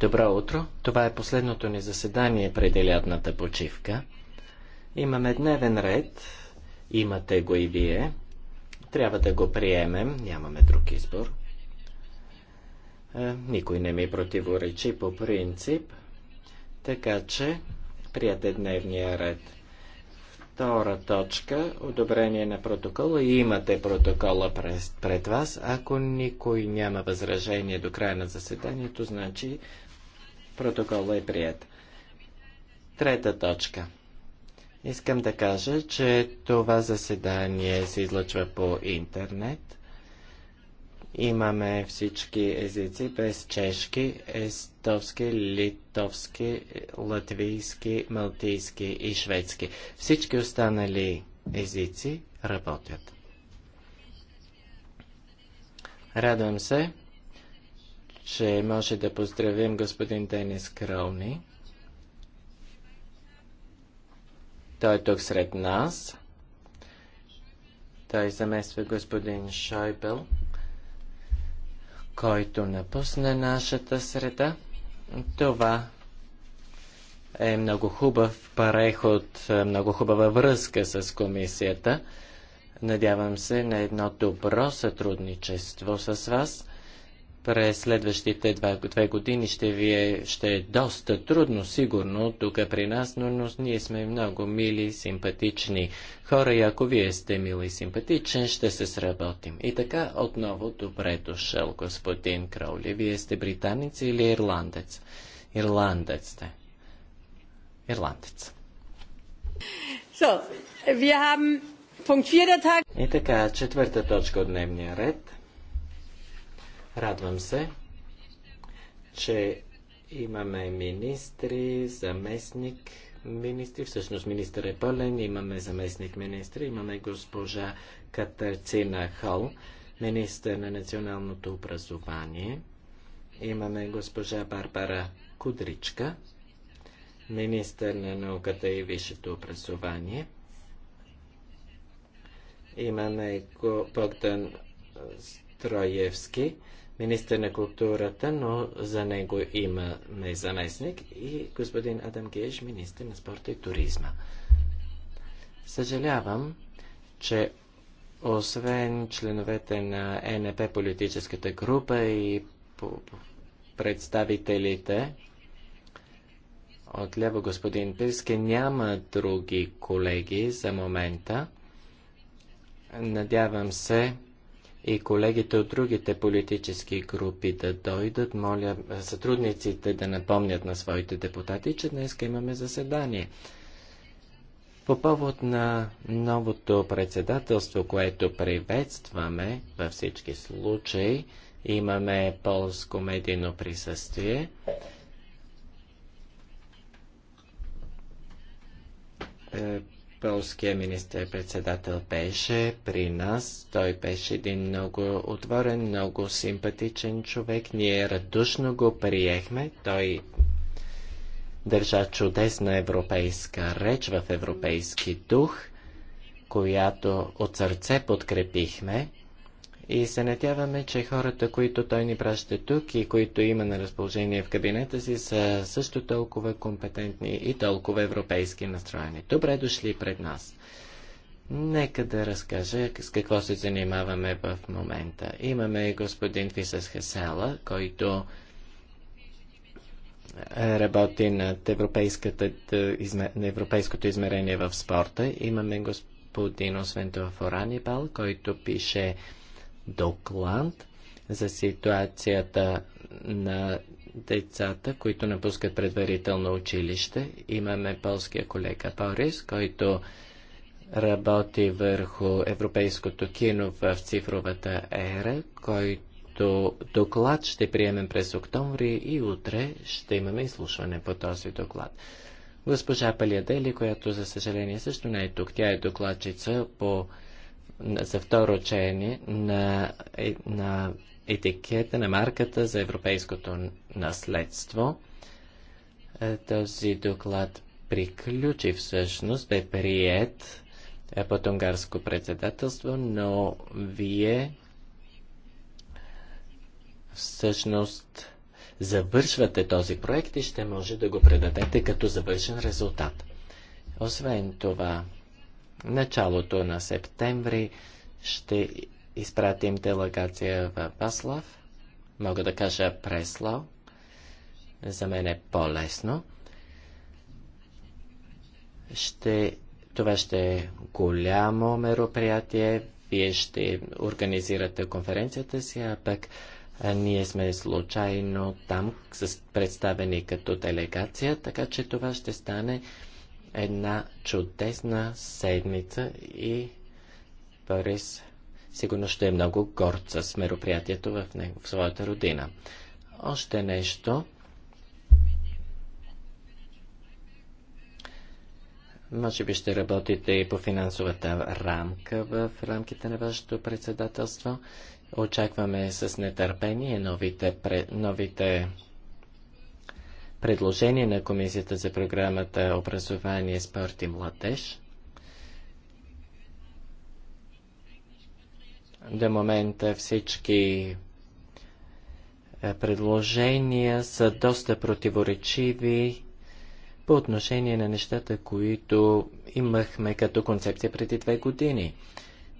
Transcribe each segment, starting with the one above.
Добро утро! Това е последното ни заседание преди лятната почивка. Имаме дневен ред, имате го и вие. Трябва да го приемем, нямаме друг избор. Е, никой не ми противоречи по принцип, така че прияте дневния ред. Втора точка – одобрение на протокола. И имате протокола пред, пред вас. Ако никой няма възражение до края на заседанието, значи Протокола е прият. Трета точка. Искам да кажа, че това заседание се излъчва по интернет. Имаме всички езици без чешки, естовски, литовски, латвийски, малтийски и шведски. Всички останали езици работят. Радвам се, че може да поздравим господин Денис Крауни. Той е тук сред нас. Той замества господин Шойбел, който напусна нашата среда. Това е много хубав преход, много хубава връзка с комисията. Надявам се на едно добро сътрудничество с вас през следващите два, две години ще ви е, ще е доста трудно, сигурно, тук при нас, но, но ние сме много мили, симпатични хора и ако вие сте мили и симпатичен, ще се сработим. И така отново добре дошъл, господин Кроули. Вие сте британец или ирландец? Ирландец сте. Ирландец. So, И така, четвърта точка от дневния ред – Радвам се, че имаме министри, заместник министри, всъщност министър е пълен, имаме заместник министри, имаме госпожа Катарцина Хол, министър на националното образование, имаме госпожа Барбара Кудричка, министър на науката и висшето образование, имаме Богдан Строевски, министър на културата, но за него имаме заместник и господин Адам Геш, министър на спорта и туризма. Съжалявам, че освен членовете на НП политическата група и представителите от ляво господин Пирски, няма други колеги за момента. Надявам се, и колегите от другите политически групи да дойдат. Моля сътрудниците да напомнят на своите депутати, че днес имаме заседание. По повод на новото председателство, което приветстваме във всички случаи, имаме полско медийно присъствие. Е, полския министър-председател беше при нас. Той беше един много отворен, много симпатичен човек. Ние радушно го приехме. Той държа чудесна европейска реч в европейски дух, която от сърце подкрепихме. И се надяваме, че хората, които той ни праща тук и които има на разположение в кабинета си, са също толкова компетентни и толкова европейски настроени. Добре дошли пред нас. Нека да разкажа с какво се занимаваме в момента. Имаме господин Фисас Хесела, който работи над европейското измерение в спорта. Имаме господин Освен Форанибал, който пише доклад за ситуацията на децата, които напускат предварително училище. Имаме полския колега Борис, който работи върху европейското кино в цифровата ера, който доклад ще приемем през октомври и утре ще имаме изслушване по този доклад. Госпожа Палиадели, която за съжаление също не е тук, тя е докладчица по за второ чение на, е, на етикета на марката за европейското наследство. Е, този доклад приключи всъщност, бе прият е, под унгарско председателство, но вие всъщност завършвате този проект и ще може да го предадете като завършен резултат. Освен това, началото на септември ще изпратим делегация в Паслав. Мога да кажа Преслав. За мен е по-лесно. Ще, това ще е голямо мероприятие. Вие ще организирате конференцията си, а пък ние сме случайно там представени като делегация, така че това ще стане една чудесна седмица и Борис сигурно ще е много горд с мероприятието в, него, в своята родина. Още нещо. Може би ще работите и по финансовата рамка в рамките на вашето председателство. Очакваме с нетърпение новите, новите предложение на Комисията за програмата Образование, спорт и младеж. До момента всички е, предложения са доста противоречиви по отношение на нещата, които имахме като концепция преди две години.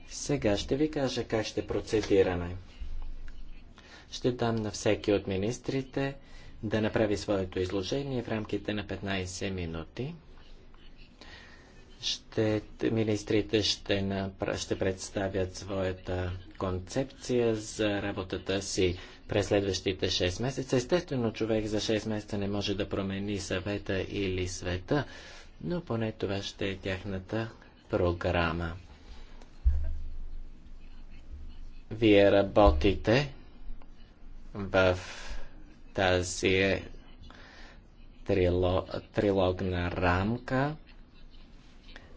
Сега ще ви кажа как ще процедираме. Ще дам на всеки от министрите да направи своето изложение в рамките на 15 минути. Ще, министрите ще, напра... ще представят своята концепция за работата си през следващите 6 месеца. Естествено, човек за 6 месеца не може да промени съвета или света, но поне това ще е тяхната програма. Вие работите в тази е трилогна рамка.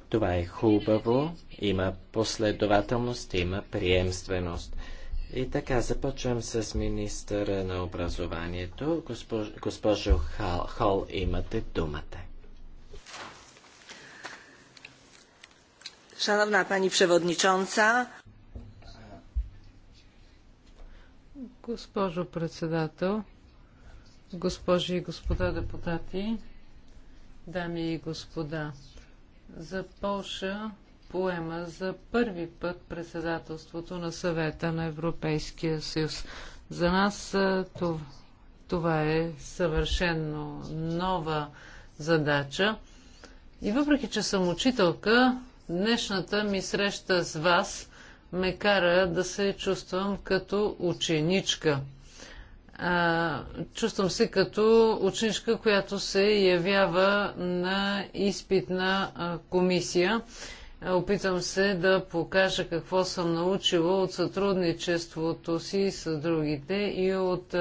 Това е хубаво, има последователност, има приемственост. И така, започвам с министъра на образованието. Госпож, госпожо Хол, Хол, имате думата. Шановна пани преводничонца. Госпожо председател, Госпожи и господа депутати, дами и господа, за Полша поема за първи път председателството на съвета на Европейския съюз. За нас това, това е съвършенно нова задача. И въпреки, че съм учителка, днешната ми среща с вас ме кара да се чувствам като ученичка – а, чувствам се като ученичка, която се явява на изпитна комисия. Опитвам се да покажа какво съм научила от сътрудничеството си с другите и от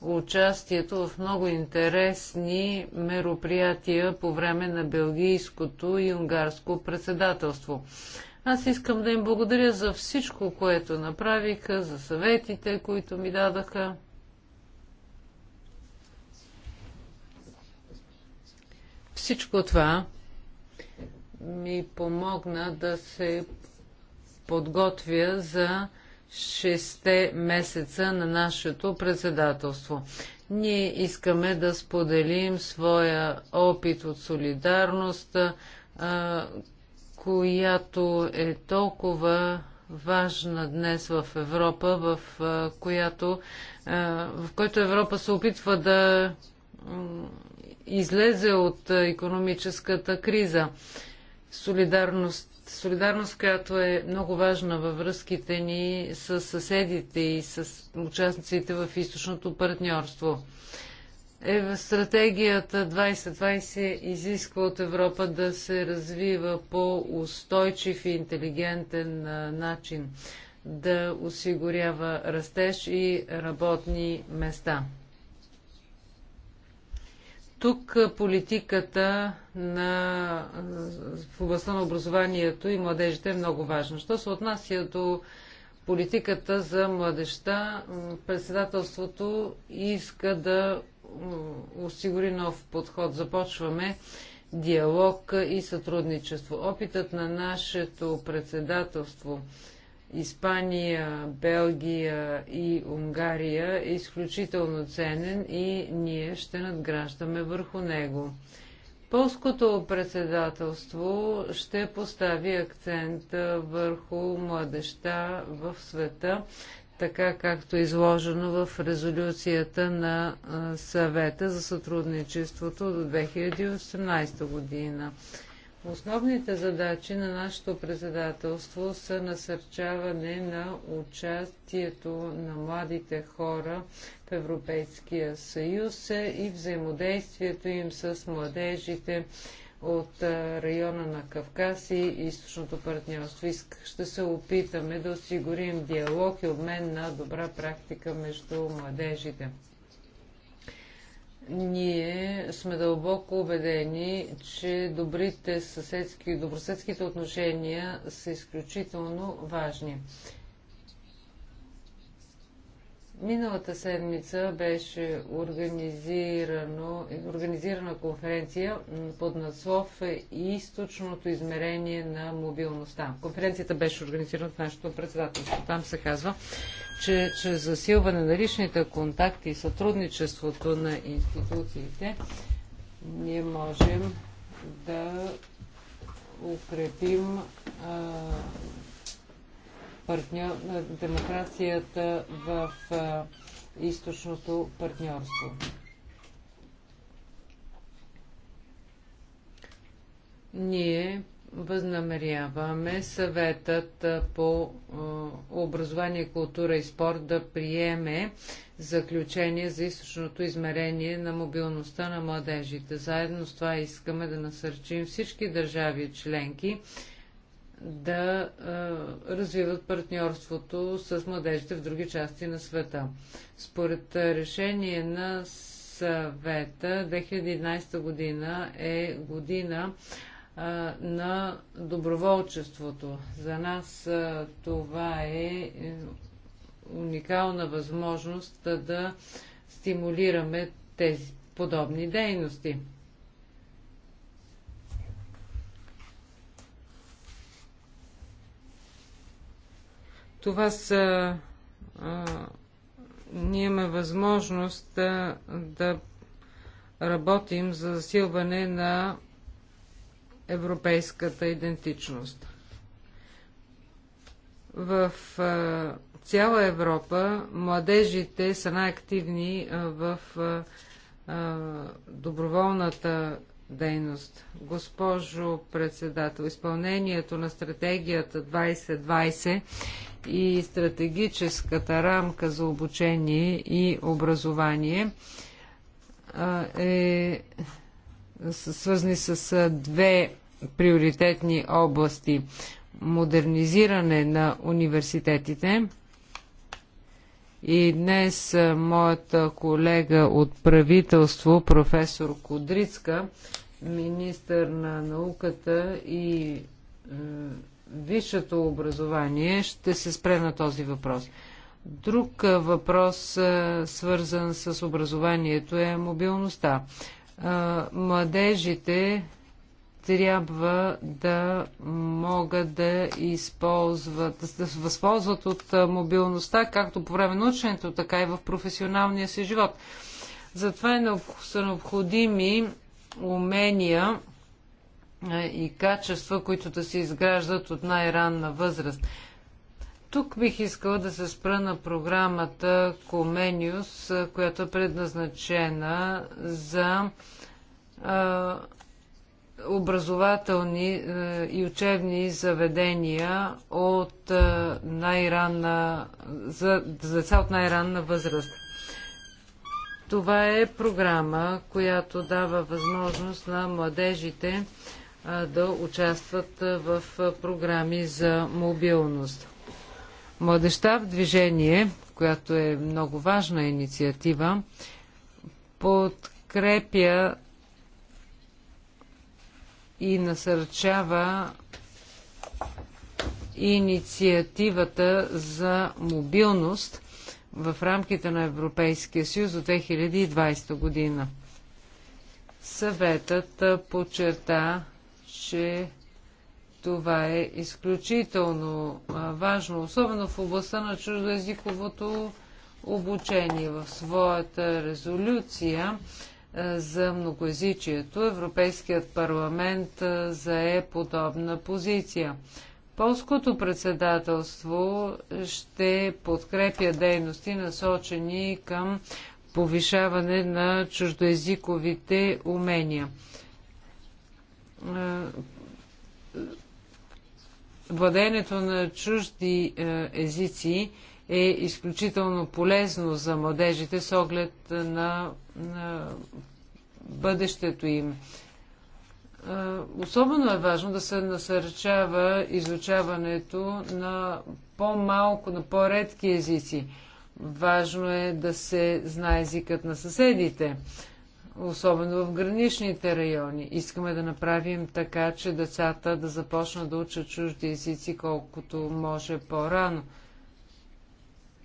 участието в много интересни мероприятия по време на белгийското и унгарско председателство. Аз искам да им благодаря за всичко, което направиха, за съветите, които ми дадаха. Всичко това ми помогна да се подготвя за шесте месеца на нашето председателство. Ние искаме да споделим своя опит от солидарност, която е толкова важна днес в Европа, в, която, в който Европа се опитва да излезе от економическата криза. Солидарност, солидарност, която е много важна във връзките ни с съседите и с участниците в източното партньорство. Е, в стратегията 2020 изисква от Европа да се развива по устойчив и интелигентен начин, да осигурява растеж и работни места. Тук политиката на, в областта на образованието и младежите е много важна. Що се отнася до политиката за младеща, председателството иска да осигури нов подход. Започваме диалог и сътрудничество. Опитът на нашето председателство – Испания, Белгия и Унгария е изключително ценен и ние ще надграждаме върху него. Полското председателство ще постави акцент върху младеща в света, така както е изложено в резолюцията на съвета за сътрудничеството до 2018 година. Основните задачи на нашето председателство са насърчаване на участието на младите хора в Европейския съюз и взаимодействието им с младежите от района на Кавказ и източното партньорство. Ще се опитаме да осигурим диалог и обмен на добра практика между младежите. Ние сме дълбоко убедени, че добрите съседски и добросъседските отношения са изключително важни. Миналата седмица беше организирана конференция под наслов Източното измерение на мобилността. Конференцията беше организирана от нашето председателство. Там се казва, че чрез засилване на личните контакти и сътрудничеството на институциите, ние можем да укрепим а, партньор, демокрацията в източното партньорство. Ние възнамеряваме съветът по образование, култура и спорт да приеме заключение за източното измерение на мобилността на младежите. Заедно с това искаме да насърчим всички държави членки да развиват партньорството с младежите в други части на света. Според решение на съвета, 2011 година е година на доброволчеството. За нас това е, е уникална възможност да стимулираме тези подобни дейности. Това са. А, ние имаме възможност да, да работим за засилване на европейската идентичност. В а, цяла Европа младежите са най-активни в а, доброволната дейност. Госпожо председател, изпълнението на стратегията 2020 и стратегическата рамка за обучение и образование е свързани с две приоритетни области. Модернизиране на университетите. И днес моята колега от правителство, професор Кудрицка, министър на науката и висшето образование, ще се спре на този въпрос. Друг въпрос, свързан с образованието, е мобилността. Младежите трябва да могат да използват, да се възползват от мобилността, както по време на ученето, така и в професионалния си живот. Затова е са необходими умения, е, и качества, които да се изграждат от най-ранна възраст. Тук бих искала да се спра на програмата Comenius, е, която е предназначена за а, е, образователни а, и учебни заведения от най-ранна, за, за деца от най-ранна възраст. Това е програма, която дава възможност на младежите да участват в програми за мобилност. Младеща в движение, която е много важна инициатива, подкрепя и насърчава инициативата за мобилност в рамките на Европейския съюз от 2020 година. Съветът подчерта че това е изключително важно, особено в областта на чуждоязиковото обучение. В своята резолюция за многоязичието Европейският парламент зае подобна позиция. Полското председателство ще подкрепя дейности насочени към повишаване на чуждоязиковите умения. Е, владеенето на чужди е, езици е изключително полезно за младежите с оглед на, на бъдещето им. Е, особено е важно да се насърчава изучаването на по-малко, на по-редки езици. Важно е да се знае езикът на съседите особено в граничните райони. Искаме да направим така, че децата да започнат да учат чужди езици колкото може по-рано.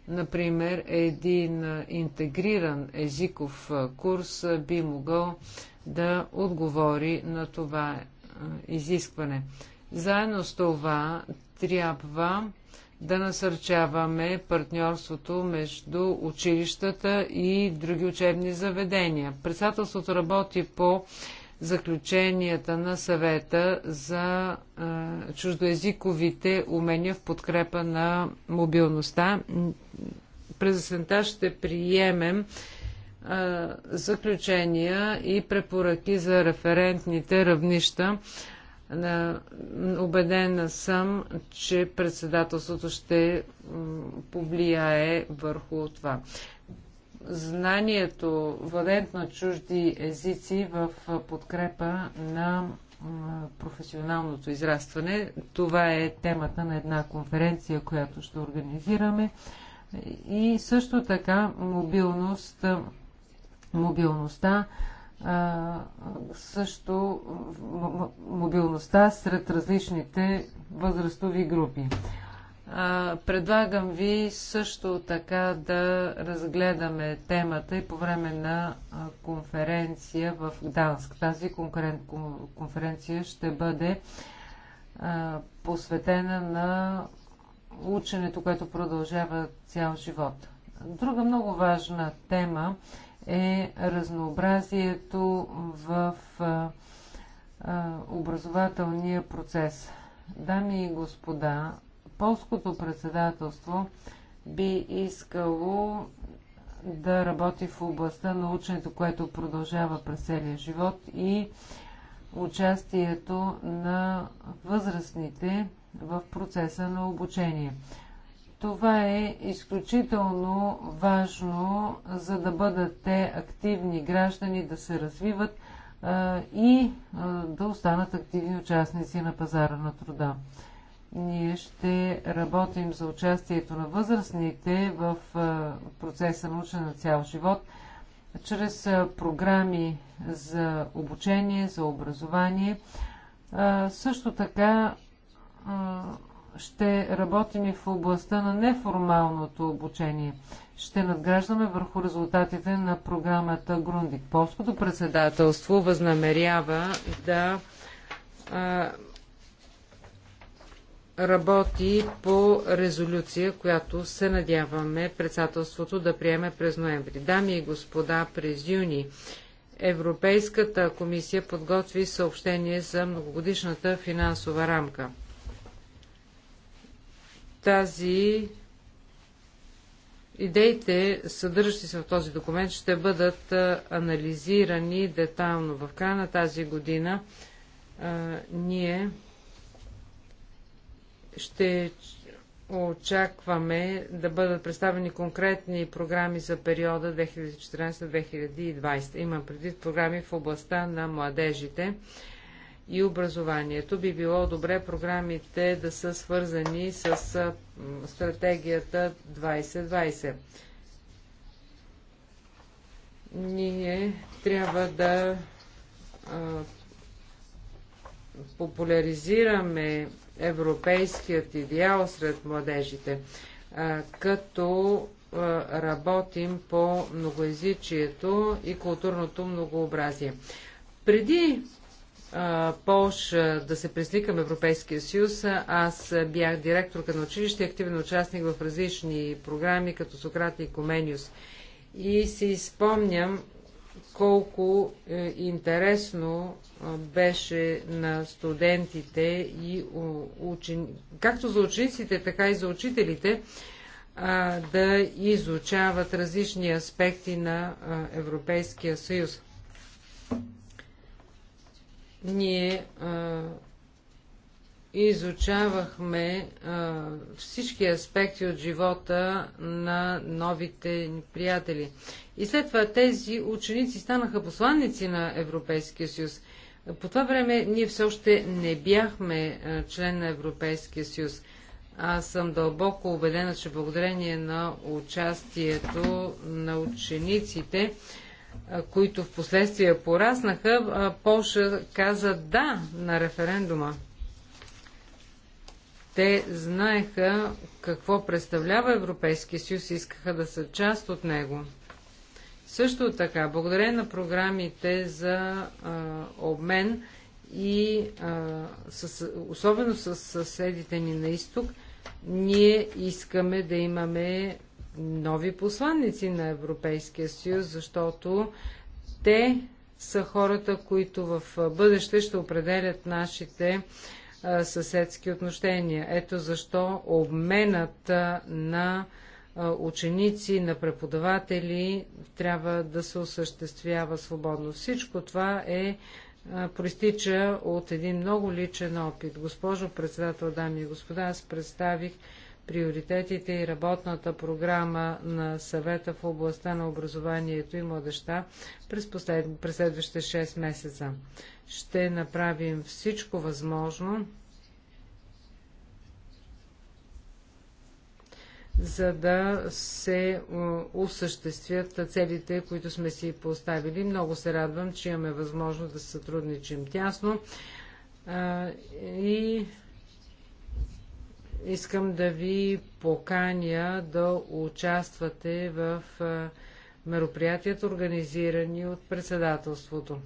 Например, един интегриран езиков курс би могъл да отговори на това изискване. Заедно с това трябва да насърчаваме партньорството между училищата и други учебни заведения. Председателството работи по заключенията на съвета за е, чуждоязиковите умения в подкрепа на мобилността. През есента ще приемем заключения и препоръки за референтните равнища Обедена съм, че председателството ще повлияе върху това. Знанието, владеят на чужди езици в подкрепа на професионалното израстване. Това е темата на една конференция, която ще организираме. И също така мобилност, мобилността а, също мобилността сред различните възрастови групи. А, предлагам ви също така да разгледаме темата и по време на конференция в Гданск. Тази конференция ще бъде а, посветена на ученето, което продължава цял живот. Друга много важна тема е разнообразието в образователния процес. Дами и господа, полското председателство би искало да работи в областта на ученето, което продължава през целия живот и участието на възрастните в процеса на обучение. Това е изключително важно, за да бъдат те активни граждани, да се развиват и да останат активни участници на пазара на труда. Ние ще работим за участието на възрастните в процеса на учене на цял живот, чрез програми за обучение, за образование. Също така ще работим и в областта на неформалното обучение. Ще надграждаме върху резултатите на програмата Грундик. Полското председателство възнамерява да а, работи по резолюция, която се надяваме председателството да приеме през ноември. Дами и господа, през юни Европейската комисия подготви съобщение за многогодишната финансова рамка тази идеите, съдържащи се в този документ, ще бъдат анализирани детайлно. В края на тази година а, ние ще очакваме да бъдат представени конкретни програми за периода 2014-2020. Имам предвид програми в областта на младежите и образованието. Би било добре програмите да са свързани с стратегията 2020. Ние трябва да а, популяризираме европейският идеал сред младежите, а, като а, работим по многоязичието и културното многообразие. Преди Полша да се присни към Европейския съюз, аз бях директорка на училище, активен участник в различни програми, като Сократ и Комениус. И си спомням колко е, интересно беше на студентите и учен... както за учениците, така и за учителите, да изучават различни аспекти на Европейския съюз. Ние а, изучавахме а, всички аспекти от живота на новите ни приятели. И след това тези ученици станаха посланници на Европейския съюз. По това време ние все още не бяхме член на Европейския съюз. Аз съм дълбоко убедена, че благодарение на участието на учениците, които в последствие пораснаха, Польша каза да на референдума. Те знаеха какво представлява Европейския съюз и искаха да са част от него. Също така, благодарение на програмите за а, обмен и а, с, особено с съседите ни на изток, ние искаме да имаме нови посланници на Европейския съюз, защото те са хората, които в бъдеще ще определят нашите съседски отношения. Ето защо обменът на ученици, на преподаватели трябва да се осъществява свободно. Всичко това е проистича от един много личен опит. Госпожо председател, дами и господа, аз представих приоритетите и работната програма на съвета в областта на образованието и младеща през, послед... през следващите 6 месеца. Ще направим всичко възможно, за да се осъществят целите, които сме си поставили. Много се радвам, че имаме възможност да сътрудничим тясно и Искам да ви поканя да участвате в мероприятията, организирани от председателството.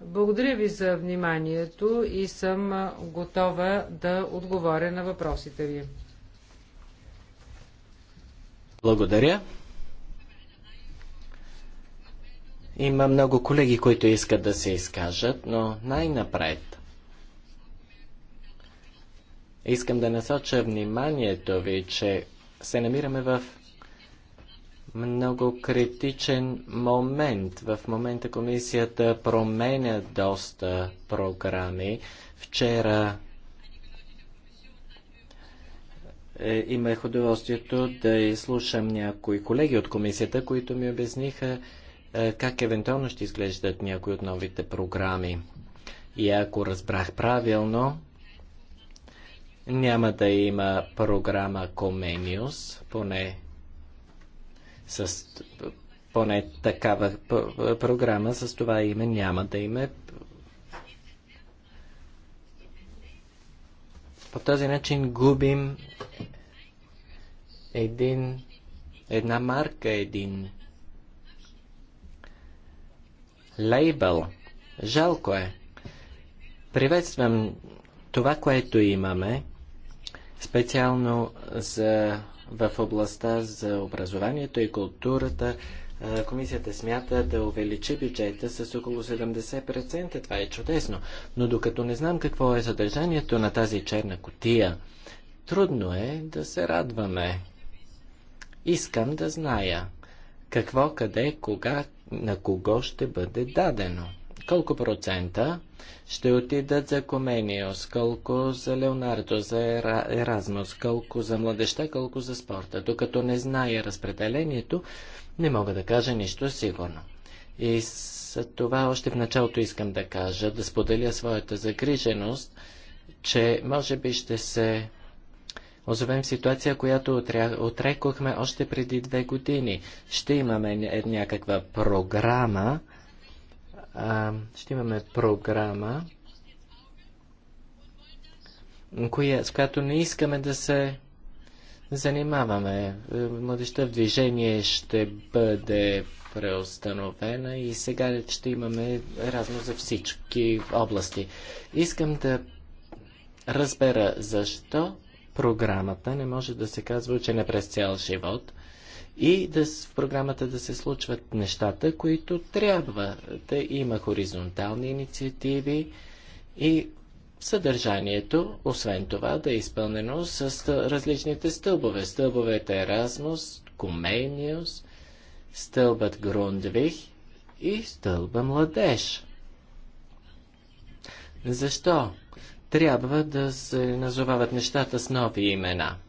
Благодаря ви за вниманието и съм готова да отговоря на въпросите ви. Благодаря. Има много колеги, които искат да се изкажат, но най-напред Искам да насоча вниманието ви, че се намираме в много критичен момент. В момента комисията променя доста програми. Вчера е, имах удоволствието да изслушам някои колеги от комисията, които ми обясниха е, как евентуално ще изглеждат някои от новите програми. И ако разбрах правилно, няма да има програма Comenius, поне, с, поне такава програма с това име няма да има. По този начин губим един, една марка, един лейбъл. Жалко е. Приветствам това, което имаме. Специално за, в областта за образованието и културата комисията смята да увеличи бюджета с около 70%. Това е чудесно. Но докато не знам какво е съдържанието на тази черна котия, трудно е да се радваме. Искам да зная какво, къде, кога, на кого ще бъде дадено колко процента ще отидат за Комениос, колко за Леонардо, за Еразмус, колко за младеща, колко за спорта. Докато не знае разпределението, не мога да кажа нищо сигурно. И с това още в началото искам да кажа, да споделя своята загриженост, че може би ще се озовем ситуация, която отрекохме още преди две години. Ще имаме някаква програма, ще имаме програма, коя, с която не искаме да се занимаваме. Е, младеща в движение ще бъде преустановена и сега ще имаме разно за всички области. Искам да разбера защо програмата не може да се казва учене е през цял живот – и да, в програмата да се случват нещата, които трябва да има хоризонтални инициативи и съдържанието, освен това, да е изпълнено с различните стълбове. Стълбовете Еразмус, Комениус, стълбът Грундвих и стълба Младеж. Защо? Трябва да се назовават нещата с нови имена –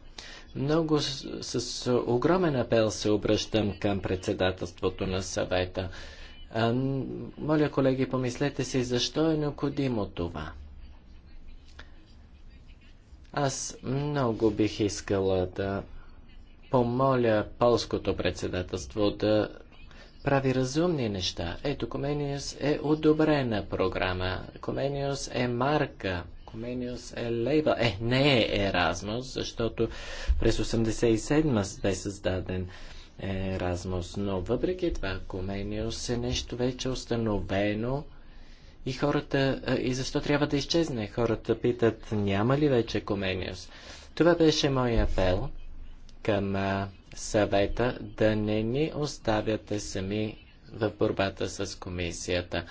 много с, с, огромен апел се обръщам към председателството на съвета. А, моля, колеги, помислете си, защо е необходимо това. Аз много бих искала да помоля полското председателство да прави разумни неща. Ето, Комениус е одобрена програма. Комениус е марка Комениус е лейбъл. Е, не е Еразмус, защото през 87 бе създаден Еразмус, но въпреки това Комениус е нещо вече установено и хората, и защо трябва да изчезне? Хората питат, няма ли вече Комениус? Това беше мой апел към съвета да не ни оставяте сами в борбата с комисията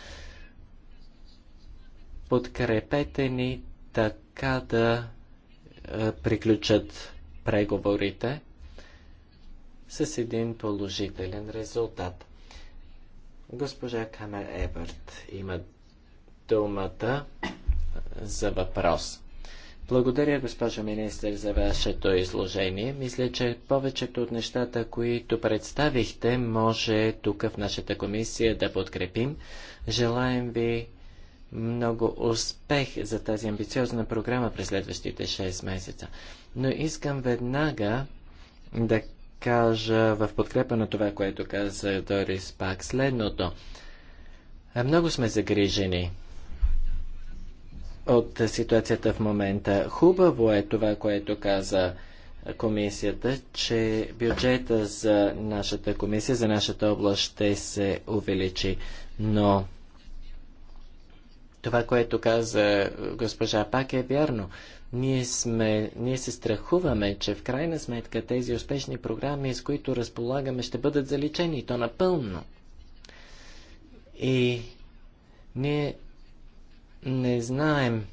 подкрепете ни така да е, приключат преговорите с един положителен резултат. Госпожа Камер Еберт има думата е, за въпрос. Благодаря, госпожо министър, за вашето изложение. Мисля, че повечето от нещата, които представихте, може тук в нашата комисия да подкрепим. Желаем ви много успех за тази амбициозна програма през следващите 6 месеца. Но искам веднага да кажа в подкрепа на това, което каза Дорис Пак следното. Много сме загрижени от ситуацията в момента. Хубаво е това, което каза комисията, че бюджета за нашата комисия, за нашата област ще се увеличи, но това, което каза е, госпожа Пак е вярно. Ние, сме, ние се страхуваме, че в крайна сметка тези успешни програми, с които разполагаме, ще бъдат заличени, то напълно. И ние не знаем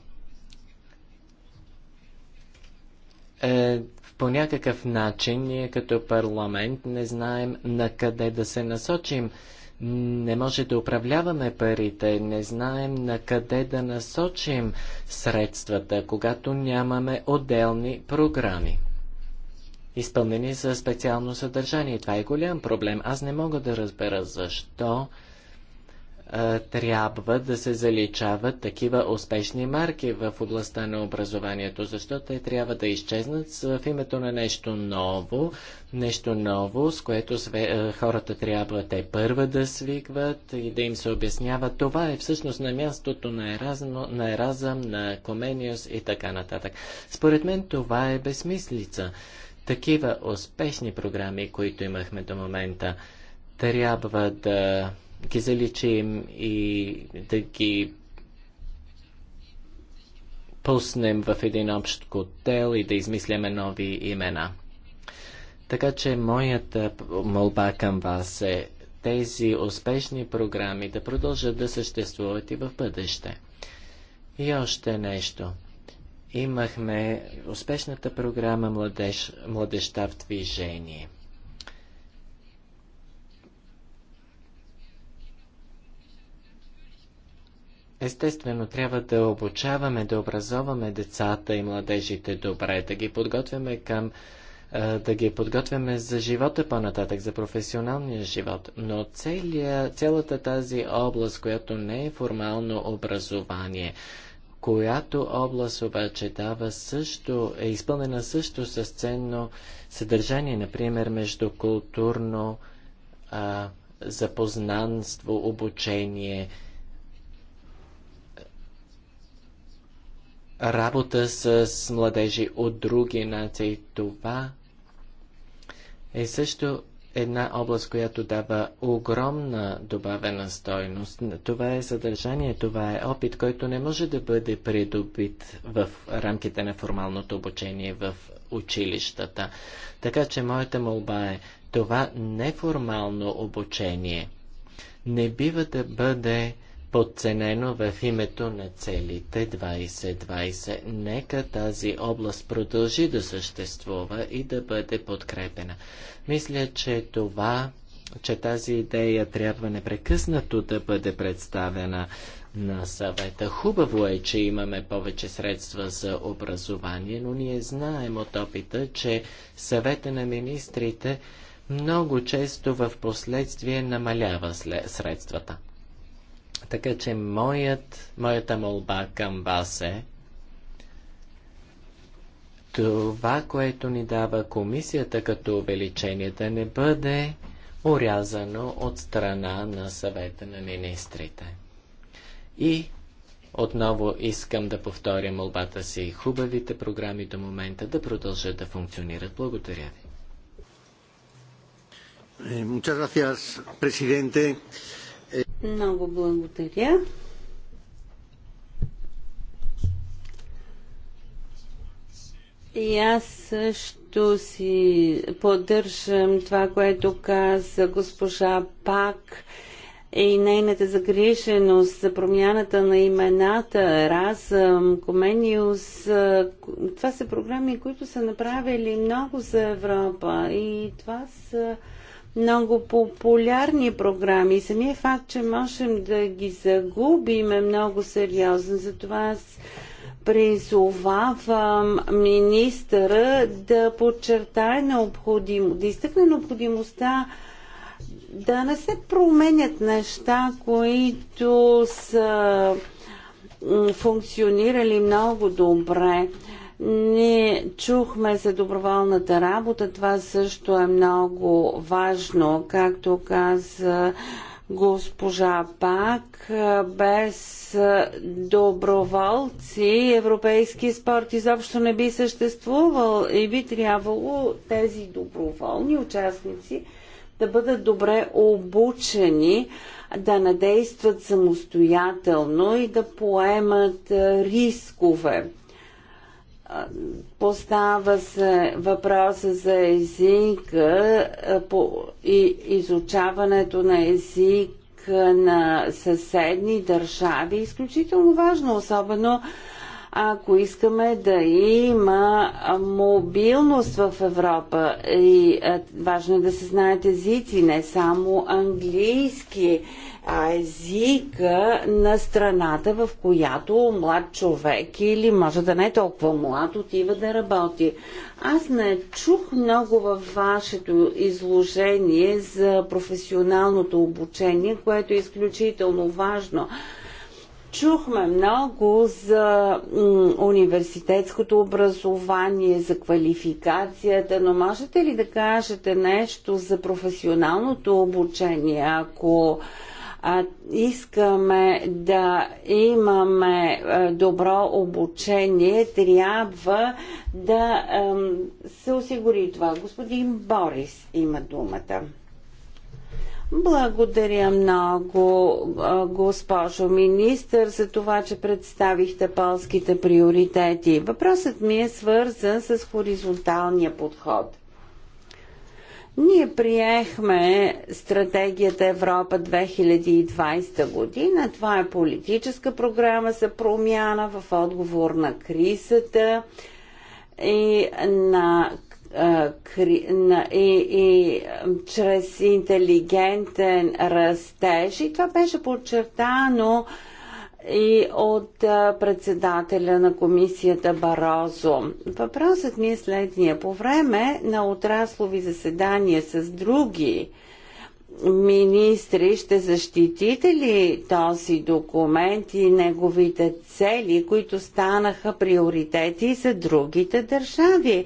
е, по някакъв начин ние като парламент не знаем на къде да се насочим. Е, не може да управляваме парите, не знаем на къде да насочим средствата, когато нямаме отделни програми. Изпълнени за специално съдържание. Това е голям проблем. Аз не мога да разбера защо трябва да се заличават такива успешни марки в областта на образованието, защото те трябва да изчезнат в името на нещо ново, нещо ново, с което све, хората трябва те първа да свикват и да им се обяснява. Това е всъщност на мястото на, еразно, на Еразъм, на Комениус и така нататък. Според мен това е безмислица. Такива успешни програми, които имахме до момента, трябва да ги заличим и да ги пуснем в един общ котел и да измисляме нови имена. Така че моята молба към вас е тези успешни програми да продължат да съществуват и в бъдеще. И още нещо. Имахме успешната програма Младеж, Младеща в движение. Естествено, трябва да обучаваме, да образоваме децата и младежите добре, да ги подготвяме към да ги подготвяме за живота по-нататък, за професионалния живот. Но целия, цялата тази област, която не е формално образование, която област обаче дава също, е изпълнена също с ценно съдържание, например, междукултурно а, запознанство, обучение – работа с младежи от други нации. Това е също една област, която дава огромна добавена стойност. Това е съдържание, това е опит, който не може да бъде придобит в рамките на формалното обучение в училищата. Така че моята молба е това неформално обучение не бива да бъде подценено в името на целите 2020. Нека тази област продължи да съществува и да бъде подкрепена. Мисля, че това, че тази идея трябва непрекъснато да бъде представена на съвета. Хубаво е, че имаме повече средства за образование, но ние знаем от опита, че съвета на министрите много често в последствие намалява средствата. Така че моят, моята молба към вас е това, което ни дава комисията като увеличение, да не бъде урязано от страна на съвета на министрите. И отново искам да повторя молбата си. Хубавите програми до момента да продължат да функционират. Благодаря ви. Muchas gracias, presidente. Много благодаря. И аз също си поддържам това, което каза госпожа Пак и нейната загриженост за промяната на имената, Разъм, Комениус. Това са програми, които са направили много за Европа и това са много популярни програми. Самия факт, че можем да ги загубим е много сериозен. Затова аз призовавам министъра да подчертае необходимо, да изтъкне необходимостта да не се променят неща, които са функционирали много добре. Ние чухме за доброволната работа. Това също е много важно, както каза госпожа Пак. Без доброволци европейски спорт изобщо не би съществувал и би трябвало тези доброволни участници да бъдат добре обучени, да надействат самостоятелно и да поемат рискове. Постава се въпроса за езика по, и изучаването на език на съседни държави. Е изключително важно, особено ако искаме да има мобилност в Европа и важно е да се знаят езици, не само английски езика на страната, в която млад човек или може да не е толкова млад, отива да работи. Аз не чух много във вашето изложение за професионалното обучение, което е изключително важно. Чухме много за университетското образование, за квалификацията, но можете ли да кажете нещо за професионалното обучение, ако а, искаме да имаме добро обучение, трябва да се осигури това. Господин Борис има думата. Благодаря много, госпожо министър, за това, че представихте полските приоритети. Въпросът ми е свързан с хоризонталния подход – ние приехме стратегията Европа 2020 година. Това е политическа програма за промяна в отговор на кризата и на и, и чрез интелигентен растеж. И това беше подчертано и от председателя на комисията Барозо. Въпросът ми е следния. По време на отраслови заседания с други министри, ще защитите ли този документ и неговите цели, които станаха приоритети за другите държави?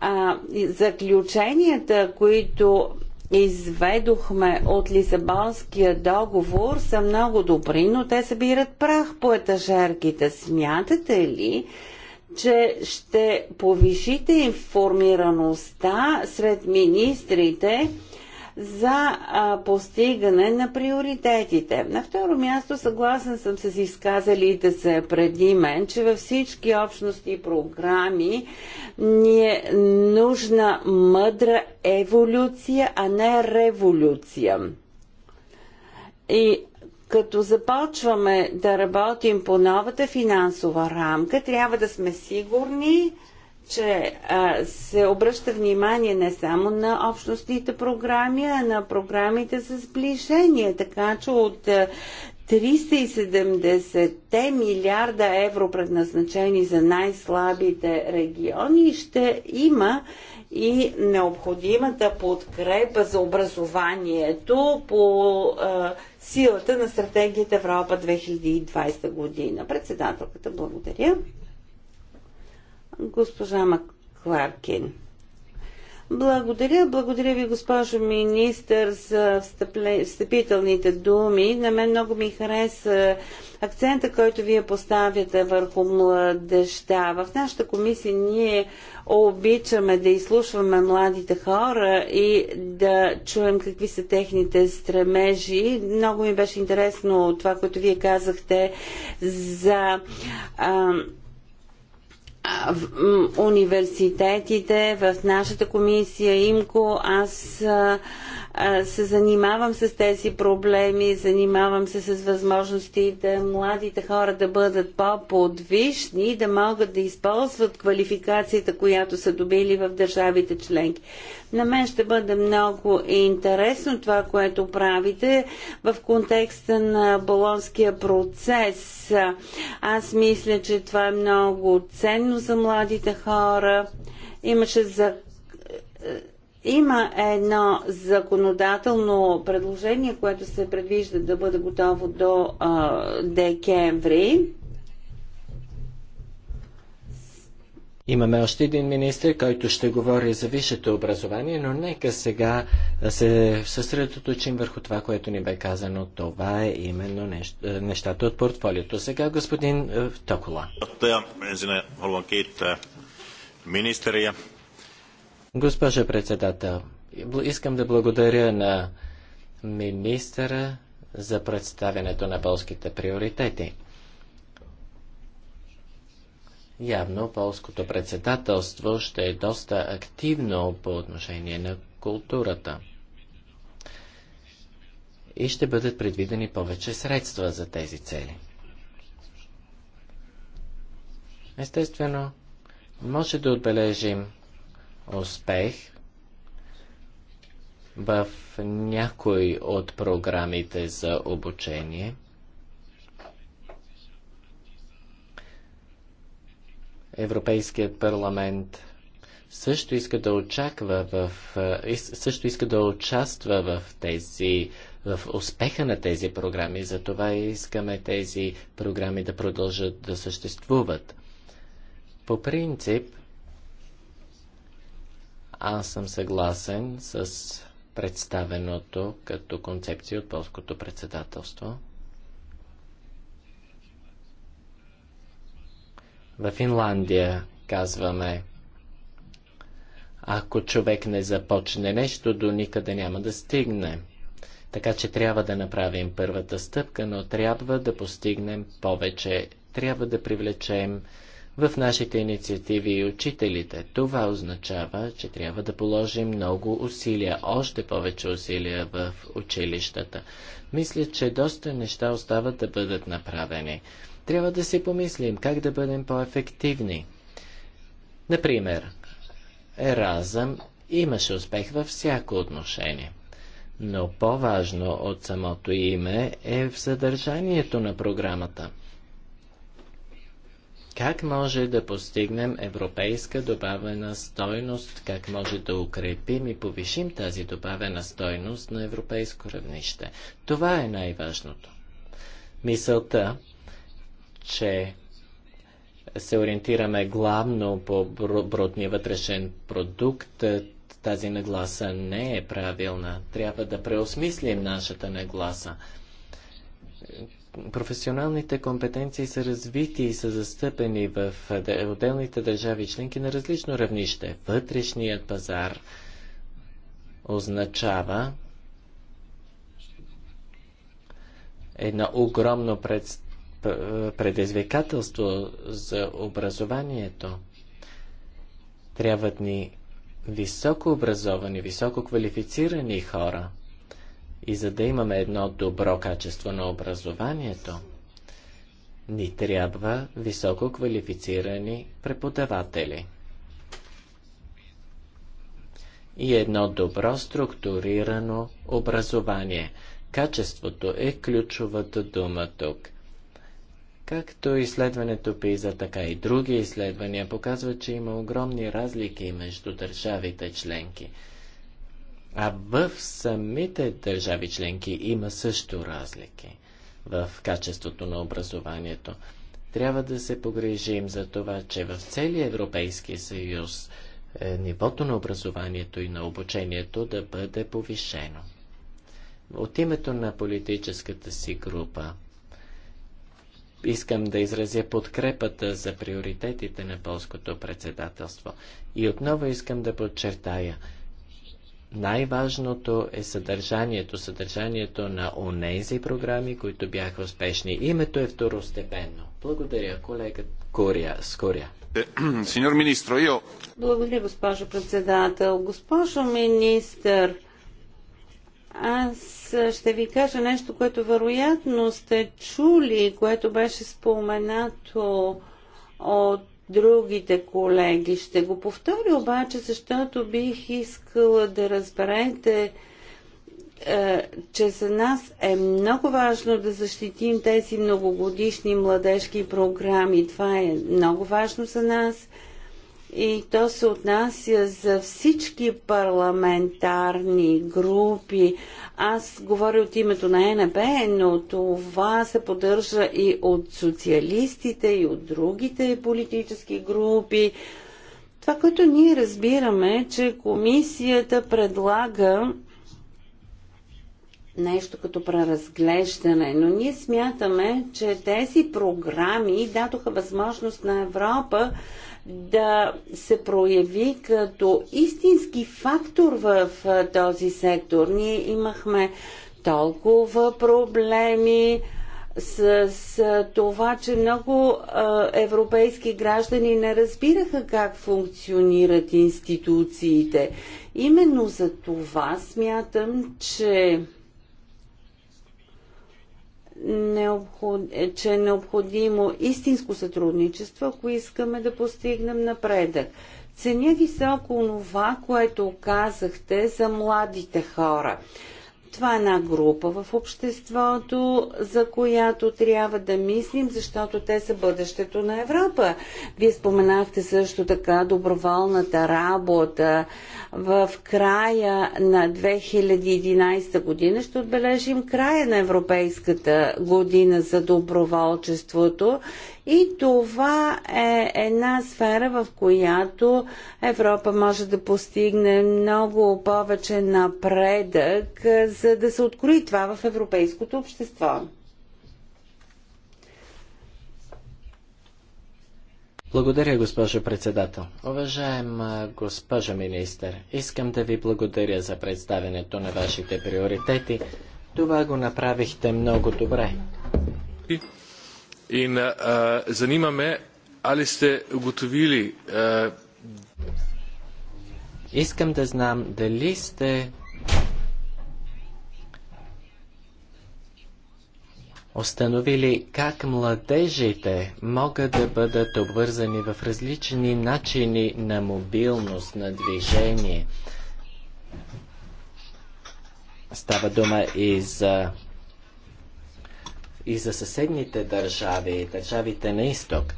А, заключенията, които изведохме от Лисабонския договор са много добри, но те събират прах по етажерките. Смятате ли, че ще повишите информираността сред министрите за а, постигане на приоритетите. На второ място съгласен съм с изказалите се преди мен, че във всички общности и програми ни е нужна мъдра еволюция, а не революция. И като започваме да работим по новата финансова рамка, трябва да сме сигурни, че а, се обръща внимание не само на общностните програми, а на програмите за сближение. Така че от 370 милиарда евро предназначени за най-слабите региони ще има и необходимата подкрепа за образованието по а, силата на стратегията Европа 2020 година. Председателката, благодаря госпожа Макларкин. Благодаря, благодаря ви, госпожо министър, за встъпителните думи. На мен много ми хареса акцента, който вие поставяте върху младеща. В нашата комисия ние обичаме да изслушваме младите хора и да чуем какви са техните стремежи. Много ми беше интересно това, което вие казахте за. А, университетите, в нашата комисия ИМКО. Аз се занимавам с тези проблеми, занимавам се с възможностите младите хора да бъдат по-подвижни и да могат да използват квалификацията, която са добили в държавите членки. На мен ще бъде много интересно това, което правите в контекста на болонския процес. Аз мисля, че това е много ценно за младите хора. Имаше за има едно законодателно предложение, което се предвижда да бъде готово до а, декември. Имаме още един министр, който ще говори за висшето образование, но нека сега се съсредоточим върху това, което ни бе казано. Това е именно нещ... Е, нещата от портфолиото. Сега господин е, Токола. Госпожа председател, искам да благодаря на министъра за представянето на полските приоритети. Явно полското председателство ще е доста активно по отношение на културата. И ще бъдат предвидени повече средства за тези цели. Естествено, може да отбележим успех в някои от програмите за обучение – Европейският парламент също иска да очаква в, е, също иска да участва в тези в успеха на тези програми, затова искаме тези програми да продължат да съществуват. По принцип, аз съм съгласен с представеното като концепция от полското председателство. Във Финландия казваме, ако човек не започне нещо, до никъде няма да стигне. Така че трябва да направим първата стъпка, но трябва да постигнем повече. Трябва да привлечем в нашите инициативи и учителите. Това означава, че трябва да положим много усилия, още повече усилия в училищата. Мисля, че доста неща остават да бъдат направени. Трябва да си помислим как да бъдем по-ефективни. Например, Еразъм имаше успех във всяко отношение. Но по-важно от самото име е в съдържанието на програмата. Как може да постигнем европейска добавена стойност? Как може да укрепим и повишим тази добавена стойност на европейско равнище? Това е най-важното. Мисълта че се ориентираме главно по брутния вътрешен продукт, тази нагласа не е правилна. Трябва да преосмислим нашата нагласа. Професионалните компетенции са развити и са застъпени в отделните държави членки на различно равнище. Вътрешният пазар означава едно огромно представление предизвикателство за образованието. Трябват ни високо образовани, високо квалифицирани хора. И за да имаме едно добро качество на образованието, ни трябва високо квалифицирани преподаватели. И едно добро структурирано образование. Качеството е ключовата дума тук. Както изследването ПИЗА, така и други изследвания показват, че има огромни разлики между държавите членки. А в самите държави членки има също разлики в качеството на образованието. Трябва да се погрежим за това, че в целия Европейски съюз е, нивото на образованието и на обучението да бъде повишено. От името на политическата си група искам да изразя подкрепата за приоритетите на полското председателство. И отново искам да подчертая, най-важното е съдържанието, съдържанието на онези програми, които бяха успешни. Името е второстепенно. Благодаря, колега Коря. Скоря. Благодаря, госпожо председател. Госпожо министър, аз ще ви кажа нещо, което вероятно сте чули, което беше споменато от другите колеги. Ще го повторя обаче, защото бих искала да разберете, е, че за нас е много важно да защитим тези многогодишни младежки програми. Това е много важно за нас – и то се отнася за всички парламентарни групи. Аз говоря от името на ЕНБ, но това се поддържа и от социалистите, и от другите политически групи. Това, което ние разбираме, е, че комисията предлага нещо като преразглеждане, но ние смятаме, че тези програми дадоха възможност на Европа да се прояви като истински фактор в този сектор. Ние имахме толкова проблеми с, с това, че много а, европейски граждани не разбираха как функционират институциите. Именно за това смятам, че необход... Е, че е необходимо истинско сътрудничество, ако искаме да постигнем напредък. Ценя високо това, което казахте за младите хора. Това е една група в обществото, за която трябва да мислим, защото те са бъдещето на Европа. Вие споменахте също така доброволната работа. В края на 2011 година ще отбележим края на Европейската година за доброволчеството и това е една сфера, в която Европа може да постигне много повече напредък, за да се открои това в европейското общество. Благодаря, госпожо председател. Уважаема госпожа министър, искам да ви благодаря за представенето на вашите приоритети. Това го направихте много добре. In eh, zanima me, ali ste ugotovili. Eh, Искам да знам дали сте установили как младежите могат да бъдат обвързани в различни начини на мобилност, на движение. Става дума и за и за съседните държави, държавите на изток.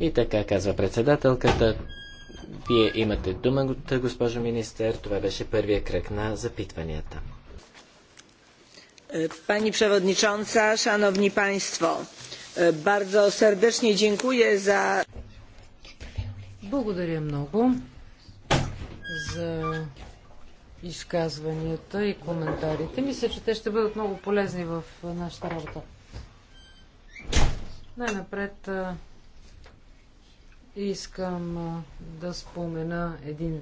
И така казва председателката. Вие имате дума, госпожо министър. Това беше първия кръг на запитванията. Е, пани преводничонца, шановни панство, bardzo е, сърдечни дзинкуе за. Благодаря много за изказванията и коментарите. Мисля, че те ще бъдат много полезни в е, нашата работа. Най-напред искам да спомена един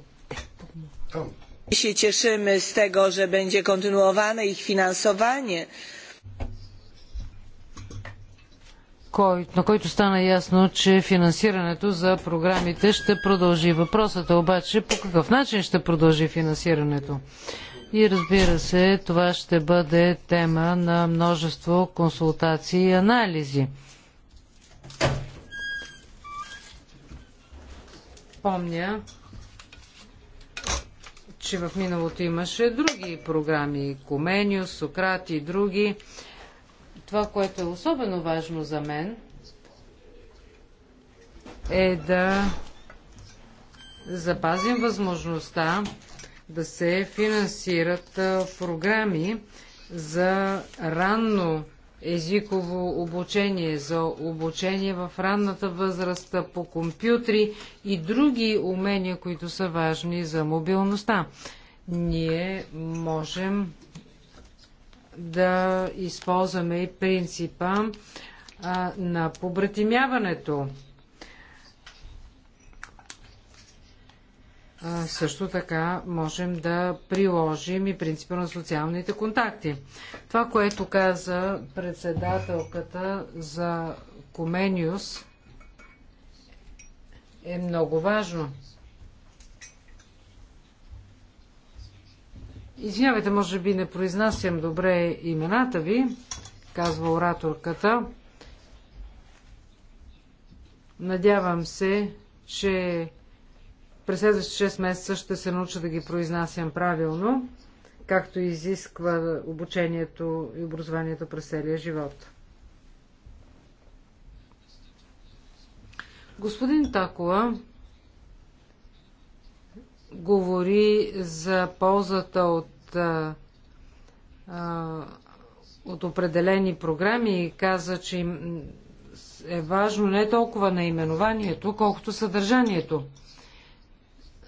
się чешим с tego, че będzie kontynuowane и финансование. на който стана ясно, че финансирането за програмите ще продължи. Въпросът е обаче по какъв начин ще продължи финансирането. И разбира се, това ще бъде тема на множество консултации и анализи. Помня, че в миналото имаше други програми, Комениус, Сократ и други. Това, което е особено важно за мен, е да запазим възможността да се финансират програми за ранно езиково обучение, за обучение в ранната възраст по компютри и други умения, които са важни за мобилността. Ние можем да използваме и принципа а, на побратимяването. също така можем да приложим и принципа на социалните контакти. Това, което каза председателката за Комениус е много важно. Извинявайте, може би не произнасям добре имената ви, казва ораторката. Надявам се, че през следващите 6 месеца ще се науча да ги произнасям правилно, както изисква обучението и образованието през целия живот. Господин Такова говори за ползата от, а, от определени програми и каза, че им е важно не толкова наименованието, колкото съдържанието.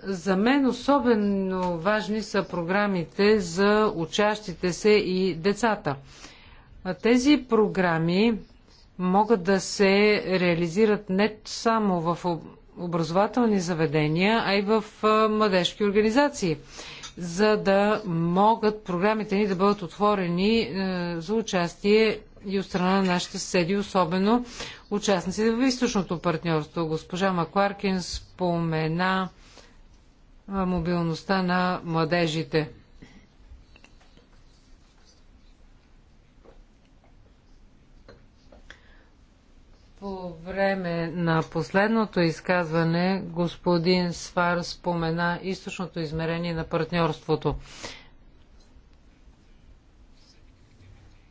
За мен особено важни са програмите за учащите се и децата. Тези програми могат да се реализират не само в образователни заведения, а и в младежки организации, за да могат програмите ни да бъдат отворени е, за участие и от страна на нашите съседи, особено участниците в източното партньорство. Госпожа Макларкин спомена мобилността на младежите. По време на последното изказване господин Свар спомена източното измерение на партньорството.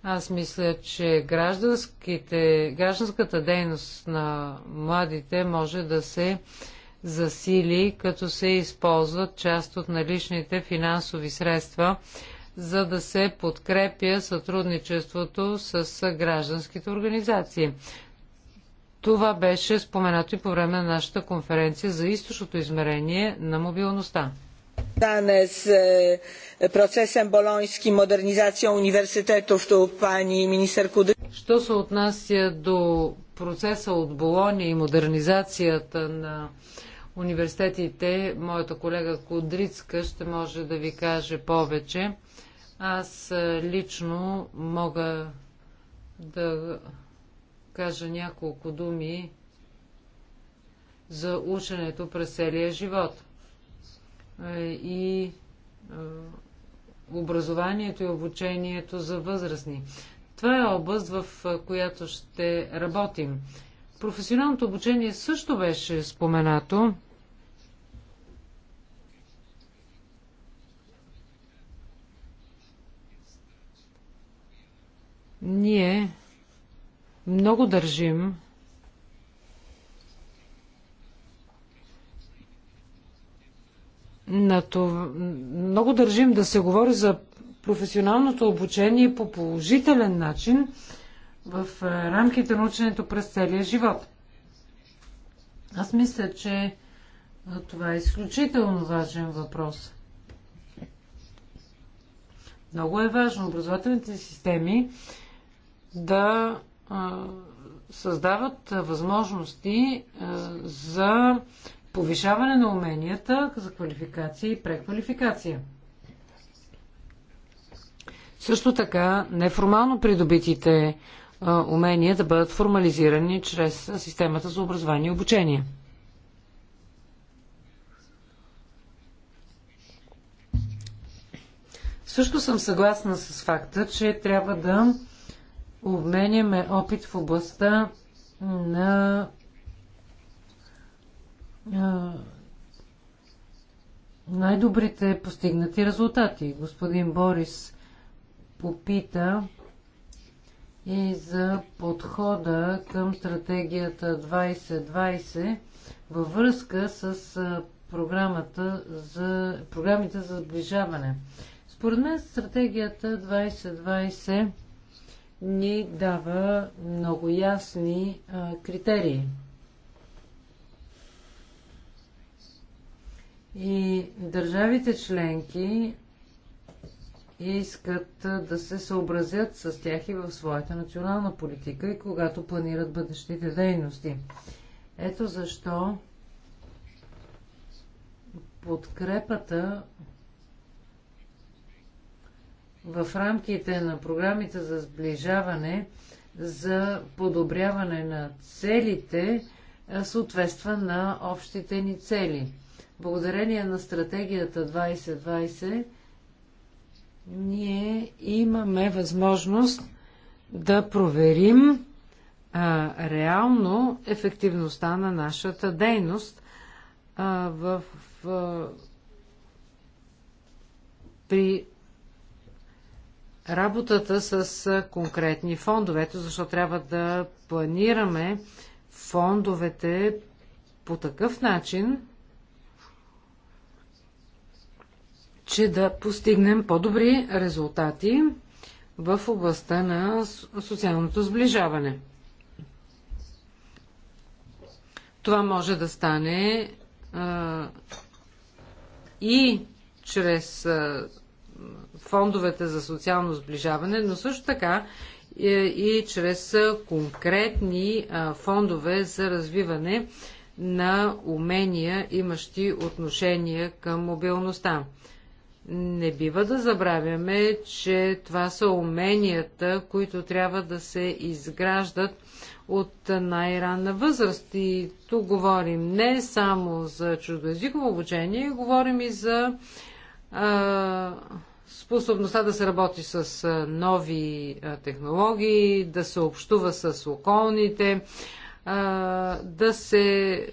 Аз мисля, че гражданската дейност на младите може да се засили, като се използват част от наличните финансови средства, за да се подкрепя сътрудничеството с гражданските организации. Това беше споменато и по време на нашата конференция за източното измерение на мобилността. с procesem е, болонски модернизация uniwersytetów, tu пани министър Kudy. Що се отнася до процеса от Болония и модернизацията на университетите, моята колега Кодрицка ще може да ви каже повече. Аз лично мога да кажа няколко думи за ученето през целия живот. И образованието и обучението за възрастни. Това е област, в която ще работим. Професионалното обучение също беше споменато. Ние много държим на това, много държим да се говори за професионалното обучение по положителен начин в е, рамките на ученето през целия живот. Аз мисля, че е, това е изключително важен въпрос. Много е важно образователните системи да създават възможности за повишаване на уменията за квалификация и преквалификация. Също така, неформално придобитите умения да бъдат формализирани чрез системата за образование и обучение. Също съм съгласна с факта, че трябва да обменяме опит в областта на най-добрите постигнати резултати. Господин Борис попита и за подхода към стратегията 2020 във връзка с програмата за, програмите за сближаване. Според мен стратегията 2020 ни дава много ясни а, критерии. И държавите членки искат да се съобразят с тях и в своята национална политика и когато планират бъдещите дейности. Ето защо подкрепата в рамките на програмите за сближаване за подобряване на целите съответства на общите ни цели. Благодарение на стратегията 2020 ние имаме възможност да проверим а, реално ефективността на нашата дейност а, в, в, при работата с конкретни фондовете, защото трябва да планираме фондовете по такъв начин, че да постигнем по-добри резултати в областта на социалното сближаване. Това може да стане а, и чрез а, фондовете за социално сближаване, но също така е, и чрез конкретни фондове за развиване на умения, имащи отношение към мобилността. Не бива да забравяме, че това са уменията, които трябва да се изграждат от най-ранна възраст. И тук говорим не само за чуждоязиково обучение, говорим и за а, способността да се работи с нови технологии, да се общува с околните, да се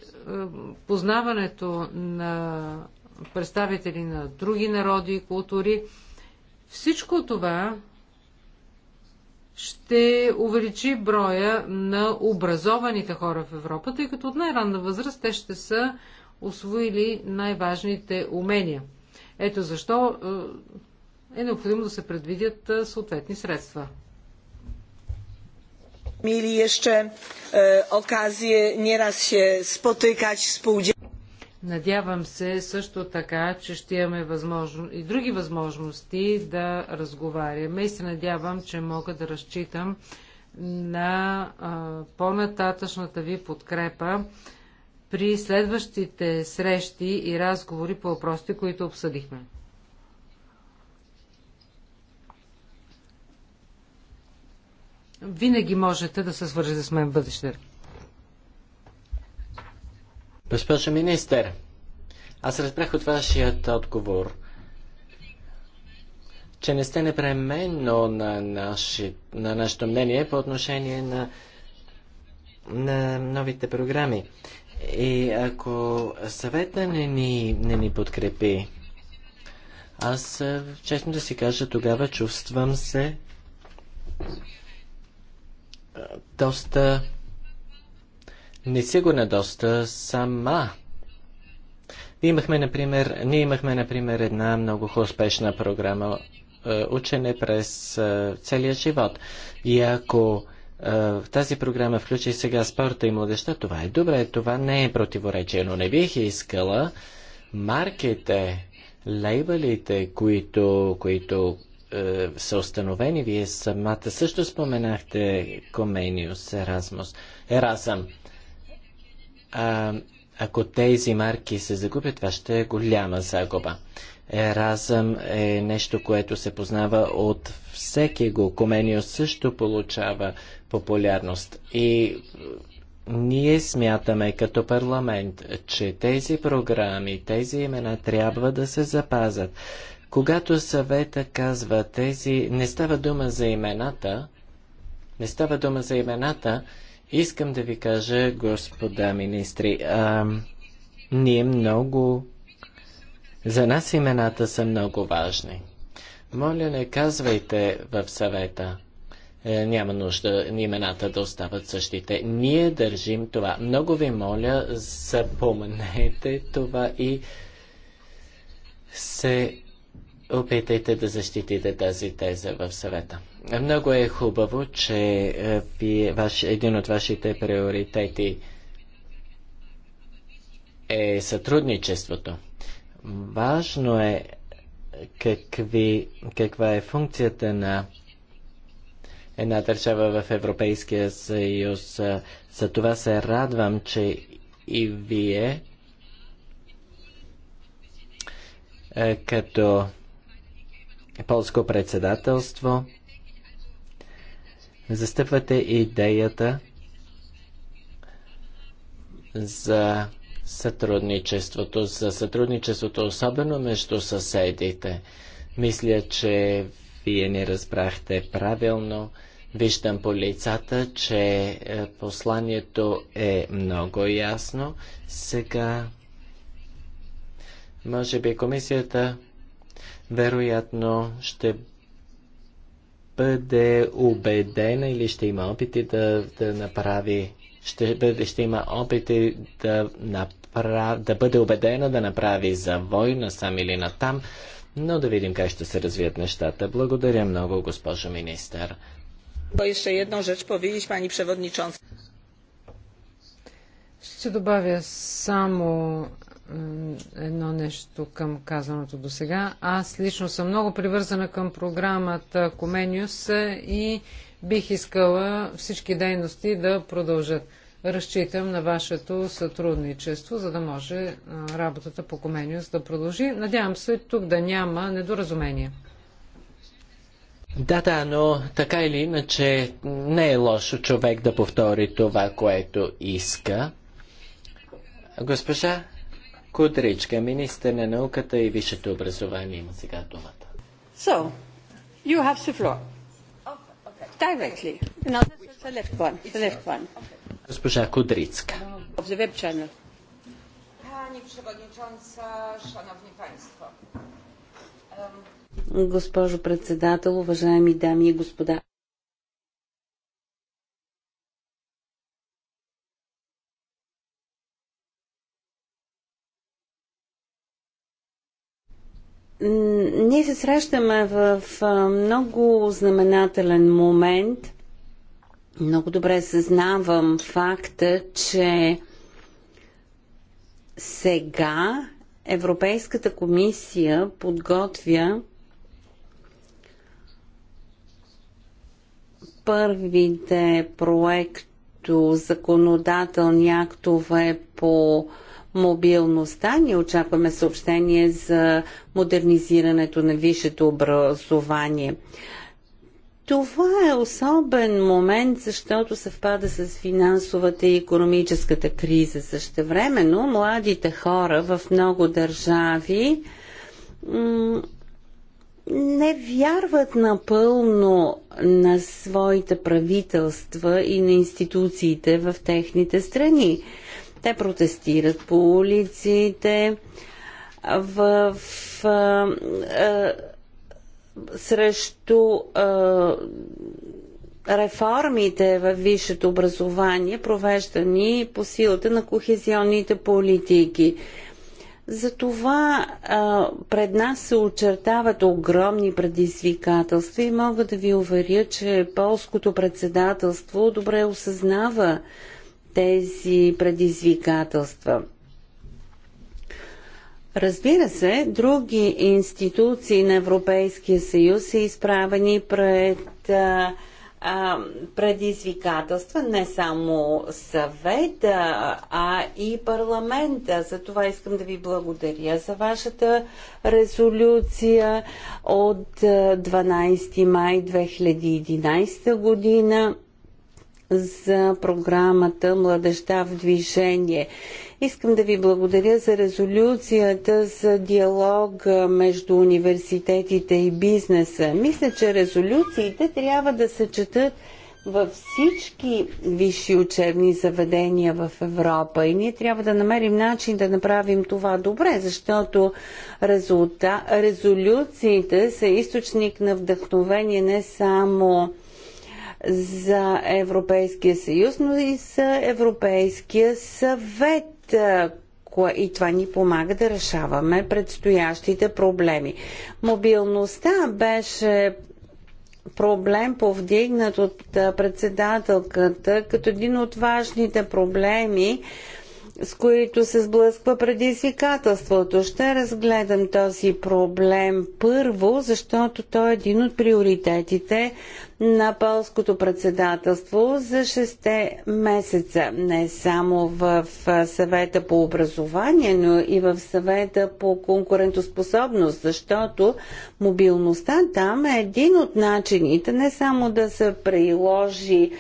познаването на представители на други народи и култури. Всичко това ще увеличи броя на образованите хора в Европа, тъй като от най-ранна възраст те ще са освоили най-важните умения. Ето защо е необходимо да се предвидят съответни средства. Mieli jeszcze e, okazję nieraz się spotykać, współdziałać. Надявам се също така, че ще имаме възможно... и други възможности да разговаряме и се надявам, че мога да разчитам на по-нататъчната ви подкрепа при следващите срещи и разговори по въпросите, които обсъдихме. винаги можете да се свържете с мен в бъдеще. Госпожо министър, аз разбрах от вашият отговор, че не сте непременно на, наши, на нашето мнение по отношение на, на новите програми. И ако съвета не ни, не ни подкрепи, аз честно да си кажа, тогава чувствам се доста несигурна, доста сама. Имахме, например, ние имахме, например, една много успешна програма е, учене през е, целия живот. И ако в е, тази програма включи сега спорта и младеща, това е добре, това не е противоречие, но не бих искала марките, лейбълите, които, които е, са установени. Вие самата също споменахте Комениус, Еразмус, Еразъм. А, ако тези марки се загубят, това ще е голяма загуба. Еразъм е нещо, което се познава от всеки го. Комениус също получава популярност. И ние смятаме като парламент, че тези програми, тези имена трябва да се запазят. Когато съвета казва тези, не става дума за имената, не става дума за имената, искам да ви кажа, господа министри, а, ние много, за нас имената са много важни. Моля, не казвайте в съвета, е, няма нужда имената да остават същите. Ние държим това. Много ви моля, запомнете това и се опитайте да защитите тази теза в съвета. Много е хубаво, че е, ви, ваш, един от вашите приоритети е сътрудничеството. Важно е какви, каква е функцията на една държава в Европейския съюз. За това се радвам, че и вие е, като полско председателство застъпвате идеята за сътрудничеството, за сътрудничеството особено между съседите. Мисля, че вие не разбрахте правилно. Виждам по лицата, че е, посланието е много ясно. Сега, може би комисията вероятно ще бъде убедена или ще има опити да, да направи, ще, бъде, ще има опити да, направ, да бъде убедена да направи завой на сам или на там, но да видим как ще се развият нещата. Благодаря много, госпожо министър. еще една реч повидиш, пани Ще добавя само едно нещо към казаното до сега. Аз лично съм много привързана към програмата Comenius и бих искала всички дейности да продължат. Разчитам на вашето сътрудничество, за да може работата по Comenius да продължи. Надявам се тук да няма недоразумение. Да, да, но така или иначе не е лошо човек да повтори това, което иска. Госпожа Кудричка, министър на науката и висшето образование, има сега думата. So, you have the floor. Directly. No, is the left one. The left one. Госпожа Кудрицка. Of the web channel. Пани Przewodnicząca, Szanowni Państwo. Госпожо председател, уважаеми дами и господа. ние се срещаме в много знаменателен момент. Много добре съзнавам факта, че сега Европейската комисия подготвя първите проекто законодателни актове по мобилността. Ние очакваме съобщение за модернизирането на висшето образование. Това е особен момент, защото съвпада с финансовата и економическата криза. Същевременно младите хора в много държави не вярват напълно на своите правителства и на институциите в техните страни. Те протестират по улиците в, в а, срещу а, реформите в висшето образование, провеждани по силата на кохезионните политики. Затова а, пред нас се очертават огромни предизвикателства и мога да ви уверя, че полското председателство добре осъзнава а, тези предизвикателства. Разбира се, други институции на Европейския съюз са изправени пред а, а, предизвикателства, не само съвета, а и парламента. За това искам да ви благодаря за вашата резолюция от 12 май 2011 година за програмата Младеща в движение. Искам да ви благодаря за резолюцията за диалог между университетите и бизнеса. Мисля, че резолюциите трябва да се четат във всички висши учебни заведения в Европа и ние трябва да намерим начин да направим това добре, защото резулта... резолюциите са източник на вдъхновение не само за Европейския съюз, но и за Европейския съвет, и това ни помага да решаваме предстоящите проблеми. Мобилността беше проблем повдигнат от председателката като един от важните проблеми, с които се сблъсква предизвикателството. Ще разгледам този проблем първо, защото той е един от приоритетите на полското председателство за 6 месеца. Не само в съвета по образование, но и в съвета по конкурентоспособност, защото мобилността там е един от начините не само да се приложи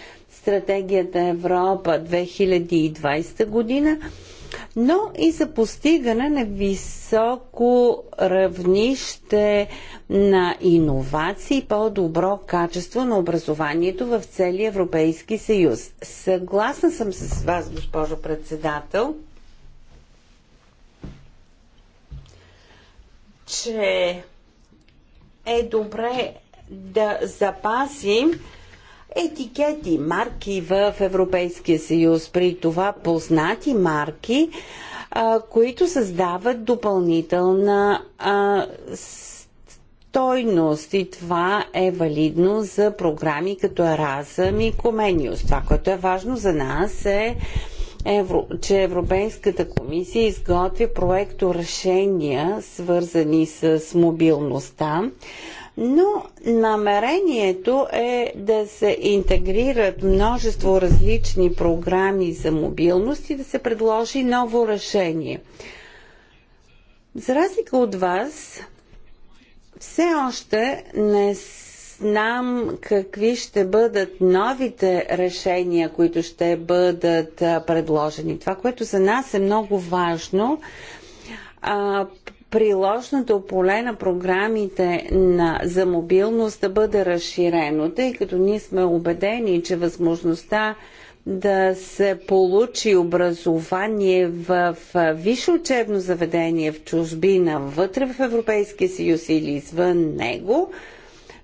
стратегията Европа 2020 година, но и за постигане на високо равнище на иновации и по-добро качество на образованието в целия Европейски съюз. Съгласна съм с вас, госпожо председател, че е добре да запасим етикети, марки в Европейския съюз, при това познати марки, а, които създават допълнителна а, стойност и това е валидно за програми като Еразъм и Комениус. Това, което е важно за нас е Евро, че Европейската комисия изготвя проекто решения, свързани с мобилността, но намерението е да се интегрират множество различни програми за мобилност и да се предложи ново решение. За разлика от вас, все още не знам какви ще бъдат новите решения, които ще бъдат предложени. Това, което за нас е много важно, приложното поле на програмите на, за мобилност да бъде разширено, тъй като ние сме убедени, че възможността да се получи образование в висше учебно заведение в чужбина, вътре в Европейския съюз или извън него,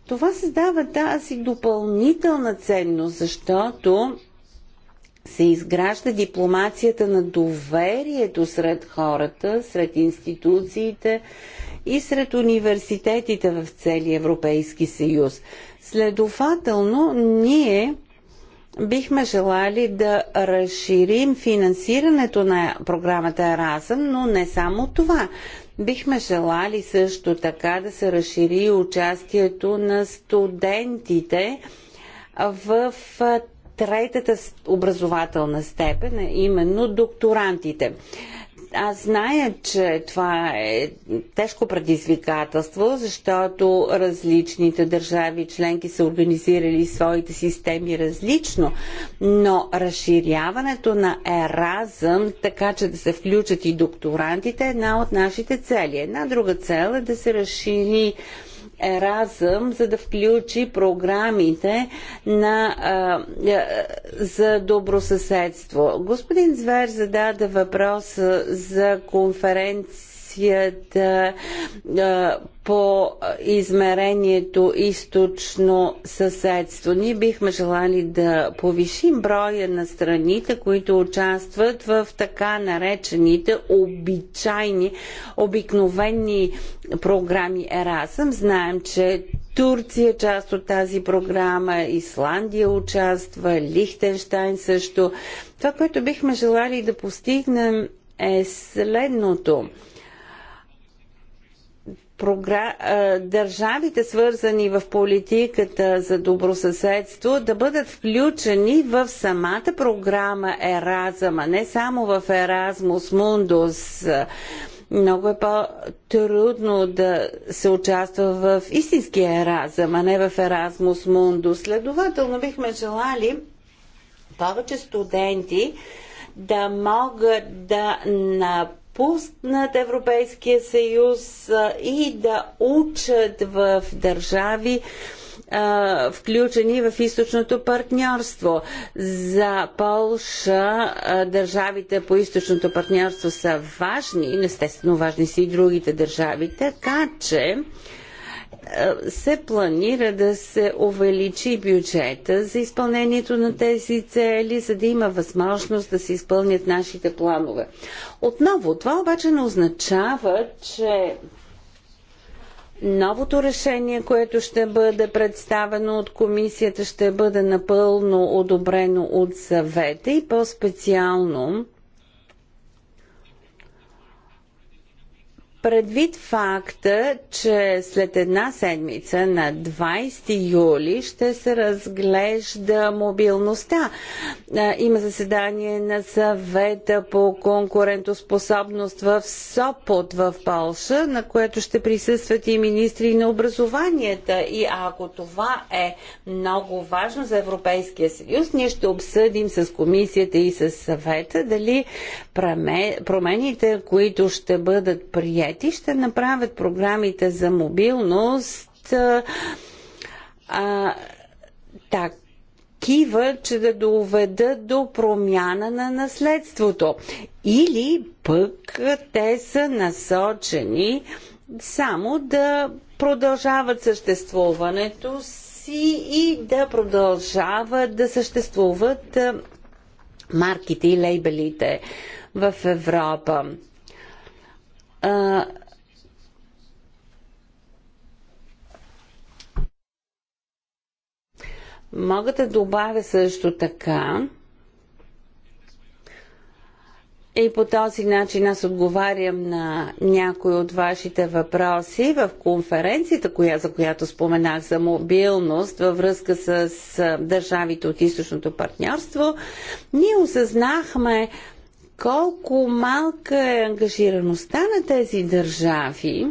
това създава тази допълнителна ценност, защото се изгражда дипломацията на доверието сред хората, сред институциите и сред университетите в целия Европейски съюз. Следователно, ние бихме желали да разширим финансирането на програмата Erasmus, но не само това. Бихме желали също така да се разшири участието на студентите в третата образователна степен, а именно докторантите. Аз зная, че това е тежко предизвикателство, защото различните държави членки са организирали своите системи различно, но разширяването на еразъм, така че да се включат и докторантите, е една от нашите цели. Една друга цел е да се разшири Еразъм, за да включи програмите на, а, а, е, за добросъседство. Господин Звер зададе въпрос за конференция дискусията по измерението източно съседство. Ние бихме желали да повишим броя на страните, които участват в така наречените обичайни, обикновени програми Ерасъм. Знаем, че Турция е част от тази програма, Исландия участва, Лихтенштайн също. Това, което бихме желали да постигнем е следното – държавите свързани в политиката за добросъседство да бъдат включени в самата програма Еразъма, не само в Еразмус Мундус. Много е по-трудно да се участва в истинския Еразъм, а не в Еразмус Мундус. Следователно бихме желали повече студенти да могат да направят напуснат Европейския съюз и да учат в държави, включени в източното партньорство. За Полша държавите по източното партньорство са важни, естествено важни са и другите държави, така че се планира да се увеличи бюджета за изпълнението на тези цели, за да има възможност да се изпълнят нашите планове. Отново, това обаче не означава, че новото решение, което ще бъде представено от комисията, ще бъде напълно одобрено от съвета и по-специално Предвид факта, че след една седмица на 20 юли ще се разглежда мобилността. Има заседание на съвета по конкурентоспособност в Сопот в Полша, на което ще присъстват и министри на образованията. И ако това е много важно за Европейския съюз, ние ще обсъдим с комисията и с съвета дали промените, които ще бъдат приети, приоритети ще направят програмите за мобилност а, так, такива, че да доведат до промяна на наследството. Или пък те са насочени само да продължават съществуването си и да продължават да съществуват марките и лейбелите в Европа. Мога да добавя също така, и по този начин аз отговарям на някои от вашите въпроси в конференцията, коя, за която споменах за мобилност във връзка с държавите от източното партньорство. Ние осъзнахме колко малка е ангажираността на тези държави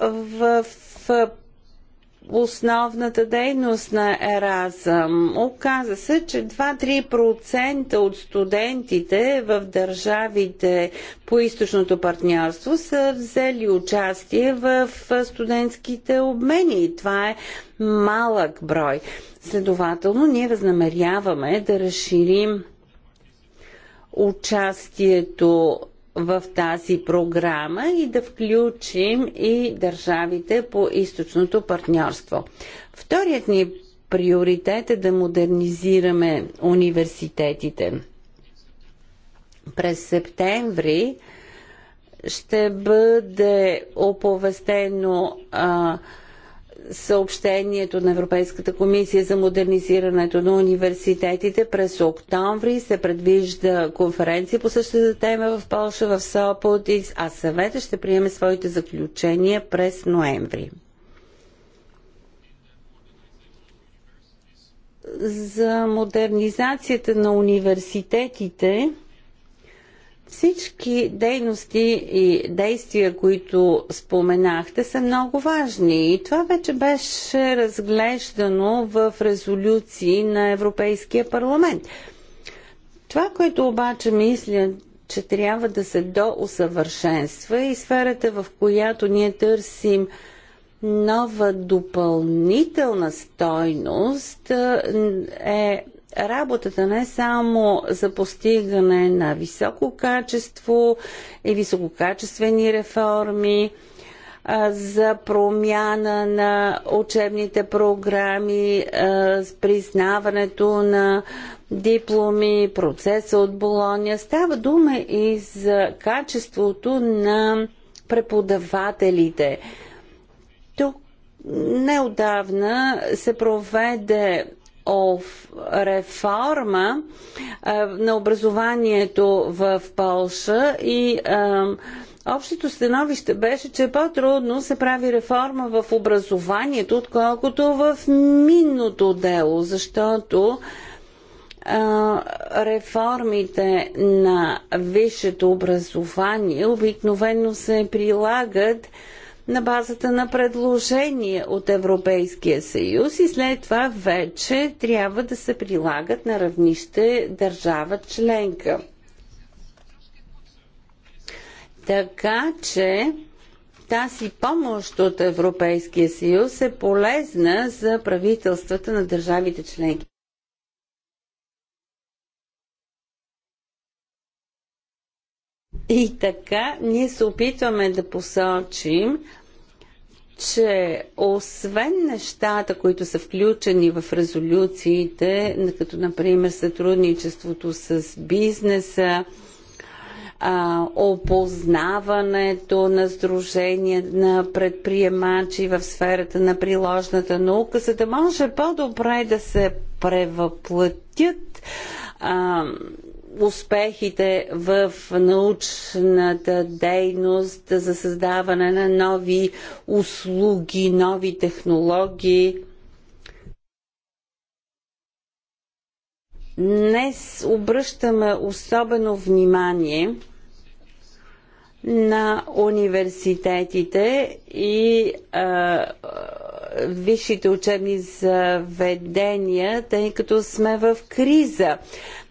в, основната дейност на Еразъм. Оказа се, че 2-3% от студентите в държавите по източното партньорство са взели участие в студентските обмени. Това е малък брой. Следователно, ние възнамеряваме да разширим участието в тази програма и да включим и държавите по източното партньорство. Вторият ни приоритет е да модернизираме университетите. През септември ще бъде оповестено а, съобщението на Европейската комисия за модернизирането на университетите. През октомври се предвижда конференция по същата тема в Польша, в Сопот, а съвета ще приеме своите заключения през ноември. За модернизацията на университетите всички дейности и действия, които споменахте, са много важни и това вече беше разглеждано в резолюции на Европейския парламент. Това, което обаче мисля, че трябва да се доусъвършенства и сферата, в която ние търсим нова допълнителна стойност е работата не е само за постигане на високо качество и висококачествени реформи, за промяна на учебните програми, с признаването на дипломи, процеса от Болония. Става дума и за качеството на преподавателите. Тук неодавна се проведе реформа е, на образованието в Полша и е, Общото становище беше, че по-трудно се прави реформа в образованието, отколкото в минното дело, защото е, реформите на висшето образование обикновено се прилагат на базата на предложение от Европейския съюз и след това вече трябва да се прилагат на равнище държава членка. Така че тази помощ от Европейския съюз е полезна за правителствата на държавите членки. И така ние се опитваме да посочим че освен нещата, които са включени в резолюциите, като например сътрудничеството с бизнеса, а, опознаването на сдружения на предприемачи в сферата на приложната наука, за да може по-добре да се превъплатят а, успехите в научната дейност за създаване на нови услуги, нови технологии. Днес обръщаме особено внимание на университетите и а, висшите учебни заведения, тъй като сме в криза.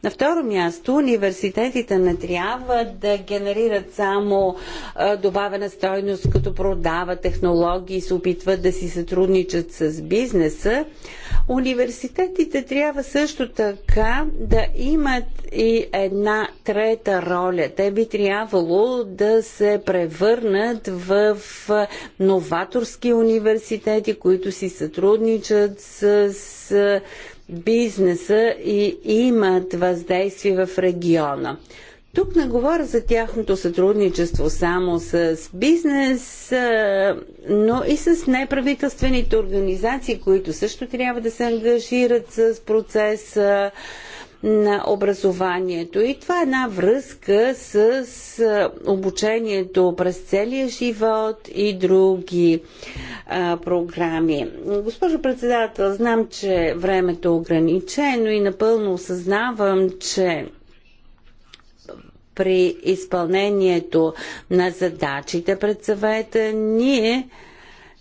На второ място, университетите не трябва да генерират само добавена стойност, като продават технологии и се опитват да си сътрудничат с бизнеса. Университетите трябва също така да имат и една трета роля. Те би трябвало да се превърнат в новаторски университети, които си сътрудничат с бизнеса и имат въздействие в региона. Тук не говоря за тяхното сътрудничество само с бизнес, но и с неправителствените организации, които също трябва да се ангажират с процеса на образованието. И това е една връзка с обучението през целия живот и други а, програми. Госпожо председател, знам, че времето е ограничено и напълно осъзнавам, че при изпълнението на задачите пред съвета ние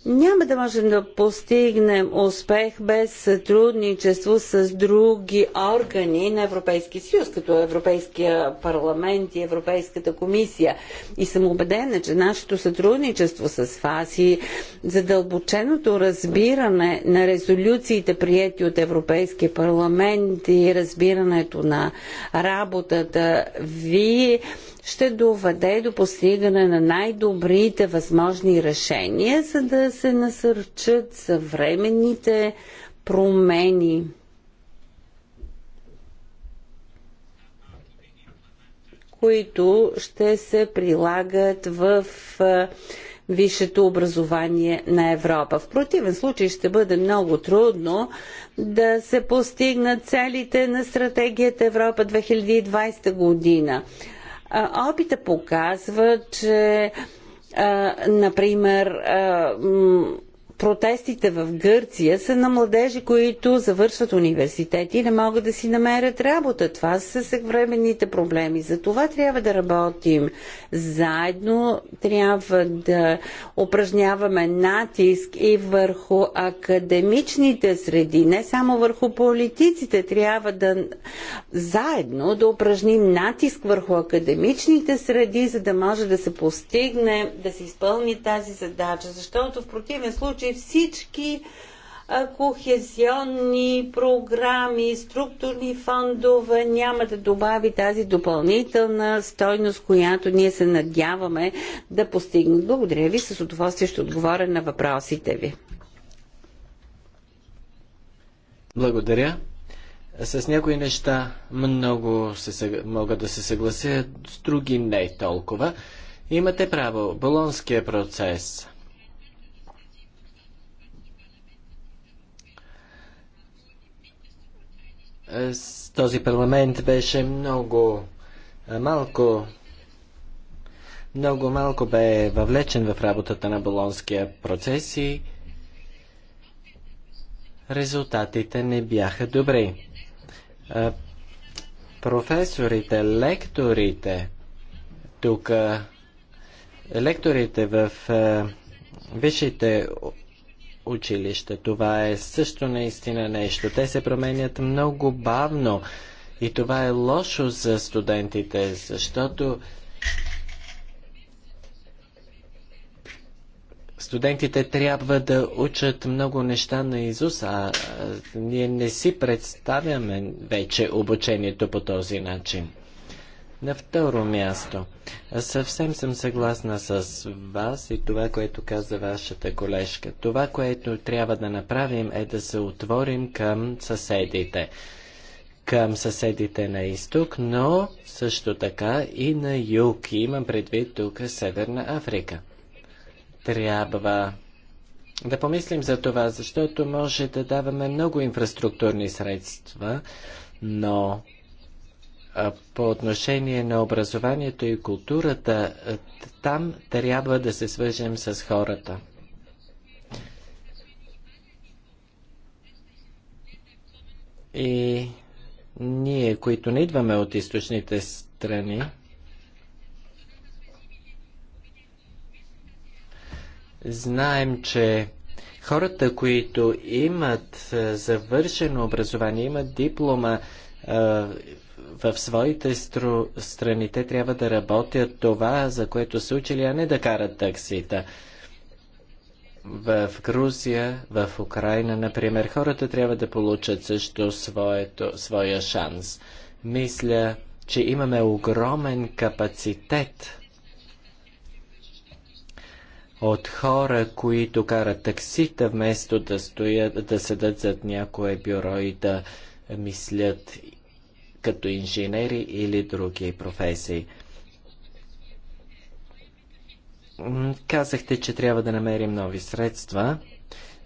няма да можем да постигнем успех без сътрудничество с други органи на Европейския съюз, като Европейския парламент и Европейската комисия. И съм убедена, че нашето сътрудничество с вас и задълбоченото разбиране на резолюциите, прияти от Европейския парламент и разбирането на работата ви ще доведе до постигане на най-добрите възможни решения, за да се насърчат съвременните промени. които ще се прилагат в висшето образование на Европа. В противен случай ще бъде много трудно да се постигнат целите на стратегията Европа 2020 година. Опита показва, че например, протестите в Гърция са на младежи, които завършват университети и не могат да си намерят работа. Това са съвременните проблеми. За това трябва да работим заедно, трябва да упражняваме натиск и върху академичните среди, не само върху политиците. Трябва да заедно да упражним натиск върху академичните среди, за да може да се постигне, да се изпълни тази задача, защото в противен случай че всички кохезионни програми, структурни фондове няма да добави тази допълнителна стойност, която ние се надяваме да постигнем. Благодаря ви, с удоволствие ще отговоря на въпросите ви. Благодаря. С някои неща много се, мога да се съглася, с други не толкова. Имате право. Болонския процес – този парламент беше много е, малко много малко бе въвлечен в работата на болонския процес и резултатите не бяха добри. Е, професорите, лекторите, тук е, лекторите в висшите училище. Това е също наистина нещо. Те се променят много бавно и това е лошо за студентите, защото студентите трябва да учат много неща на Изус, а ние не си представяме вече обучението по този начин. На второ място, съвсем съм съгласна с вас и това, което каза вашата колежка. Това, което трябва да направим е да се отворим към съседите. Към съседите на изток, но също така и на юг. Имам предвид тук Северна Африка. Трябва да помислим за това, защото може да даваме много инфраструктурни средства, но по отношение на образованието и културата, там трябва да се свържем с хората. И ние, които не идваме от източните страни, знаем, че хората, които имат завършено образование, имат диплома, в своите стру... страни те трябва да работят това, за което са учили, а не да карат таксита. В Грузия, в Украина, например, хората трябва да получат също своето, своя шанс. Мисля, че имаме огромен капацитет от хора, които карат таксита, вместо да стоят, да седат зад някое бюро и да мислят като инженери или други професии. Казахте, че трябва да намерим нови средства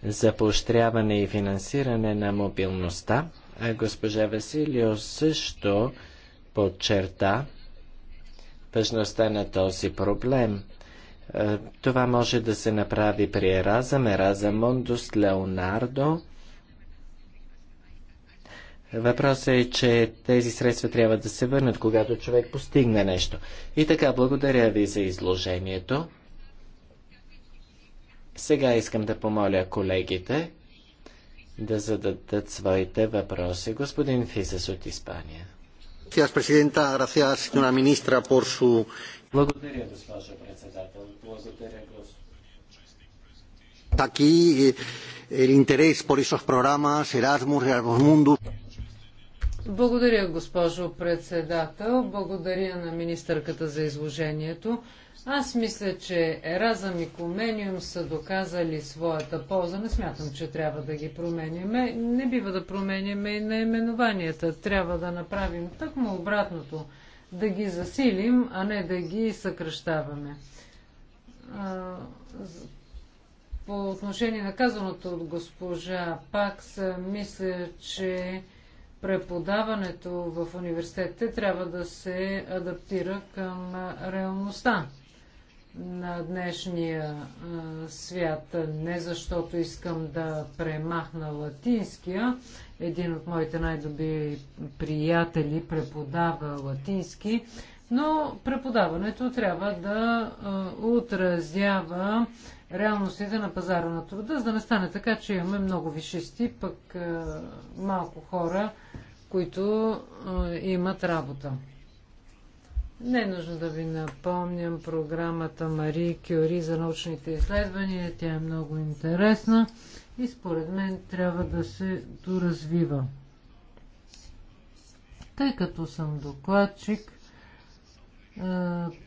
за поощряване и финансиране на мобилността. А госпожа Василио също подчерта важността на този проблем. Е, това може да се направи при Еразъм, Мондост, Леонардо Въпросът е, че тези средства трябва да се върнат, когато човек постигне нещо. И така, благодаря ви за изложението. Сега искам да помоля колегите да зададат своите въпроси. Господин Физес от Испания. Благодаря, госпожо председател. Благодаря, госпожо. Aquí eh, el interés por esos programas Erasmus, Erasmus Mundus. Благодаря, госпожо председател. Благодаря на министърката за изложението. Аз мисля, че Еразъм и Комениум са доказали своята полза. Не смятам, че трябва да ги променяме. Не бива да променяме и наименованията. Трябва да направим тъкмо обратното. Да ги засилим, а не да ги съкръщаваме. По отношение на казаното от госпожа Пакс, мисля, че преподаването в университетите трябва да се адаптира към реалността на днешния свят. Не защото искам да премахна латинския. Един от моите най-добри приятели преподава латински, но преподаването трябва да отразява реалностите на пазара на труда, за да не стане така, че имаме много вишисти, пък е, малко хора, които е, имат работа. Не е нужно да ви напомням програмата Мари Кюри за научните изследвания. Тя е много интересна и според мен трябва да се доразвива. Тъй като съм докладчик е,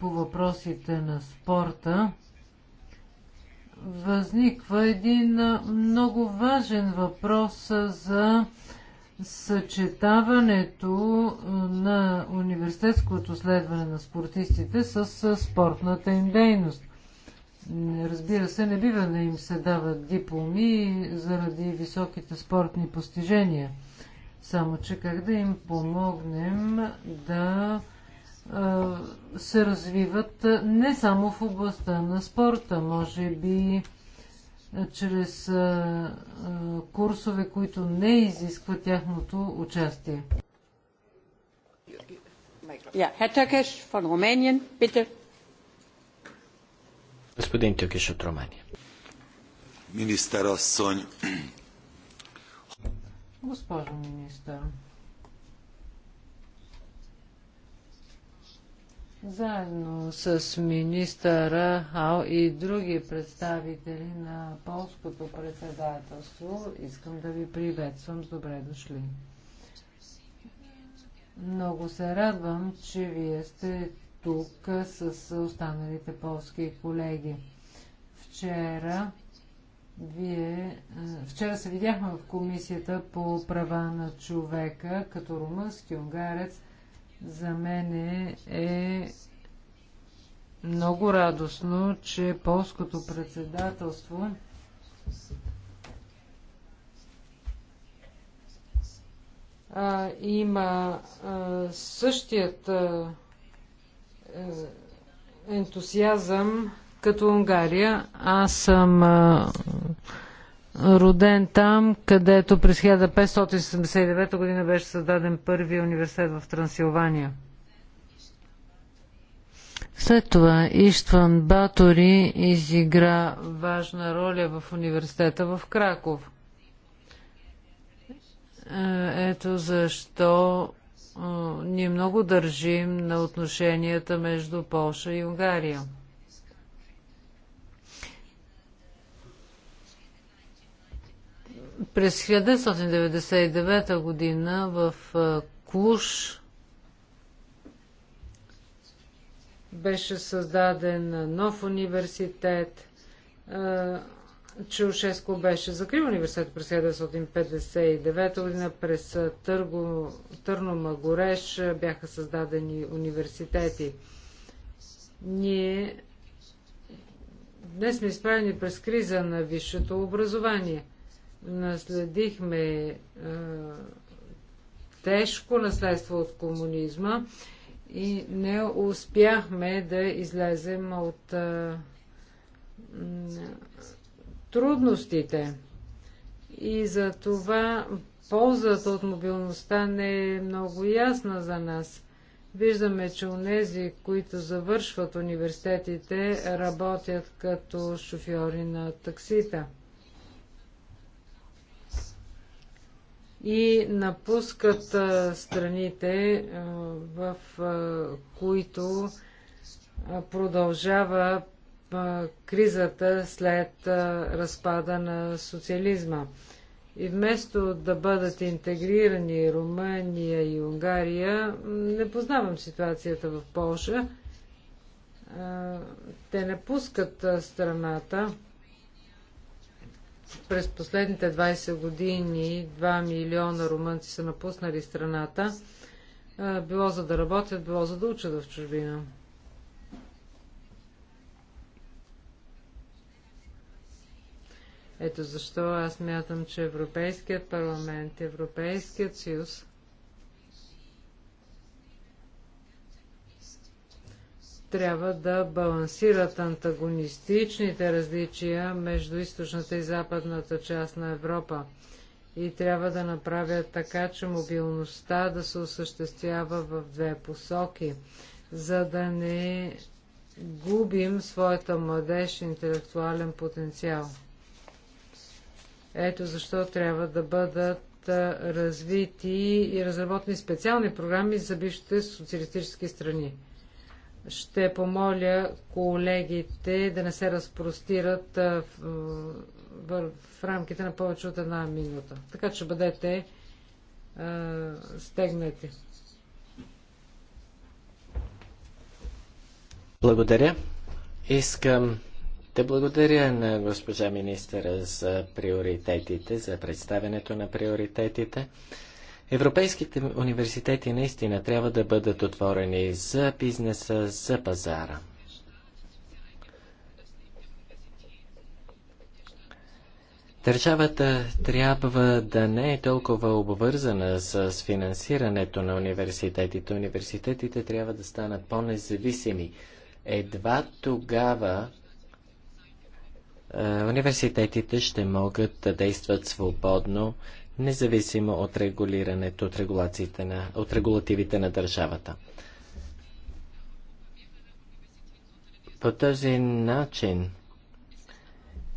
по въпросите на спорта, възниква един много важен въпрос за съчетаването на университетското следване на спортистите с спортната им дейност. Разбира се, не бива да им се дават дипломи заради високите спортни постижения. Само, че как да им помогнем да се развиват не само в областта на спорта, може би чрез курсове, които не изискват тяхното участие. Господин Тюкеш от Румъния. Министър Госпожо министър. Заедно с министъра Ал и други представители на полското председателство искам да ви приветствам с добре дошли. Много се радвам, че вие сте тук с останалите полски колеги. Вчера вие, е, вчера се видяхме в комисията по права на човека като румънски унгарец – за мен е много радостно, че полското председателство а, има а, същият а, е, ентусиазъм като Унгария. Аз съм а, роден там, където през 1579 година беше създаден първия университет в Трансилвания. След това Иштван Батори изигра важна роля в университета в Краков. Е, ето защо е, ние много държим на отношенията между Полша и Унгария. През 1999 година в Клуш беше създаден нов университет. Чаушеско беше закрил университет през 1959 година. През Търго, Търно Магореш бяха създадени университети. Ние днес сме изправени през криза на висшето образование наследихме тежко наследство от комунизма и не успяхме да излезем от трудностите. И за това ползата от мобилността не е много ясна за нас. Виждаме, че онези, които завършват университетите, работят като шофьори на таксита. и напускат страните, в които продължава кризата след разпада на социализма. И вместо да бъдат интегрирани Румъния и Унгария, не познавам ситуацията в Польша, те напускат страната през последните 20 години 2 милиона румънци са напуснали страната, било за да работят, било за да учат в чужбина. Ето защо аз мятам, че Европейският парламент, Европейският съюз трябва да балансират антагонистичните различия между източната и западната част на Европа и трябва да направят така, че мобилността да се осъществява в две посоки, за да не губим своята младеж интелектуален потенциал. Ето защо трябва да бъдат развити и разработени специални програми за бившите социалистически страни. Ще помоля колегите да не се разпростират в, в, в рамките на повече от една минута. Така че бъдете а, стегнати. Благодаря. Искам да благодаря на госпожа министъра за приоритетите, за представенето на приоритетите. Европейските университети наистина трябва да бъдат отворени за бизнеса, за пазара. Държавата трябва да не е толкова обвързана с финансирането на университетите. Университетите трябва да станат по-независими. Едва тогава е, университетите ще могат да действат свободно независимо от регулирането, от, регулациите на, от регулативите на държавата. По този начин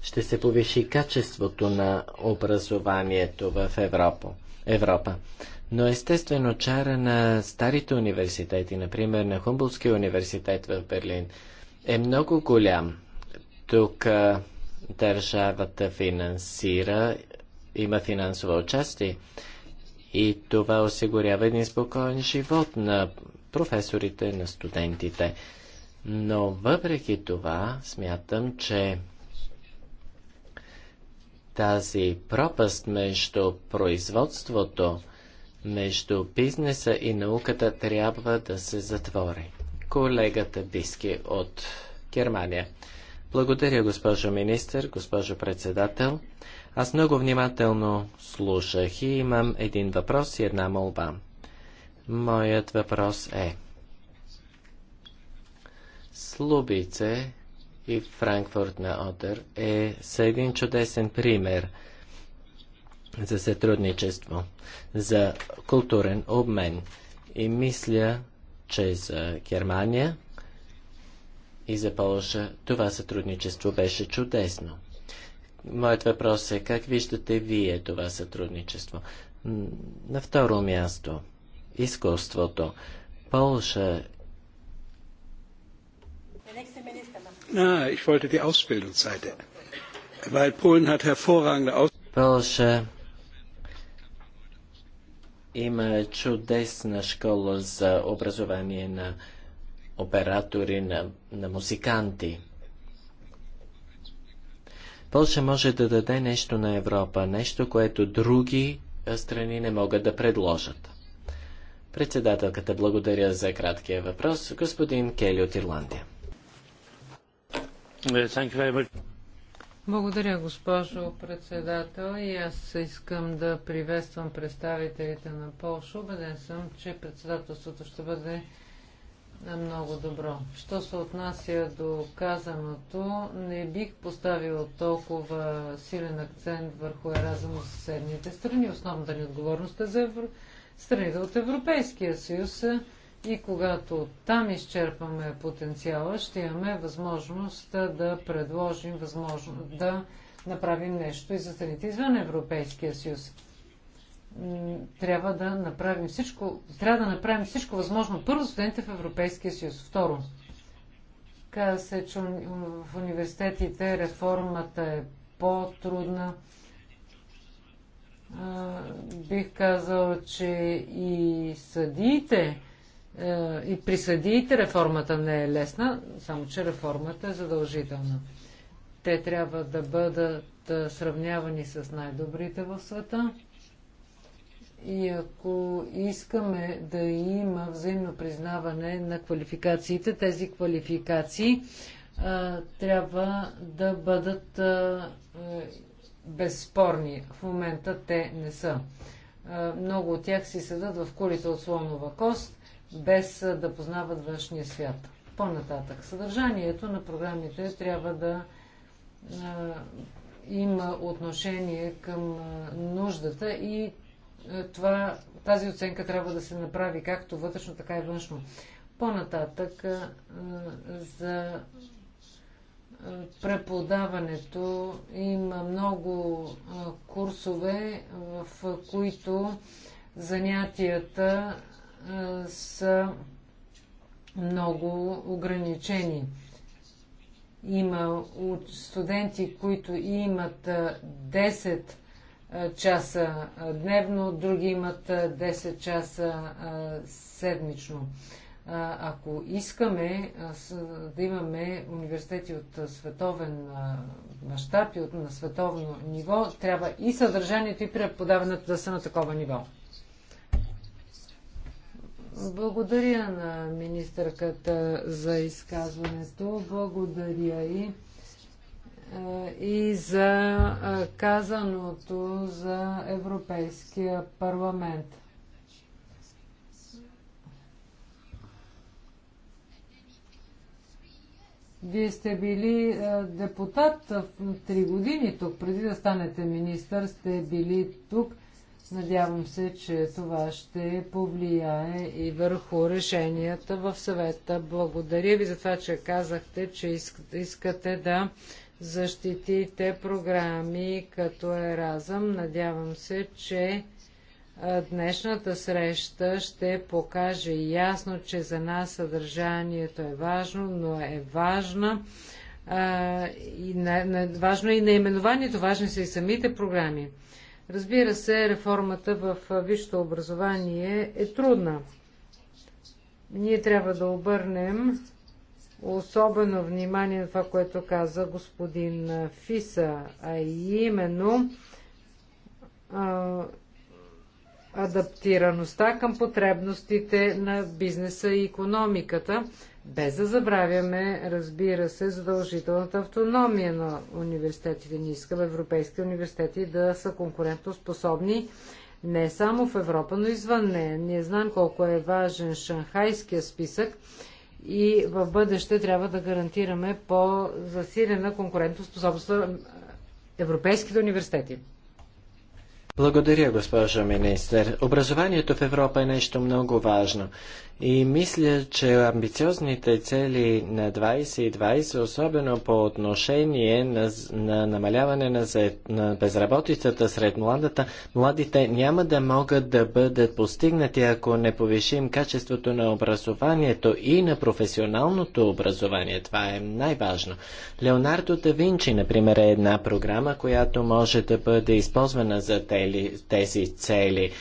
ще се повиши качеството на образованието в Европа. Европа. Но естествено чара на старите университети, например на Хумбулския университет в Берлин, е много голям. Тук държавата финансира има финансово участие. И това осигурява един спокоен живот на професорите, на студентите. Но въпреки това, смятам, че тази пропаст между производството, между бизнеса и науката трябва да се затвори. Колегата Диски от Германия. Благодаря, госпожо министър, госпожо председател. Аз много внимателно слушах и имам един въпрос и една молба. Моят въпрос е. Слубице и Франкфурт на Одер е, са един чудесен пример за сътрудничество, за културен обмен. И мисля, че за Германия и за Полша това сътрудничество беше чудесно. Моят въпрос е как виждате вие това сътрудничество? На второ място, изкуството. Полша. ich wollte die Ausbildungsseite. Weil Polen hat hervorragende Полша има чудесна школа за образование на оператори, на, на музиканти. Польша може да даде нещо на Европа, нещо, което други страни не могат да предложат. Председателката благодаря за краткия въпрос. Господин Кели от Ирландия. Е, благодаря, госпожо председател. И аз искам да приветствам представителите на Полша. Убеден съм, че председателството ще бъде е много добро. Що се отнася до казаното, не бих поставил толкова силен акцент върху еразъм за съседните страни. Основната ни отговорност е за евро... страните от Европейския съюз и когато там изчерпаме потенциала, ще имаме възможност да предложим, възможно, да направим нещо и за страните извън Европейския съюз трябва да направим всичко, трябва да направим всичко възможно. Първо, студентите в Европейския съюз. Второ, каза се, че в университетите реформата е по-трудна. Бих казал, че и съдиите, и при съдиите реформата не е лесна, само че реформата е задължителна. Те трябва да бъдат сравнявани с най-добрите в света и ако искаме да има взаимно признаване на квалификациите, тези квалификации а, трябва да бъдат а, е, безспорни. В момента те не са. А, много от тях си седат в кулите от слонова кост, без а, да познават външния свят. По-нататък. Съдържанието на програмите трябва да а, има отношение към нуждата и е, това, тази оценка трябва да се направи както вътрешно, така и външно. По-нататък е, за е, преподаването има много курсове, в които занятията са много ограничени. Има студенти, които имат 10 е, часа е, дневно, други имат 10 е, часа седмично. Ако искаме да имаме университети от световен мащаб и на световно ниво, трябва и съдържанието и преподаването да са на такова ниво. Благодаря на министърката за изказването. Благодаря и и за казаното за Европейския парламент. Вие сте били депутат в три години тук, преди да станете министър, сте били тук. Надявам се, че това ще повлияе и върху решенията в съвета. Благодаря ви за това, че казахте, че искате да защитите програми като Еразъм. Надявам се, че днешната среща ще покаже ясно, че за нас съдържанието е важно, но е важна и на, на, важно е и наименованието, важни са и самите програми. Разбира се, реформата в висшето образование е трудна. Ние трябва да обърнем особено внимание на това, което каза господин Фиса, а именно а, адаптираността към потребностите на бизнеса и економиката, без да забравяме, разбира се, задължителната автономия на университетите. Ние искаме европейски университети да са конкурентоспособни не само в Европа, но извън нея. Ние знаем колко е важен шанхайския списък и в бъдеще трябва да гарантираме по-засилена конкурентоспособност на европейските университети. Благодаря, госпожо министър. Образованието в Европа е нещо много важно. И мисля, че амбициозните цели на 2020, особено по отношение на, на намаляване на, за, на безработицата сред младата, младите няма да могат да бъдат постигнати, ако не повишим качеството на образованието и на професионалното образование. Това е най-важно. Леонардо да Винчи, например, е една програма, която може да бъде използвана за тези цели.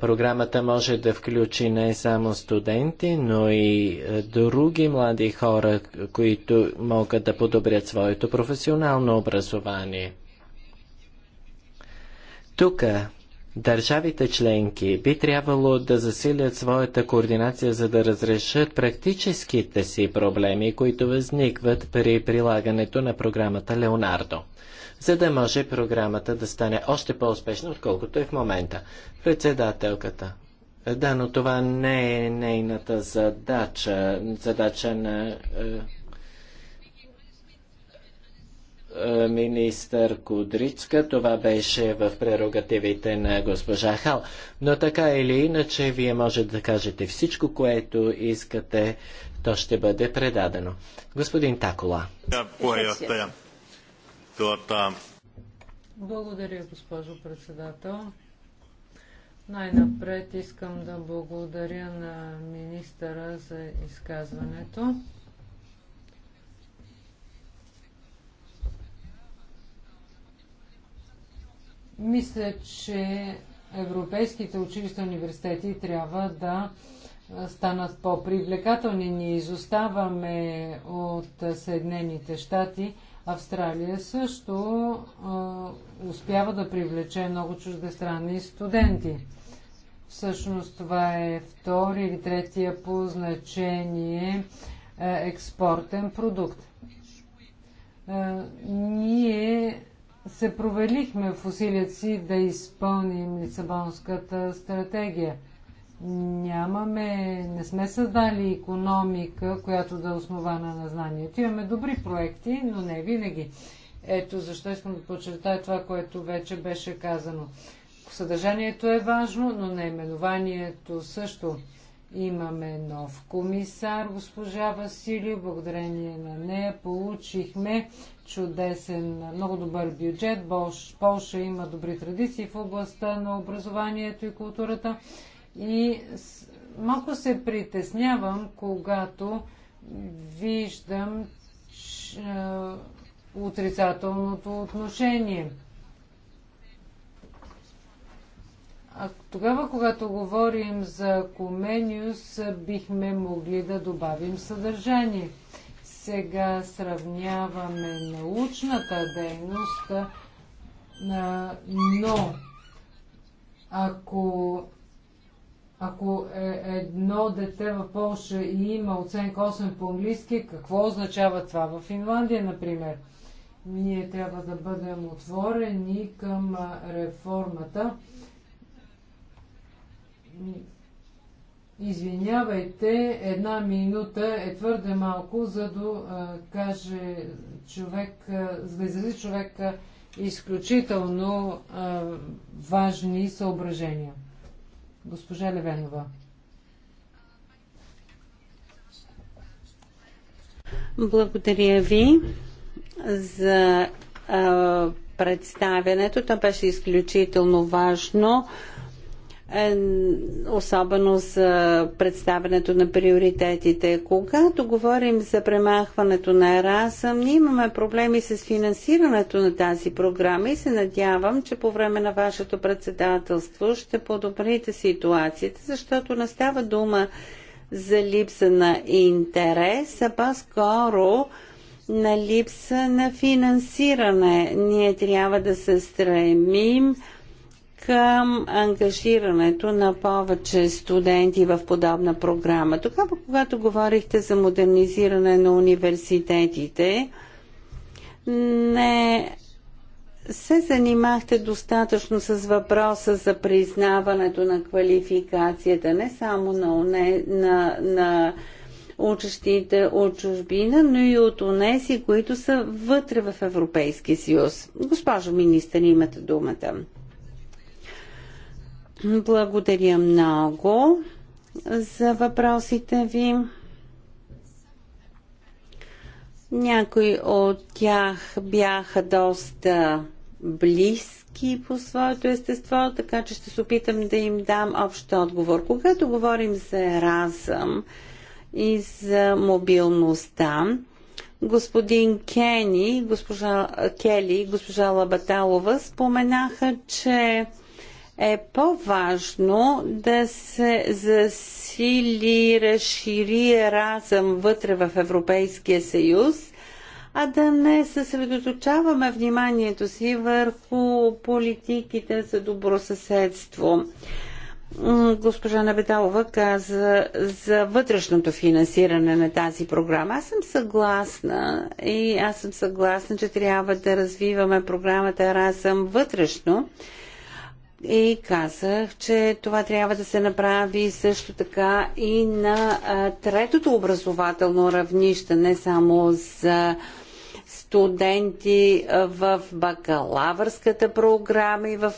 Програмата може да включи не само студенти, но и други млади хора, които могат да подобрят своето професионално образование. Тук държавите членки би трябвало да засилят своята координация, за да разрешат практическите си проблеми, които възникват при прилагането на програмата Леонардо за да може програмата да стане още по-успешна, отколкото е в момента. Председателката. Да, но това не е нейната задача. Задача на е, е, министър Кудрицка. Това беше в прерогативите на госпожа Хал. Но така или иначе, вие може да кажете всичко, което искате. То ще бъде предадено. Господин Такола. Благодаря, госпожо председател. Най-напред искам да благодаря на министъра за изказването. Мисля, че европейските училища и университети трябва да станат по-привлекателни. Ние изоставаме от Съединените щати – Австралия също а, успява да привлече много чуждестранни студенти. Всъщност това е втори или третия по значение а, е, експортен продукт. А, ние се провелихме в усилията си да изпълним Лисабонската стратегия – нямаме, не сме създали економика, която да е основана на знанието. Имаме добри проекти, но не винаги. Ето защо искам да подчертая това, което вече беше казано. Съдържанието е важно, но наименованието също. Имаме нов комисар, госпожа Василио. Благодарение на нея получихме чудесен, много добър бюджет. Полша има добри традиции в областта на образованието и културата. И малко се притеснявам, когато виждам че, отрицателното отношение. А тогава, когато говорим за Комениус, бихме могли да добавим съдържание. Сега сравняваме научната дейност, но ако ако е едно дете в Польша и има оценка 8 по английски, какво означава това в Финландия, например? Ние трябва да бъдем отворени към реформата. Извинявайте, една минута е твърде малко, за да каже човек, за да изрази човек изключително важни съображения. Госпожа Левенова. Благодаря ви за а, представянето. То беше изключително важно. А, особено за представянето на приоритетите. Когато говорим за премахването на Еразъм, ние имаме проблеми с финансирането на тази програма и се надявам, че по време на вашето председателство ще подобрите ситуацията, защото не става дума за липса на интерес, а по-скоро на липса на финансиране. Ние трябва да се стремим към ангажирането на повече студенти в подобна програма. Тогава, когато говорихте за модернизиране на университетите, не се занимахте достатъчно с въпроса за признаването на квалификацията, не само на, уне, на, на учещите от чужбина, но и от унеси, които са вътре в Европейския съюз. Госпожо министър, имате думата. Благодаря много за въпросите ви. Някои от тях бяха доста близки по своето естество, така че ще се опитам да им дам общ отговор. Когато говорим за разъм и за мобилността, господин Кени, госпожа Кели и госпожа Лабаталова споменаха, че е по-важно да се засили, разшири разъм вътре в Европейския съюз, а да не съсредоточаваме вниманието си върху политиките за добро съседство. Госпожа Набедалова каза за вътрешното финансиране на тази програма. Аз съм съгласна и аз съм съгласна, че трябва да развиваме програмата Разъм вътрешно, и казах, че това трябва да се направи също така и на третото образователно равнище, не само за студенти в бакалавърската програма и в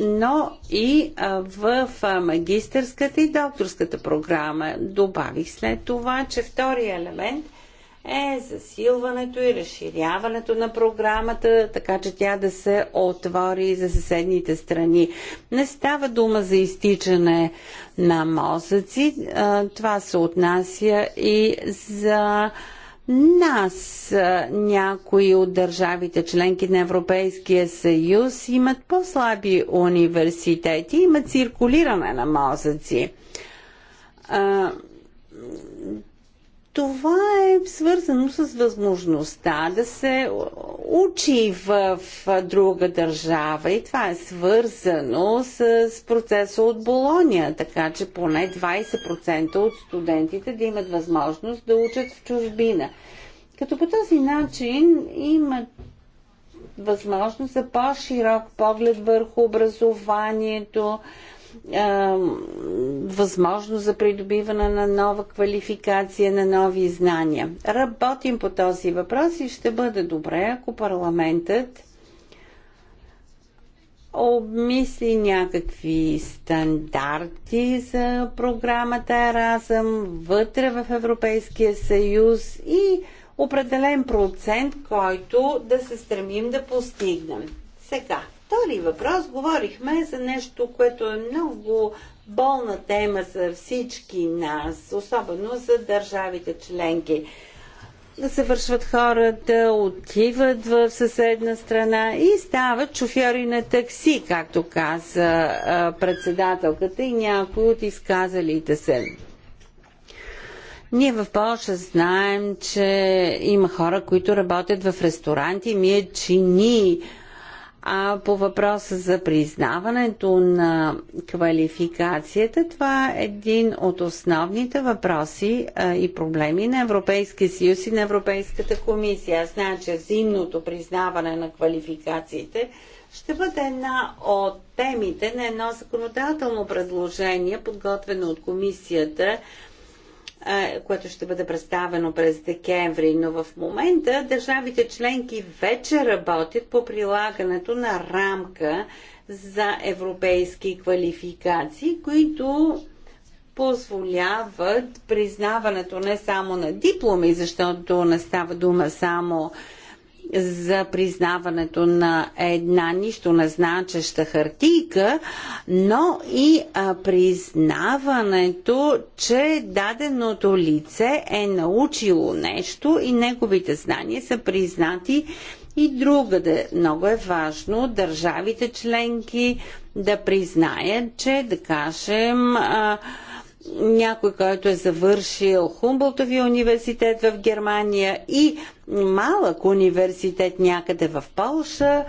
но и в магистърската и докторската програма. Добавих след това, че втория елемент – е засилването и разширяването на програмата, така че тя да се отвори за съседните страни. Не става дума за изтичане на мозъци, това се отнася и за нас някои от държавите членки на Европейския съюз имат по-слаби университети, имат циркулиране на мозъци. Това е свързано с възможността да се учи в друга държава и това е свързано с процеса от Болония, така че поне 20% от студентите да имат възможност да учат в чужбина. Като по този начин имат възможност за по-широк поглед върху образованието, възможност за придобиване на нова квалификация, на нови знания. Работим по този въпрос и ще бъде добре, ако парламентът обмисли някакви стандарти за програмата Еразъм вътре в Европейския съюз и определен процент, който да се стремим да постигнем. Сега, втори въпрос говорихме за нещо, което е много болна тема за всички нас, особено за държавите членки. Да се вършват хората, отиват в съседна страна и стават шофьори на такси, както каза председателката и някои от изказалите се. Ние в Польша знаем, че има хора, които работят в ресторанти, мият чини, а по въпроса за признаването на квалификацията, това е един от основните въпроси а, и проблеми на Европейския съюз и на Европейската комисия. Аз знае, че взаимното признаване на квалификациите ще бъде една от темите на едно законодателно предложение, подготвено от комисията което ще бъде представено през декември, но в момента държавите членки вече работят по прилагането на рамка за европейски квалификации, които позволяват признаването не само на дипломи, защото не става дума само за признаването на една нищо не значеща хартийка, но и а, признаването, че даденото лице е научило нещо и неговите знания са признати и другаде. Много е важно държавите членки да признаят, че, да кажем, а, някой, който е завършил Хумболтовия университет в Германия и малък университет някъде в Полша,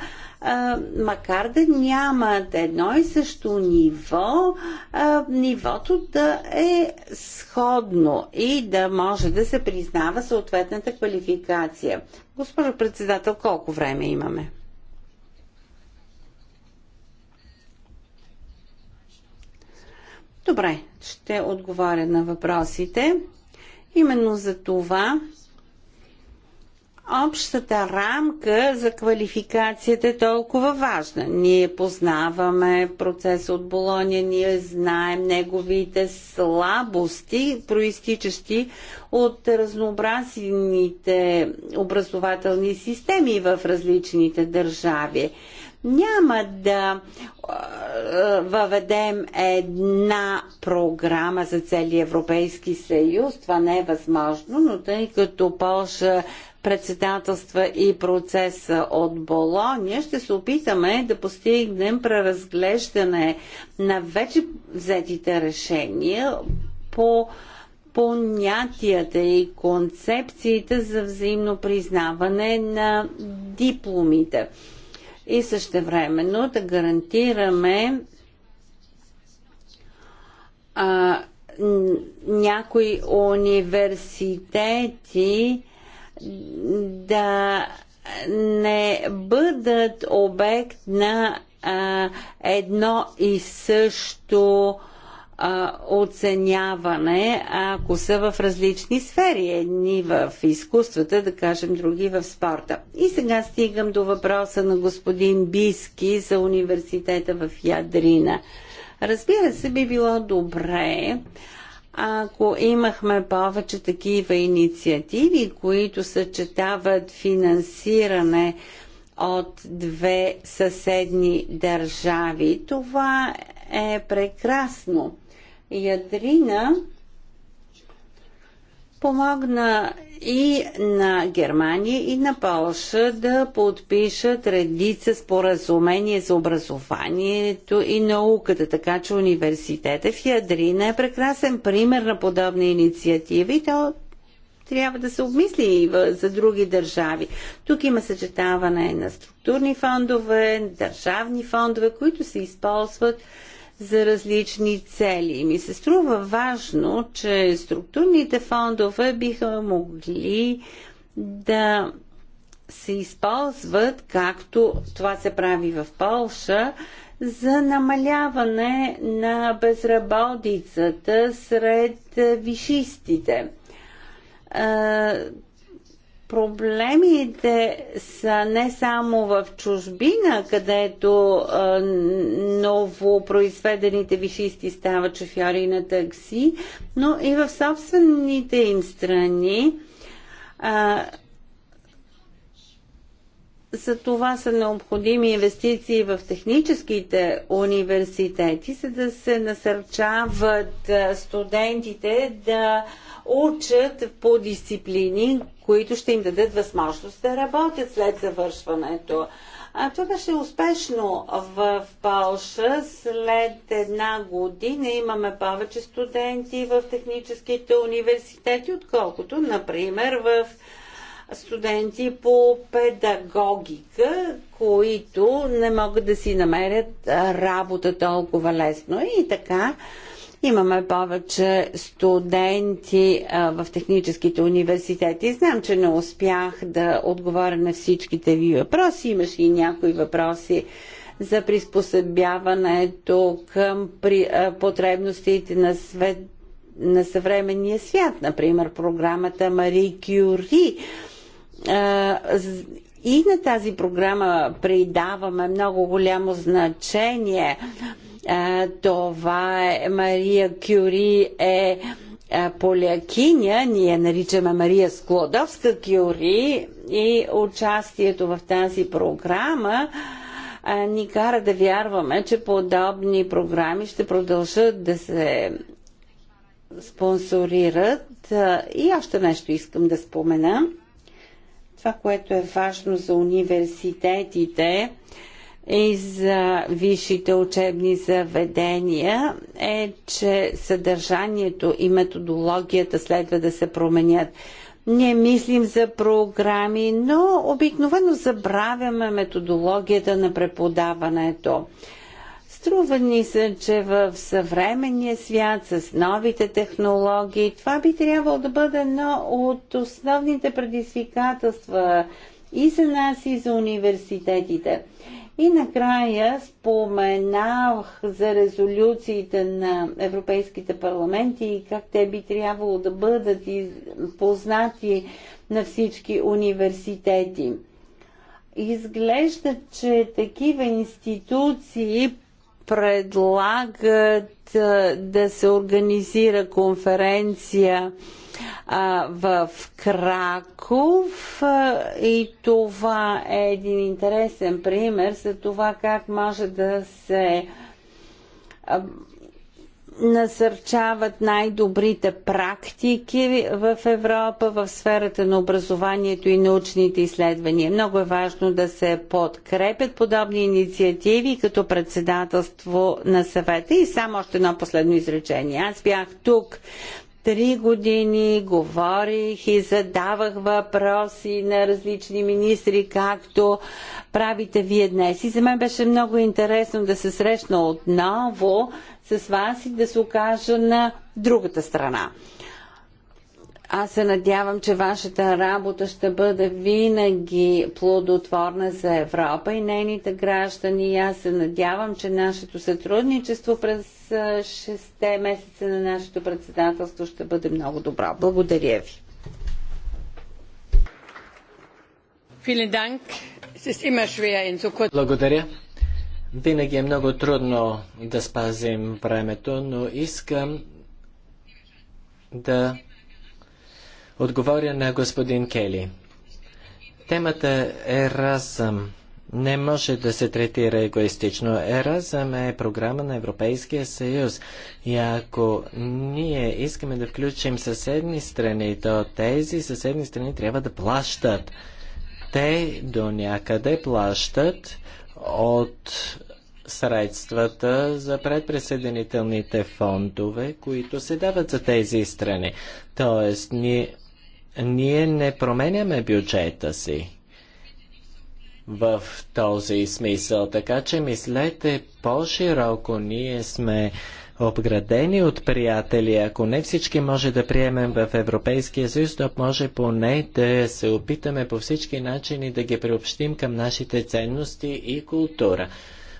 макар да нямат едно и също ниво, нивото да е сходно и да може да се признава съответната квалификация. Госпожо председател, колко време имаме? Добре, ще отговаря на въпросите. Именно за това общата рамка за квалификацията е толкова важна. Ние познаваме процеса от Болония, ние знаем неговите слабости, проистичащи от разнообразните образователни системи в различните държави. Няма да въведем една програма за цели Европейски съюз. Това не е възможно, но тъй като Польша председателства и процеса от Болония, ще се опитаме да постигнем преразглеждане на вече взетите решения по понятията и концепциите за взаимно признаване на дипломите и същевременно да гарантираме а, някои университети да не бъдат обект на а, едно и също а, оценяване, ако са в различни сфери. Едни в изкуствата, да кажем, други в спорта. И сега стигам до въпроса на господин Биски за университета в Ядрина. Разбира се, би било добре ако имахме повече такива инициативи, които съчетават финансиране от две съседни държави. Това е прекрасно. Ядрина помогна и на Германия и на Полша да подпишат редица споразумение за образованието и науката, така че университета в Ядрина е прекрасен пример на подобни инициативи и то трябва да се обмисли и за други държави. Тук има съчетаване на структурни фондове, държавни фондове, които се използват за различни цели. ми се струва важно, че структурните фондове биха могли да се използват, както това се прави в Полша, за намаляване на безработицата сред вишистите Проблемите са не само в чужбина, където новопроизведените вишисти стават шофьори на такси, но и в собствените им страни. А, за това са необходими инвестиции в техническите университети, за да се насърчават студентите да а, учат по дисциплини, които ще им дадат възможност да работят след завършването. А това беше успешно в Полша. След една година имаме повече студенти в техническите университети, отколкото, например, в студенти по педагогика, които не могат да си намерят работа толкова лесно. И така, Имаме повече студенти а, в техническите университети. Знам, че не успях да отговоря на всичките ви въпроси. Имаш и някои въпроси за приспособяването към при, а, потребностите на свет на съвременния свят, например програмата Мари Кюри. и на тази програма придаваме много голямо значение. Това е Мария Кюри е полякиня, ние наричаме Мария Склодовска Кюри и участието в тази програма ни кара да вярваме, че подобни програми ще продължат да се спонсорират. И още нещо искам да спомена. Това, което е важно за университетите, и за висшите учебни заведения е, че съдържанието и методологията следва да се променят. Ние мислим за програми, но обикновено забравяме методологията на преподаването. Струва ни се, че в съвременния свят с новите технологии това би трябвало да бъде едно от основните предизвикателства и за нас, и за университетите. И накрая споменах за резолюциите на европейските парламенти и как те би трябвало да бъдат познати на всички университети. Изглежда, че такива институции предлагат да се организира конференция а, в Краков а, и това е един интересен пример за това как може да се а, насърчават най-добрите практики в Европа в сферата на образованието и научните изследвания. Много е важно да се подкрепят подобни инициативи като председателство на съвета. И само още едно последно изречение. Аз бях тук три години говорих и задавах въпроси на различни министри, както правите вие днес. И за мен беше много интересно да се срещна отново с вас и да се окажа на другата страна. Аз се надявам, че вашата работа ще бъде винаги плодотворна за Европа и нейните граждани. Аз се надявам, че нашето сътрудничество през 6 месеца на нашето председателство ще бъде много добро. Благодаря ви. Благодаря. Винаги е много трудно да спазим времето, но искам да отговоря на господин Кели. Темата е разъм. Не може да се третира егоистично. Еразъм е програма на Европейския съюз. И ако ние искаме да включим съседни страни, то тези съседни страни трябва да плащат. Те до някъде плащат от средствата за предпреседенителните фондове, които се дават за тези страни. Тоест, ние ние не променяме бюджета си в този смисъл. Така че мислете по-широко. Ние сме обградени от приятели. Ако не всички може да приемем в Европейския съюз, то може поне да се опитаме по всички начини да ги приобщим към нашите ценности и култура.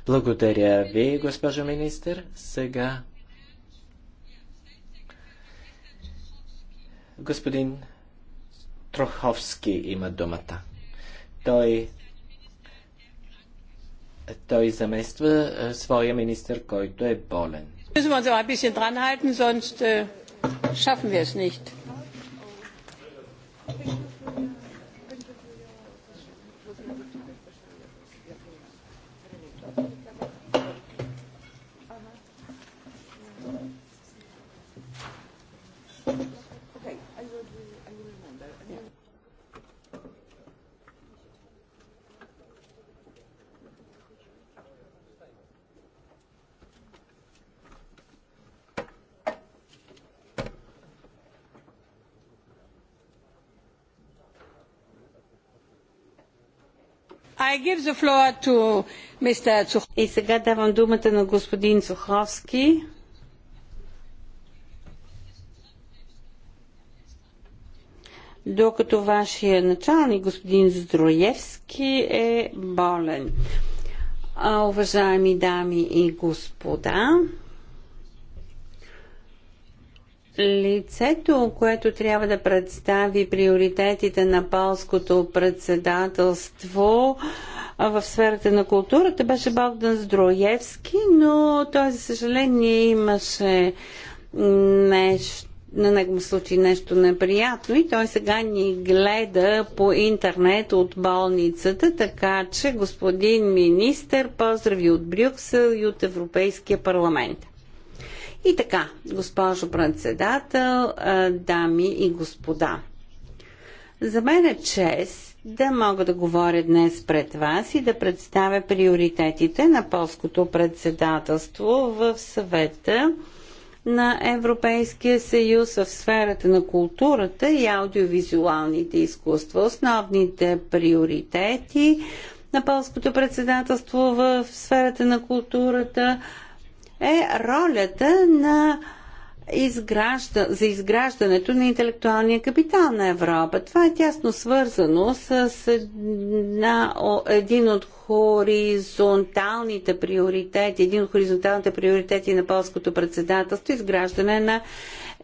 Благодаря ви, госпожо министър. Сега господин Троховски има думата. Той, той замества а, своя министр, който е болен. Müssen wir uns aber ein bisschen dran halten, sonst äh, schaffen wir es nicht. И сега давам думата на господин Цуховски. Докато вашия началник, господин Здроевски, е болен. Уважаеми дами и господа, Лицето, което трябва да представи приоритетите на полското председателство в сферата на културата беше Богдан Здроевски, но той, за съжаление, имаше нещо на него му случи нещо неприятно и той сега ни гледа по интернет от болницата, така че господин министър, поздрави от Брюксел и от Европейския парламент. И така, госпожо председател, дами и господа, за мен е чест да мога да говоря днес пред вас и да представя приоритетите на полското председателство в съвета на Европейския съюз в сферата на културата и аудиовизуалните изкуства. Основните приоритети на полското председателство в сферата на културата е ролята на изгражда, за изграждането на интелектуалния капитал на Европа. Това е тясно свързано с една, един от хоризонталните приоритети, един от хоризонталните приоритети на полското председателство, изграждане на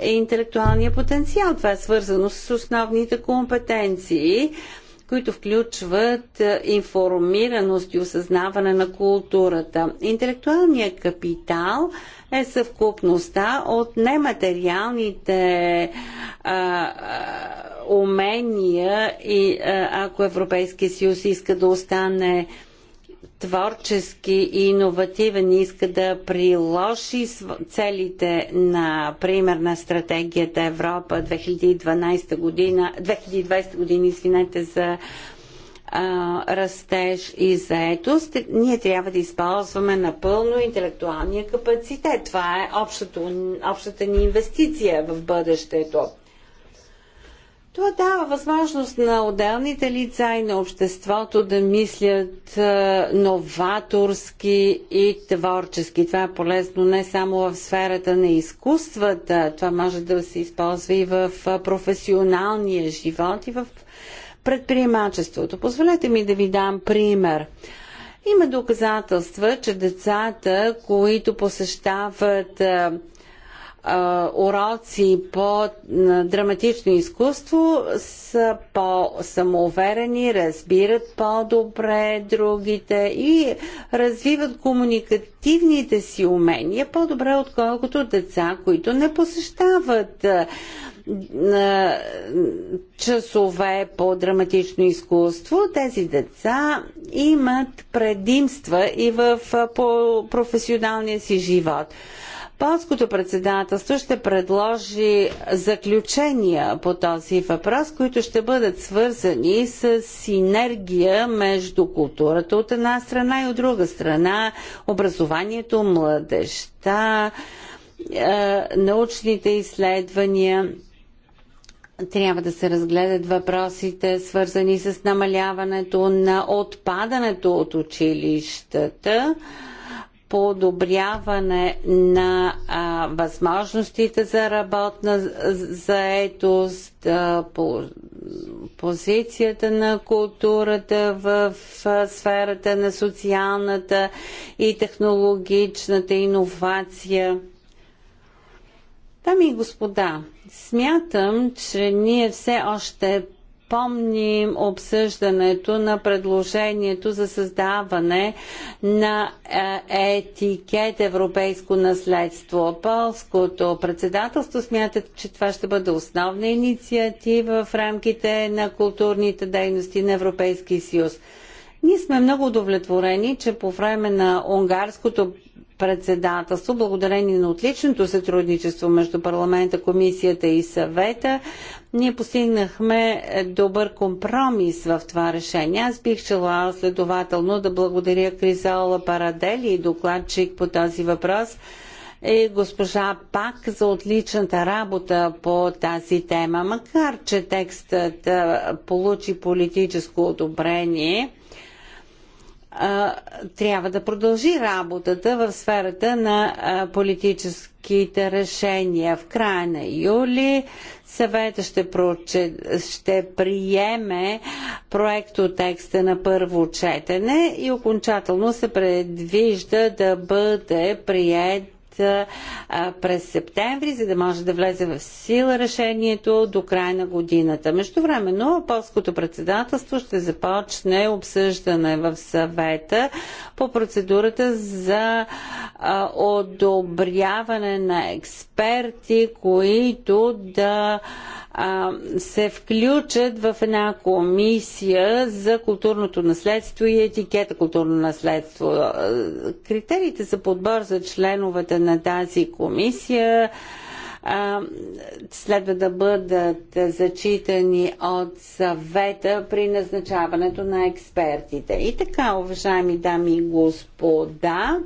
интелектуалния потенциал. Това е свързано с основните компетенции които включват е, информираност и осъзнаване на културата. Интелектуалният капитал е съвкупността от нематериалните а, е, е, умения и ако Европейския съюз иска да остане творчески и иновативен и иска да приложи целите на пример на стратегията Европа 2012 година, 2020 година, извинете, за растеж и заетост, ние трябва да използваме напълно интелектуалния капацитет. Това е общата ни инвестиция в бъдещето. Това дава възможност на отделните лица и на обществото да мислят е, новаторски и творчески. Това е полезно не само в сферата на изкуствата, това може да се използва и в е, професионалния живот и в предприемачеството. Позволете ми да ви дам пример. Има доказателства, че децата, които посещават е, уроци по драматично изкуство са по-самоуверени, разбират по-добре другите и развиват комуникативните си умения по-добре, отколкото деца, които не посещават часове по драматично изкуство, тези деца имат предимства и в професионалния си живот. Полското председателство ще предложи заключения по този въпрос, които ще бъдат свързани с синергия между културата от една страна и от друга страна образованието, младежта, е, научните изследвания трябва да се разгледат въпросите, свързани с намаляването на отпадането от училищата подобряване на а, възможностите за работна заетост, а, по, позицията на културата в, в сферата на социалната и технологичната иновация. Дами и господа, смятам, че ние все още помним обсъждането на предложението за създаване на е, етикет Европейско наследство. Полското председателство смятат, че това ще бъде основна инициатива в рамките на културните дейности на Европейския съюз. Ние сме много удовлетворени, че по време на унгарското председателство, благодарение на отличното сътрудничество между парламента, комисията и съвета, ние постигнахме добър компромис в това решение. Аз бих желала следователно да благодаря Кризала Парадели, и докладчик по този въпрос и госпожа Пак за отличната работа по тази тема. Макар, че текстът получи политическо одобрение, трябва да продължи работата в сферата на политическите решения. В края на юли Съвета ще, проче, ще приеме проекто текста на първо четене и окончателно се предвижда да бъде прият през септември, за да може да влезе в сила решението до края на годината. Между времено, полското председателство ще започне обсъждане в съвета по процедурата за одобряване на експерти, които да а, се включат в една комисия за културното наследство и етикета културно наследство. Критериите за подбор за членовете на тази комисия а, следва да бъдат зачитани от съвета при назначаването на експертите. И така, уважаеми дами и господа,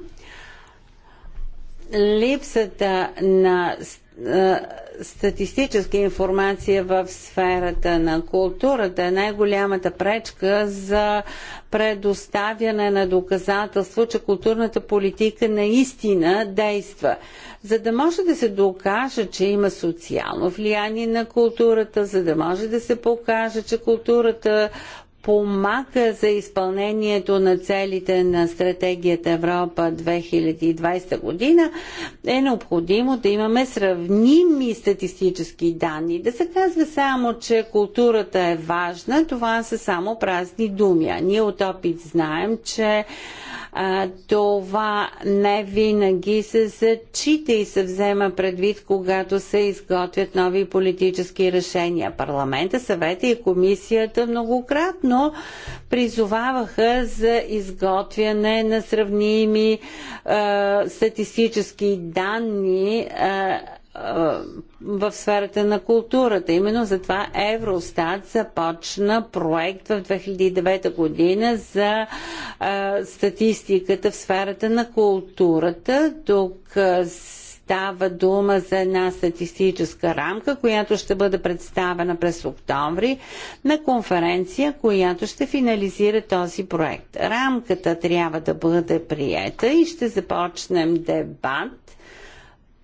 липсата на е, статистическа информация в сферата на културата е най-голямата пречка за предоставяне на доказателство, че културната политика наистина действа. За да може да се докаже, че има социално влияние на културата, за да може да се покаже, че културата помага за изпълнението на целите на стратегията Европа 2020 година, е необходимо да имаме сравними статистически данни. Да се казва само, че културата е важна, това са само празни думи. А ние от опит знаем, че а, това не винаги се зачита и се взема предвид, когато се изготвят нови политически решения. Парламента, съвета и комисията многократно призоваваха за изготвяне на сравними а, статистически данни а, в сферата на културата. Именно затова Евростат започна проект в 2009 година за статистиката в сферата на културата. Тук става дума за една статистическа рамка, която ще бъде представена през октомври на конференция, която ще финализира този проект. Рамката трябва да бъде приета и ще започнем дебат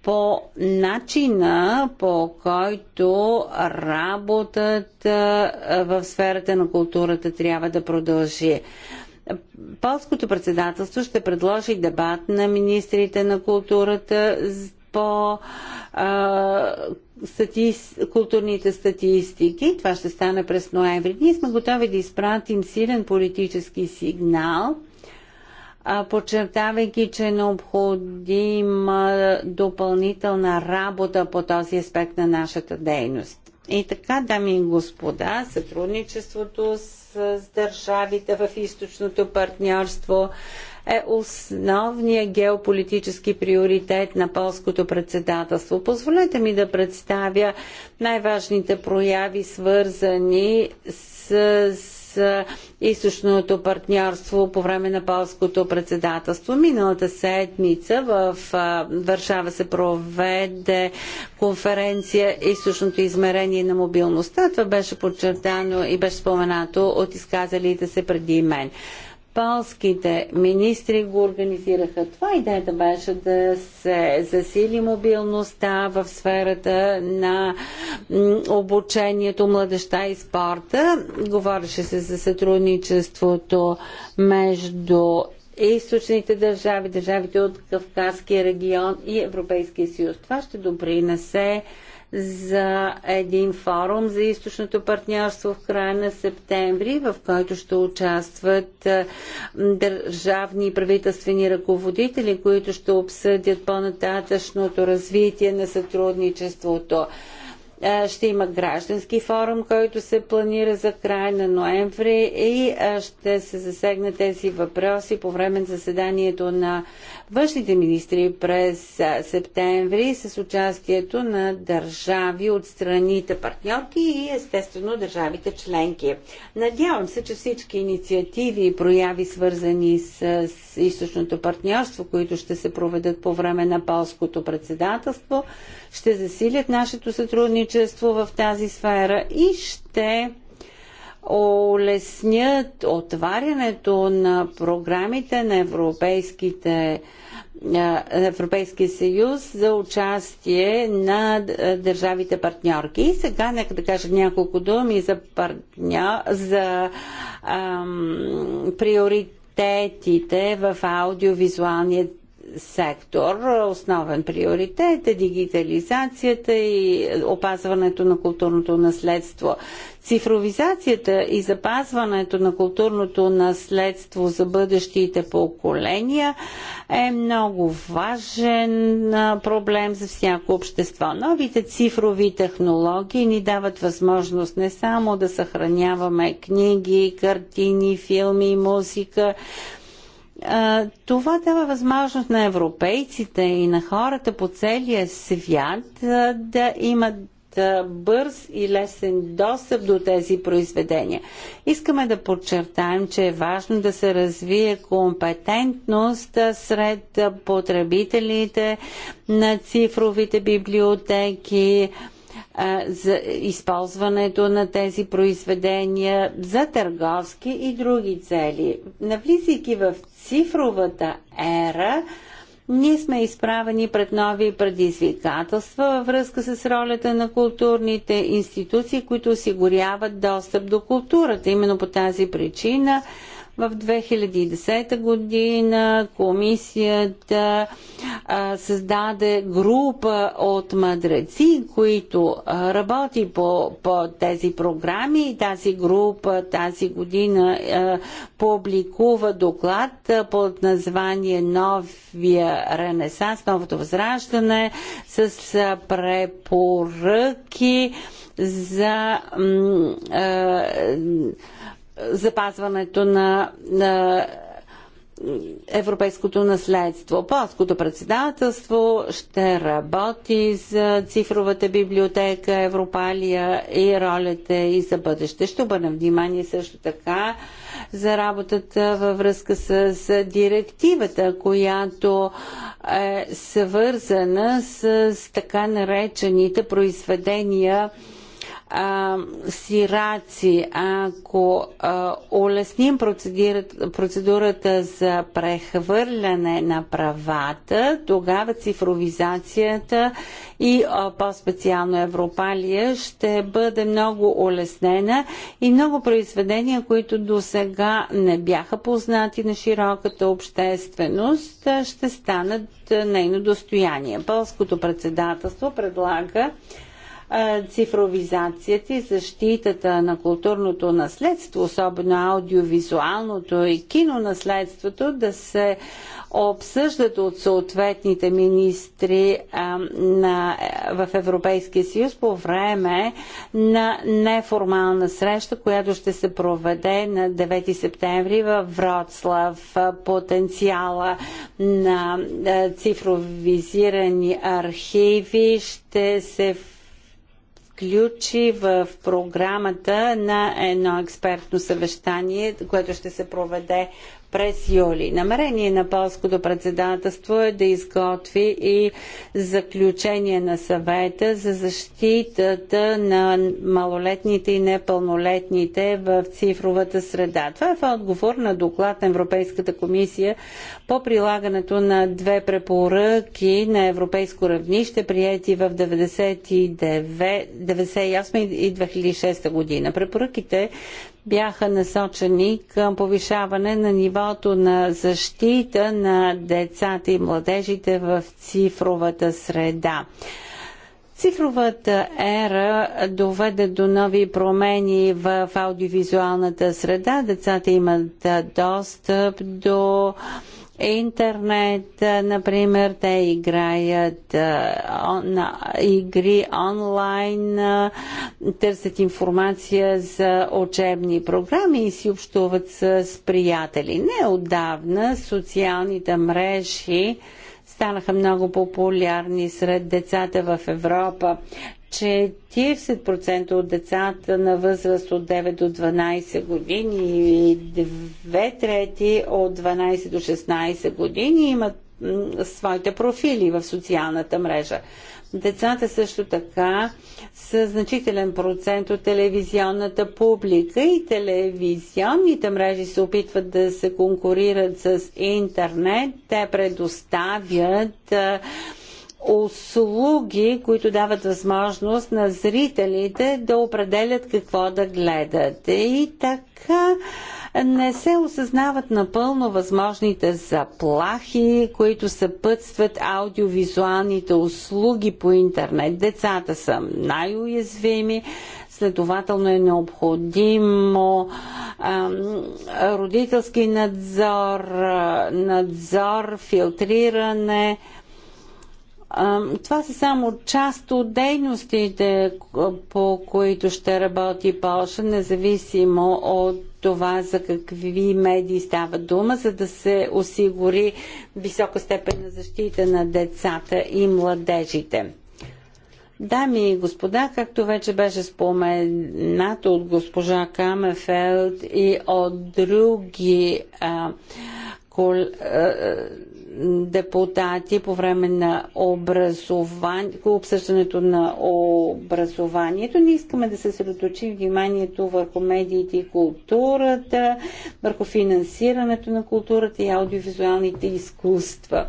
по начина, по който работата в сферата на културата трябва да продължи. Полското председателство ще предложи дебат на министрите на културата по а, стати... културните статистики. Това ще стане през ноември. Ние сме готови да изпратим силен политически сигнал подчертавайки, че е необходима допълнителна работа по този аспект на нашата дейност. И така, дами и господа, сътрудничеството с, с държавите в източното партньорство е основният геополитически приоритет на полското председателство. Позволете ми да представя най-важните прояви, свързани с, с източното партньорство по време на полското председателство. Миналата седмица в Варшава се проведе конференция Източното измерение на мобилността. Това беше подчертано и беше споменато от изказалите се преди мен полските министри го организираха. Това идеята беше да се засили мобилността в сферата на обучението, младеща и спорта. Говореше се за сътрудничеството между източните държави, държавите от Кавказския регион и Европейския съюз. Това ще допринесе за един форум за източното партньорство в края на септември, в който ще участват е, държавни и правителствени ръководители, които ще обсъдят по-нататъчното развитие на сътрудничеството ще има граждански форум, който се планира за край на ноември и ще се засегне тези въпроси по време на заседанието на външните министри през септември с участието на държави от страните партньорки и естествено държавите членки. Надявам се, че всички инициативи и прояви свързани с източното партньорство, които ще се проведат по време на полското председателство, ще засилят нашето сътрудничество в тази сфера и ще улеснят отварянето на програмите на европейските Европейския съюз за участие на държавите партньорки. И сега нека да кажа няколко думи за, партня, за ам, приоритетите в аудиовизуалния сектор. Основен приоритет е дигитализацията и опазването на културното наследство. Цифровизацията и запазването на културното наследство за бъдещите поколения е много важен проблем за всяко общество. Новите цифрови технологии ни дават възможност не само да съхраняваме книги, картини, филми, музика, това дава възможност на европейците и на хората по целия свят да имат бърз и лесен достъп до тези произведения. Искаме да подчертаем, че е важно да се развие компетентност сред потребителите на цифровите библиотеки, за използването на тези произведения за търговски и други цели. Навлизайки в цифровата ера, ние сме изправени пред нови предизвикателства във връзка с ролята на културните институции, които осигуряват достъп до културата. Именно по тази причина в 2010 година комисията а, създаде група от мъдреци, които а, работи по, по тези програми тази група тази година а, публикува доклад а, под название Новия ренесанс, новото възраждане с а, препоръки за а, запазването на, на европейското наследство. Полското председателство ще работи за цифровата библиотека Европалия и ролята и за бъдеще. Ще обърна внимание също така за работата във връзка с, директивата, която е свързана с така наречените произведения а, сираци, ако а, улесним процедурата за прехвърляне на правата, тогава цифровизацията и по-специално Европалия ще бъде много улеснена и много произведения, които до сега не бяха познати на широката общественост, ще станат нейно достояние. Полското председателство предлага цифровизацията и защитата на културното наследство, особено аудиовизуалното и кинонаследството, да се обсъждат от съответните министри на, в Европейския съюз по време на неформална среща, която ще се проведе на 9 септември в Вроцлав. Потенциала на цифровизирани архиви ще се включи в програмата на едно експертно съвещание, което ще се проведе през юли. Намерение на полското председателство е да изготви и заключение на съвета за защитата на малолетните и непълнолетните в цифровата среда. Това е в отговор на доклад на Европейската комисия по прилагането на две препоръки на европейско равнище, приети в 99, 98 и 2006 година. Препоръките бяха насочени към повишаване на нивото на защита на децата и младежите в цифровата среда. Цифровата ера доведе до нови промени в аудиовизуалната среда. Децата имат достъп до интернет, например, те играят на игри онлайн, търсят информация за учебни програми и си общуват с приятели. Не отдавна социалните мрежи станаха много популярни сред децата в Европа. Че 40% от децата на възраст от 9 до 12 години и две трети от 12 до 16 години имат своите профили в социалната мрежа. Децата също така са значителен процент от телевизионната публика и телевизионните мрежи се опитват да се конкурират с интернет. Те предоставят услуги, които дават възможност на зрителите да определят какво да гледат. И така не се осъзнават напълно възможните заплахи, които съпътстват аудиовизуалните услуги по интернет. Децата са най-уязвими, следователно е необходимо а, родителски надзор, надзор, филтриране, това са само част от дейностите, по които ще работи Польша, независимо от това за какви медии става дума, за да се осигури висока степен на защита на децата и младежите. Дами и господа, както вече беше споменато от госпожа Камефелд и от други а, кол, а, депутати по време на образование, обсъждането на образованието. Ние искаме да се средоточим вниманието върху медиите и културата, върху финансирането на културата и аудиовизуалните изкуства.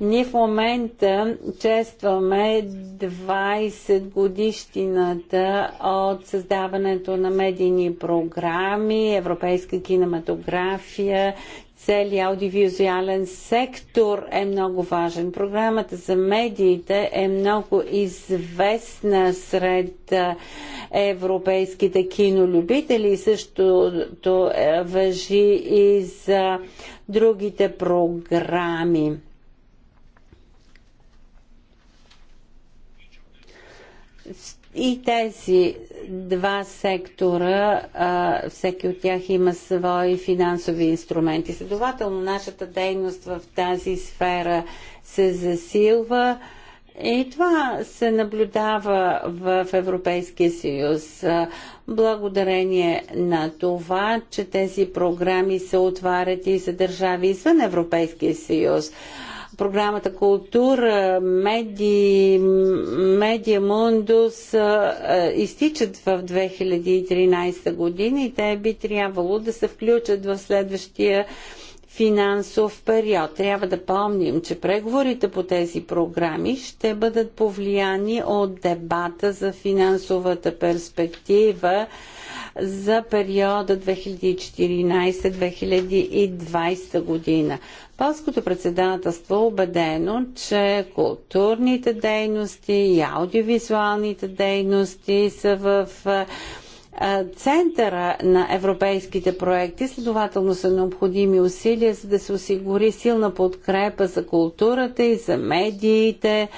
Ние в момента честваме 20 годишнината от създаването на медийни програми, европейска кинематография, целият аудиовизуален сектор е много важен. Програмата за медиите е много известна сред европейските кинолюбители и същото е, въжи и за другите програми. И тези два сектора, а, всеки от тях има свои финансови инструменти. Следователно, нашата дейност в тази сфера се засилва и това се наблюдава в Европейския съюз. Благодарение на това, че тези програми се отварят и за държави извън Европейския съюз програмата Култура, Меди, Медиа Мундус изтичат в 2013 година и те би трябвало да се включат в следващия финансов период. Трябва да помним, че преговорите по тези програми ще бъдат повлияни от дебата за финансовата перспектива за периода 2014-2020 година. Полското председателство е убедено, че културните дейности и аудиовизуалните дейности са в е, е, центъра на европейските проекти, следователно са необходими усилия, за да се осигури силна подкрепа за културата и за медиите,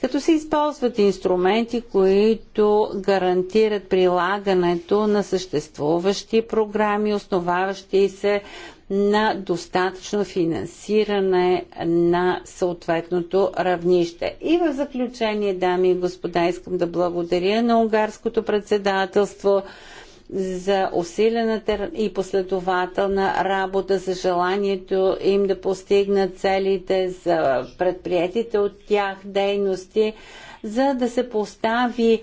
като се използват инструменти, които гарантират прилагането на съществуващи програми, основаващи се на достатъчно финансиране на съответното равнище. И в заключение, дами и господа, искам да благодаря на унгарското председателство за усилената и последователна работа, за желанието им да постигнат целите, за предприятите от тях дейности, за да се постави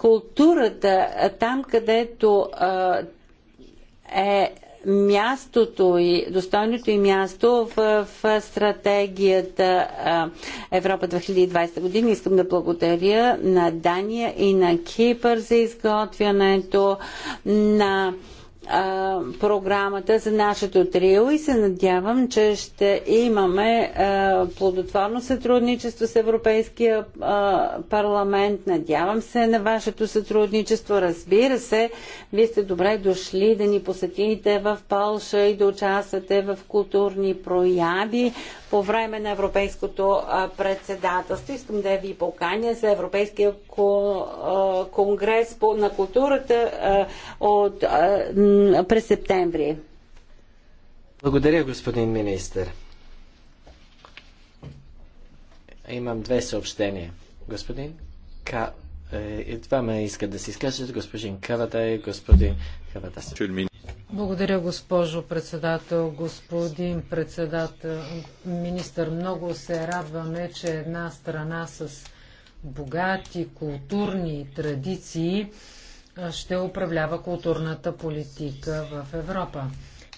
културата там, където е мястото и достойното и място в, в стратегията Европа 2020 година. Искам да благодаря на Дания и на Кипър за изготвянето на а, програмата за нашето трио и се надявам, че ще имаме а, плодотворно сътрудничество с Европейския а, парламент. Надявам се на вашето сътрудничество. Разбира се, вие сте добре дошли да ни посетите в Полша и да участвате в културни прояви по време на европейското председателство. Искам да ви поканя за Европейския конгрес на културата от, през септември. Благодаря, господин министър, Имам две съобщения. Господин К. Едва ме иска да си изкажат господин Кавата и господин Кавата. Благодаря, госпожо председател. Господин председател, министър, много се радваме, че една страна с богати културни традиции ще управлява културната политика в Европа.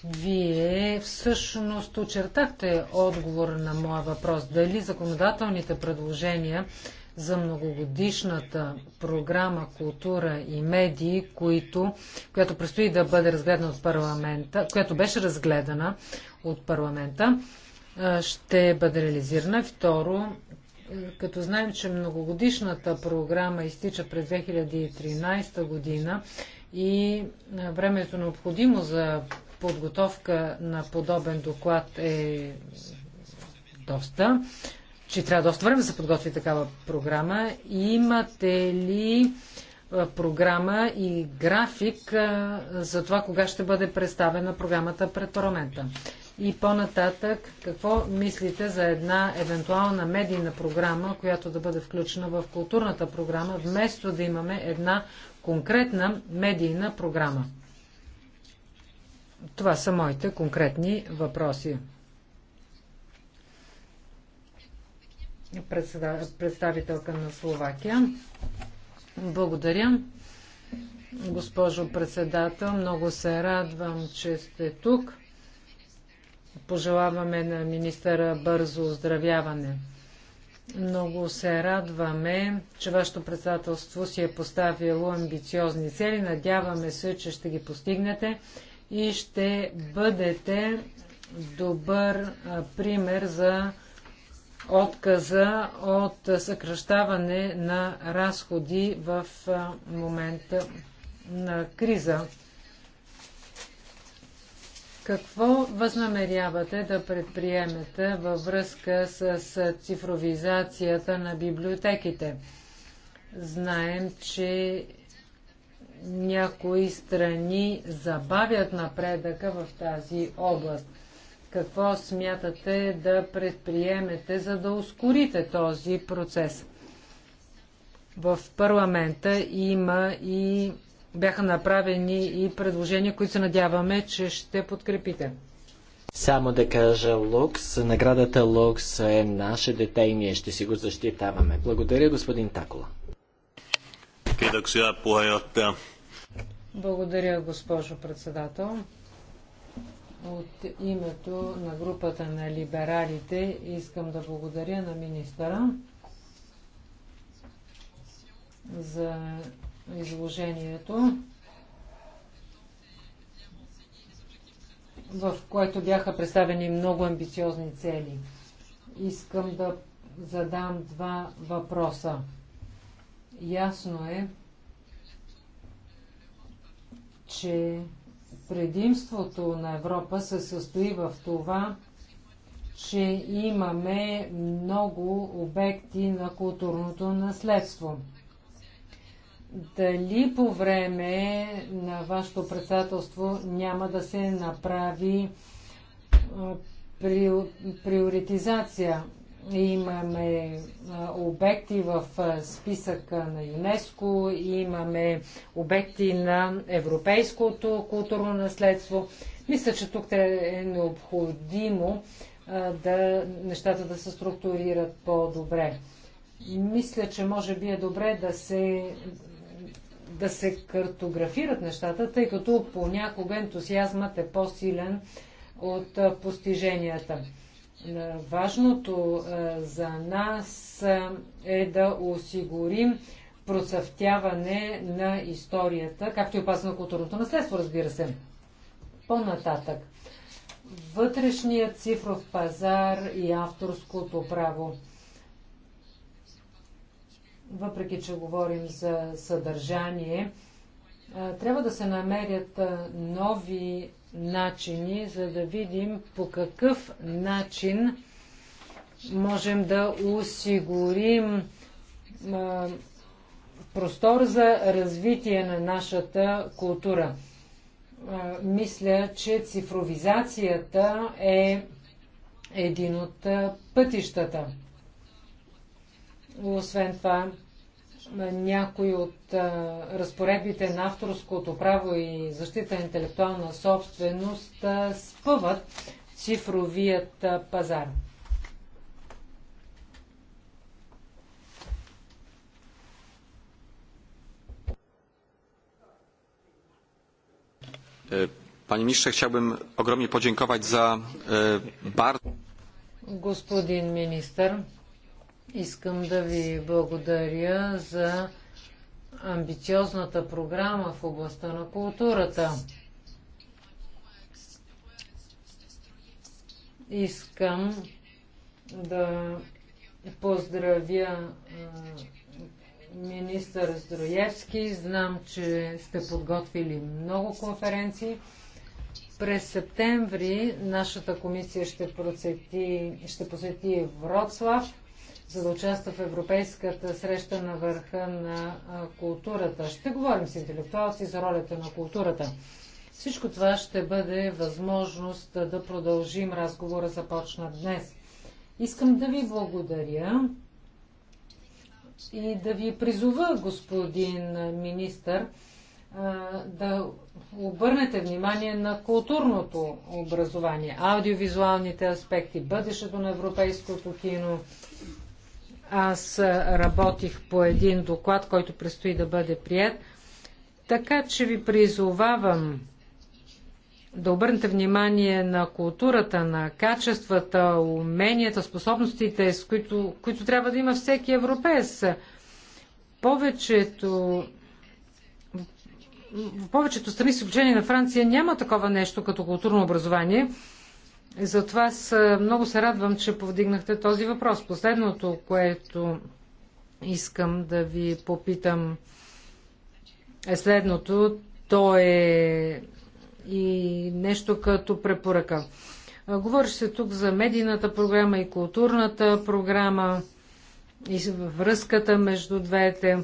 Вие всъщност очертахте отговор на моя въпрос. Дали законодателните предложения за многогодишната програма Култура и медии, които, която предстои да бъде разгледана от парламента, която беше разгледана от парламента, ще бъде реализирана. Второ, е, като знаем, че многогодишната програма изтича през 2013 година и е, времето необходимо за подготовка на подобен доклад е доста че трябва доста време да се подготви такава програма. Имате ли програма и график за това кога ще бъде представена програмата пред парламента? И по-нататък, какво мислите за една евентуална медийна програма, която да бъде включена в културната програма, вместо да имаме една конкретна медийна програма? Това са моите конкретни въпроси. представителка на Словакия. Благодаря. Госпожо председател, много се радвам, че сте тук. Пожелаваме на министъра бързо оздравяване. Много се радваме, че вашето председателство си е поставило амбициозни цели. Надяваме се, че ще ги постигнете и ще бъдете добър пример за отказа от съкръщаване на разходи в момента на криза. Какво възнамерявате да предприемете във връзка с цифровизацията на библиотеките? Знаем, че някои страни забавят напредъка в тази област. Какво смятате да предприемете, за да ускорите този процес? В парламента има и бяха направени и предложения, които се надяваме, че ще подкрепите. Само да кажа Лукс, наградата Лукс е наше дете и ние ще си го защитаваме. Благодаря, господин Такола. Благодаря, госпожо председател. От името на групата на либералите искам да благодаря на министъра за изложението, в което бяха представени много амбициозни цели. Искам да задам два въпроса. Ясно е, че Предимството на Европа се състои в това, че имаме много обекти на културното наследство. Дали по време на вашето председателство няма да се направи приоритизация? имаме обекти в списъка на ЮНЕСКО, имаме обекти на европейското културно наследство. Мисля, че тук е необходимо да, нещата да се структурират по-добре. Мисля, че може би е добре да се, да се картографират нещата, тъй като понякога ентусиазмът е по-силен от постиженията. Е, важното е, за нас е, е да осигурим процъфтяване на историята, както и опазване на културното наследство, разбира се. По-нататък. Вътрешният цифров пазар и авторското право. Въпреки, че говорим за съдържание, трябва да се намерят нови начини, за да видим по какъв начин можем да осигурим а, простор за развитие на нашата култура. А, мисля, че цифровизацията е един от пътищата. Освен това, някои от а, разпоредбите на авторското право и защита на интелектуална собственост а, спъват цифровият а, пазар. E, panie ministrze, chciałbym ogromnie podziękować za e, bardzo... Господин министър, Искам да ви благодаря за амбициозната програма в областта на културата. Искам да поздравя министър Здроевски. Знам, че сте подготвили много конференции. През септември нашата комисия ще, ще посети Вроцлав за да участва в Европейската среща на върха на културата. Ще говорим с интелектуалци за ролята на културата. Всичко това ще бъде възможност да продължим разговора започна днес. Искам да ви благодаря и да ви призова, господин министър, да обърнете внимание на културното образование, аудиовизуалните аспекти, бъдещето на европейското кино, аз работих по един доклад, който предстои да бъде прият. Така че ви призовавам да обърнете внимание на културата, на качествата, уменията, способностите, с които, които трябва да има всеки европеец. Повечето в повечето страни, с изключение на Франция, няма такова нещо като културно образование. Затова аз много се радвам, че повдигнахте този въпрос. Последното, което искам да ви попитам е следното. То е и нещо като препоръка. Говориш се тук за медийната програма и културната програма и връзката между двете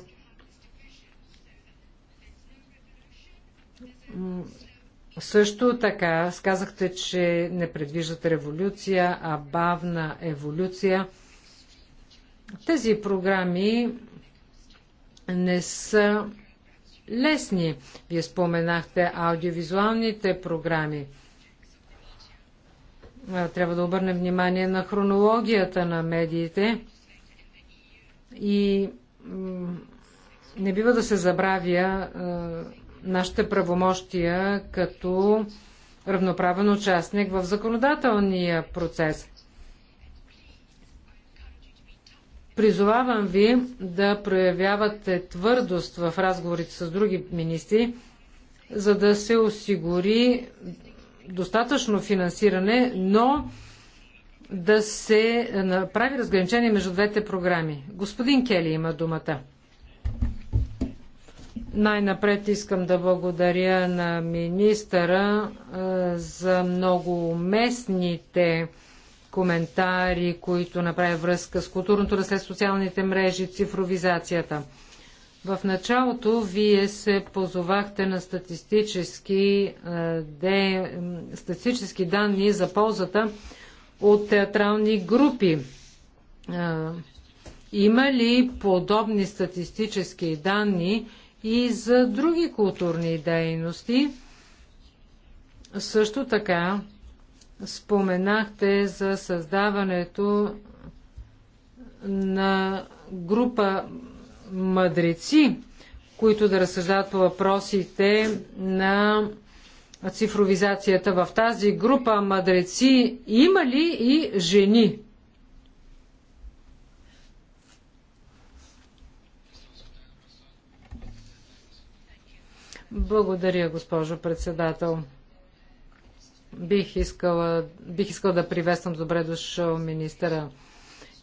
също така сказахте, че не предвиждат революция, а бавна еволюция. Тези програми не са лесни. Вие споменахте аудиовизуалните програми. Трябва да обърнем внимание на хронологията на медиите и не бива да се забравя нашите правомощия като равноправен участник в законодателния процес. Призовавам ви да проявявате твърдост в разговорите с други министри, за да се осигури достатъчно финансиране, но да се направи разграничение между двете програми. Господин Кели има думата. Най-напред искам да благодаря на министъра за много уместните коментари, които направи връзка с културното наследство, социалните мрежи, цифровизацията. В началото вие се позовахте на статистически, де, статистически данни за ползата от театрални групи. Има ли подобни статистически данни? и за други културни дейности. Също така споменахте за създаването на група мъдреци, които да разсъждават по въпросите на цифровизацията. В тази група мъдреци има ли и жени? Благодаря, госпожо председател. Бих искала, бих искала да приветствам добре дошъл министъра.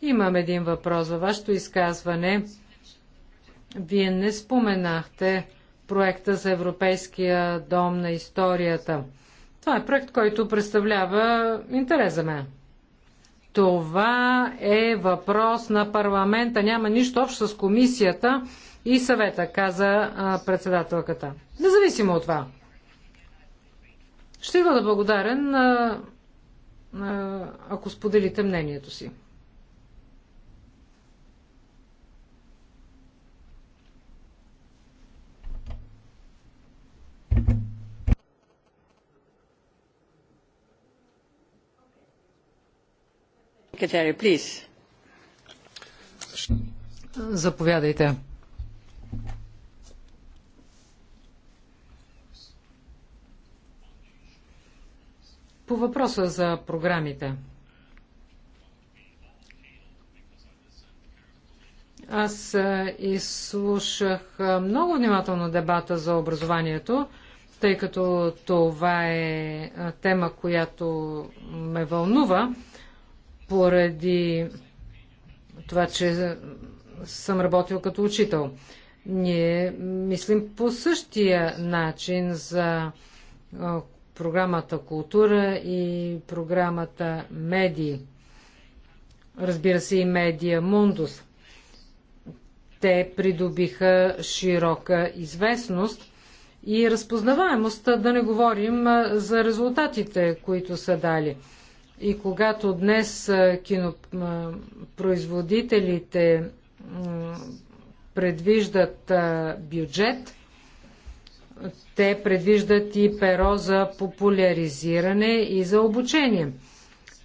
Имам един въпрос във вашето изказване. Вие не споменахте проекта за Европейския дом на историята. Това е проект, който представлява интерес за мен. Това е въпрос на парламента. Няма нищо общо с комисията и съвета, каза председателката. Независимо от това. Ще бъда благодарен, ако споделите мнението си. Заповядайте. По въпроса за програмите. Аз е, изслушах е, много внимателно дебата за образованието, тъй като това е, е тема, която ме вълнува, поради това, че съм работил като учител. Ние мислим по същия начин за програмата Култура и програмата Медии. Разбира се и Медия Мундус. Те придобиха широка известност и разпознаваемост, да не говорим за резултатите, които са дали. И когато днес кинопроизводителите предвиждат бюджет, те предвиждат и перо за популяризиране и за обучение.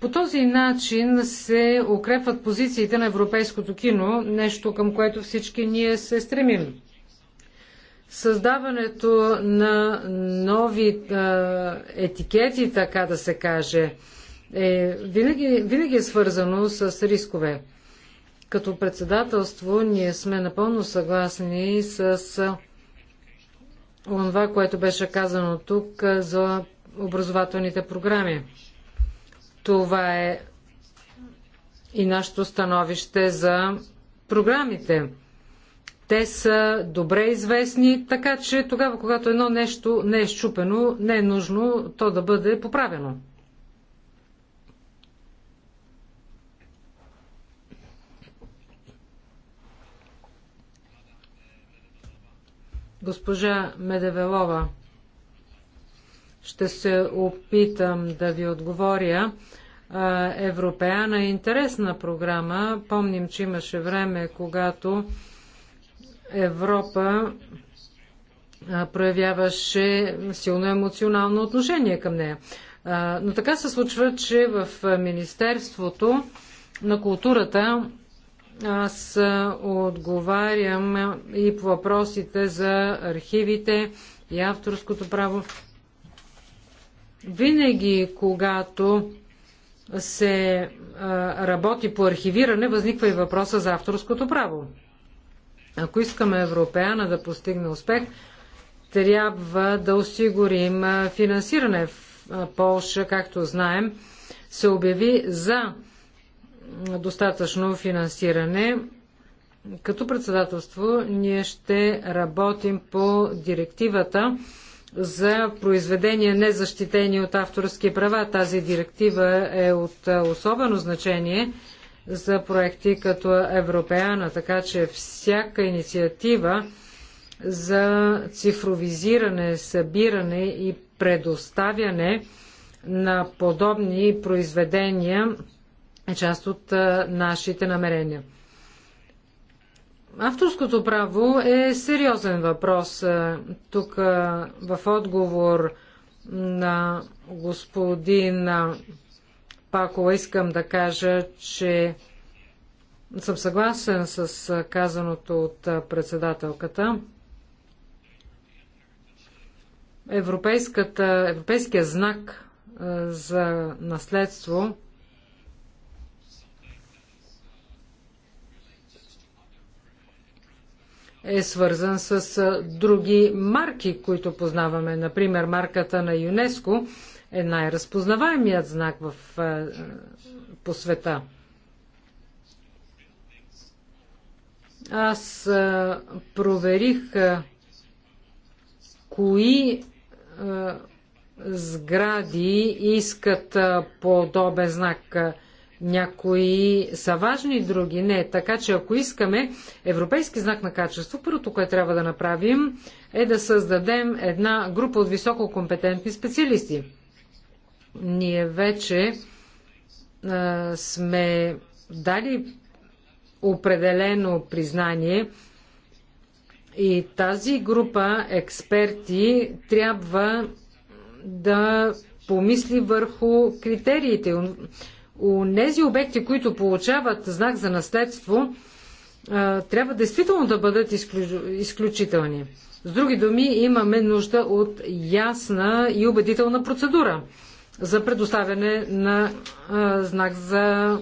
По този начин се укрепват позициите на европейското кино, нещо към което всички ние се стремим. Създаването на нови е, етикети, така да се каже, е, винаги, винаги е свързано с рискове. Като председателство ние сме напълно съгласни с това, което беше казано тук за образователните програми. Това е и нашето становище за програмите. Те са добре известни, така че тогава, когато едно нещо не е щупено, не е нужно то да бъде поправено. Госпожа Медевелова, ще се опитам да ви отговоря. Европеана е интересна програма. Помним, че имаше време, когато Европа проявяваше силно емоционално отношение към нея. Но така се случва, че в Министерството на културата аз отговарям и по въпросите за архивите и авторското право. Винаги, когато се работи по архивиране, възниква и въпроса за авторското право. Ако искаме Европеана да постигне успех, трябва да осигурим финансиране. В Полша, както знаем, се обяви за достатъчно финансиране. Като председателство ние ще работим по директивата за произведения незащитени от авторски права. Тази директива е от особено значение за проекти като Европеана, така че всяка инициатива за цифровизиране, събиране и предоставяне на подобни произведения е част от нашите намерения. Авторското право е сериозен въпрос. Тук в отговор на господин Пакова искам да кажа, че съм съгласен с казаното от председателката. Европейският европейския знак за наследство е свързан с други марки, които познаваме. Например, марката на ЮНЕСКО е най-разпознаваемият знак в, по света. Аз проверих кои сгради искат подобен знак. Някои са важни, други не. Така че ако искаме европейски знак на качество, първото, което трябва да направим е да създадем една група от висококомпетентни специалисти. Ние вече а, сме дали определено признание и тази група експерти трябва да помисли върху критериите у нези обекти, които получават знак за наследство, трябва действително да бъдат изключителни. С други думи, имаме нужда от ясна и убедителна процедура за предоставяне на знак за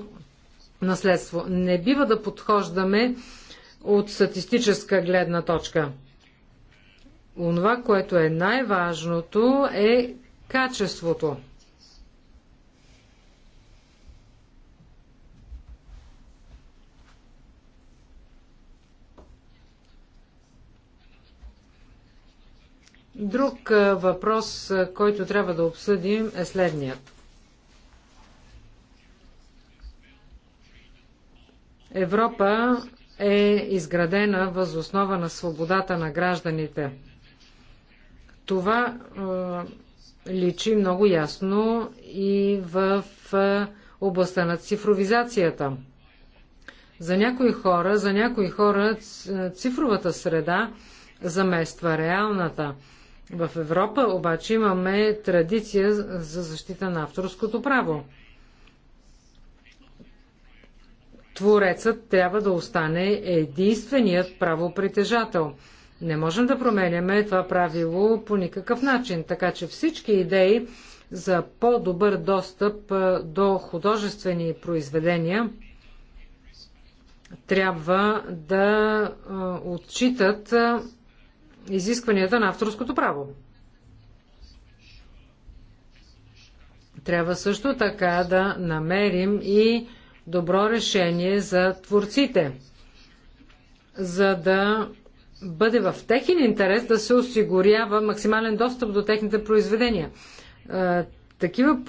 наследство. Не бива да подхождаме от статистическа гледна точка. Онова, което е най-важното, е качеството. Друг въпрос, който трябва да обсъдим е следният. Европа е изградена въз основа на свободата на гражданите. Това е, личи много ясно и в е, областта на цифровизацията. За някои хора, за някои хора цифровата среда замества реалната. В Европа обаче имаме традиция за защита на авторското право. Творецът трябва да остане единственият правопритежател. Не можем да променяме това правило по никакъв начин, така че всички идеи за по-добър достъп до художествени произведения трябва да отчитат изискванията на авторското право. Трябва също така да намерим и добро решение за творците, за да бъде в техен интерес да се осигурява максимален достъп до техните произведения. Такива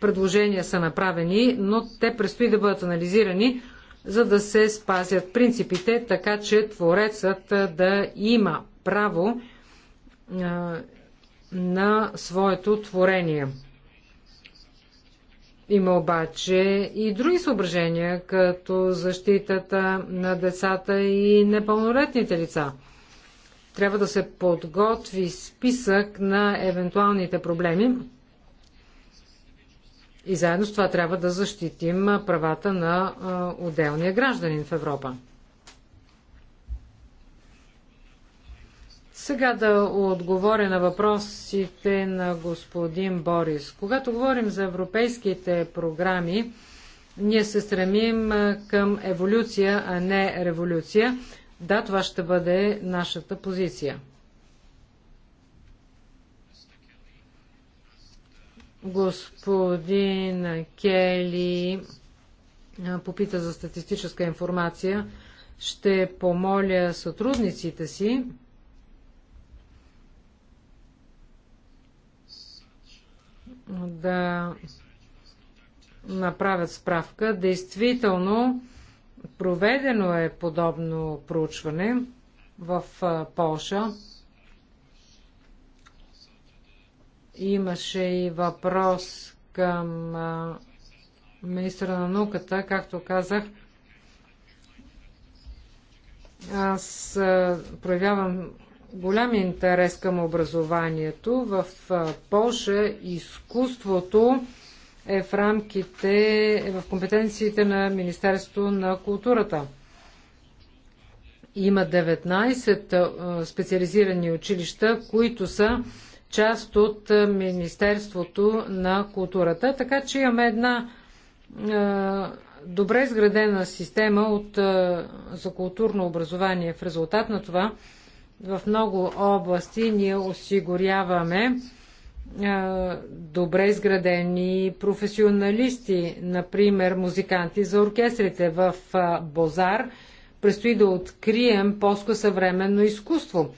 предложения са направени, но те предстои да бъдат анализирани за да се спазят принципите, така че творецът да има право на своето творение. Има обаче и други съображения, като защитата на децата и непълнолетните лица. Трябва да се подготви списък на евентуалните проблеми, и заедно с това трябва да защитим правата на отделния гражданин в Европа. Сега да отговоря на въпросите на господин Борис. Когато говорим за европейските програми, ние се стремим към еволюция, а не революция. Да, това ще бъде нашата позиция. Господин Кели попита за статистическа информация. Ще помоля сътрудниците си да направят справка. Действително, проведено е подобно проучване в Полша. Имаше и въпрос към министра на науката, както казах. Аз проявявам голям интерес към образованието. В Польша изкуството е в рамките, е в компетенциите на Министерството на културата. Има 19 специализирани училища, които са част от е, Министерството на културата. Така че имаме една е, добре изградена система от, е, за културно образование. В резултат на това в много области ние осигуряваме добре изградени професионалисти, например музиканти за оркестрите в Бозар. Предстои да открием полско съвременно изкуство.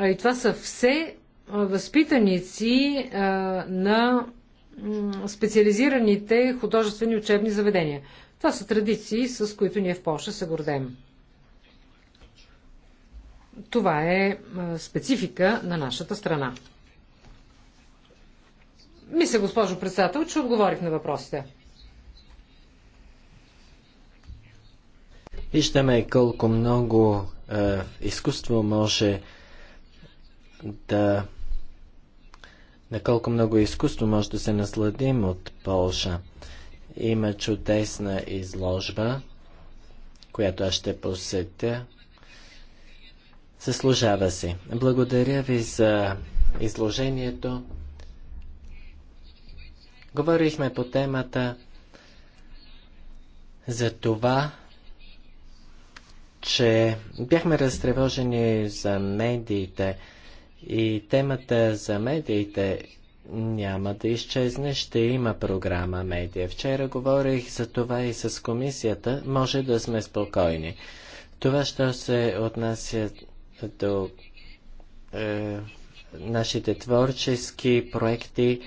И това са все възпитаници на специализираните художествени учебни заведения. Това са традиции, с които ние в Польша се гордеем. Това е специфика на нашата страна. Мисля, госпожо председател, че отговорих на въпросите. Виждаме колко много е, изкуство може да на колко много изкуство може да се насладим от Полша. Има чудесна изложба, която аз ще посетя. Съслужава си. Благодаря ви за изложението. Говорихме по темата за това, че бяхме разтревожени за медиите. И темата за медиите няма да изчезне, ще има програма медия. Вчера говорих за това и с комисията, може да сме спокойни. Това, що се отнася до е, нашите творчески проекти,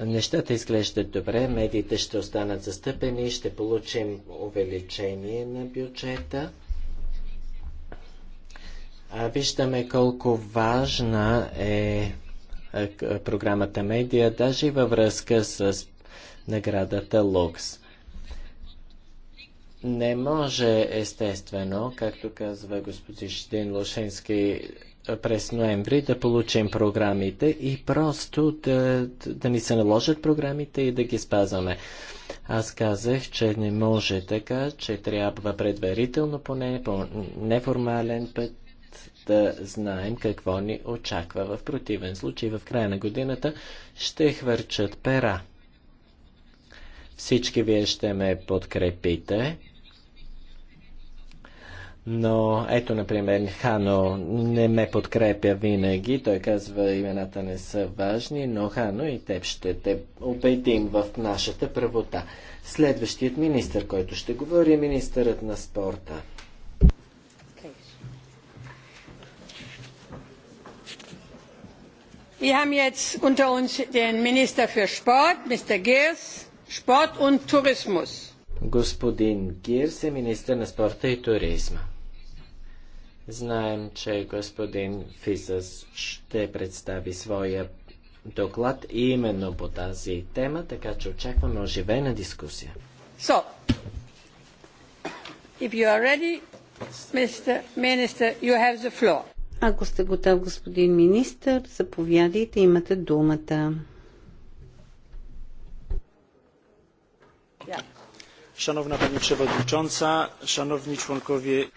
нещата изглеждат добре, медиите ще останат застъпени, ще получим увеличение на бюджета. Виждаме колко важна е, е програмата Медиа, даже и във връзка с наградата Лукс. Не може, естествено, както казва господин Штин Лошински, през ноември да получим програмите и просто да, да ни се наложат програмите и да ги спазваме. Аз казах, че не може така, че трябва предварително поне по неформален път да знаем какво ни очаква. В противен случай, в края на годината ще хвърчат пера. Всички вие ще ме подкрепите. Но ето, например, Хано не ме подкрепя винаги. Той казва, имената не са важни, но Хано и теб ще те убедим в нашата правота. Следващият министр, който ще говори, е министърът на спорта. wir haben jetzt unter uns den Minister für Sport, Mr. Geers, Sport und Tourismus. Господин Гирс е министър на спорта и туризма. Знаем, че господин Фисъс ще представи своя доклад именно по тази тема, така че очакваме оживена дискусия. So, if you are ready, Mr. Minister, you have the floor. Ако сте готов, господин министр, заповядайте, имате думата. Шановна пани Przewodnicząca, шановни членкови.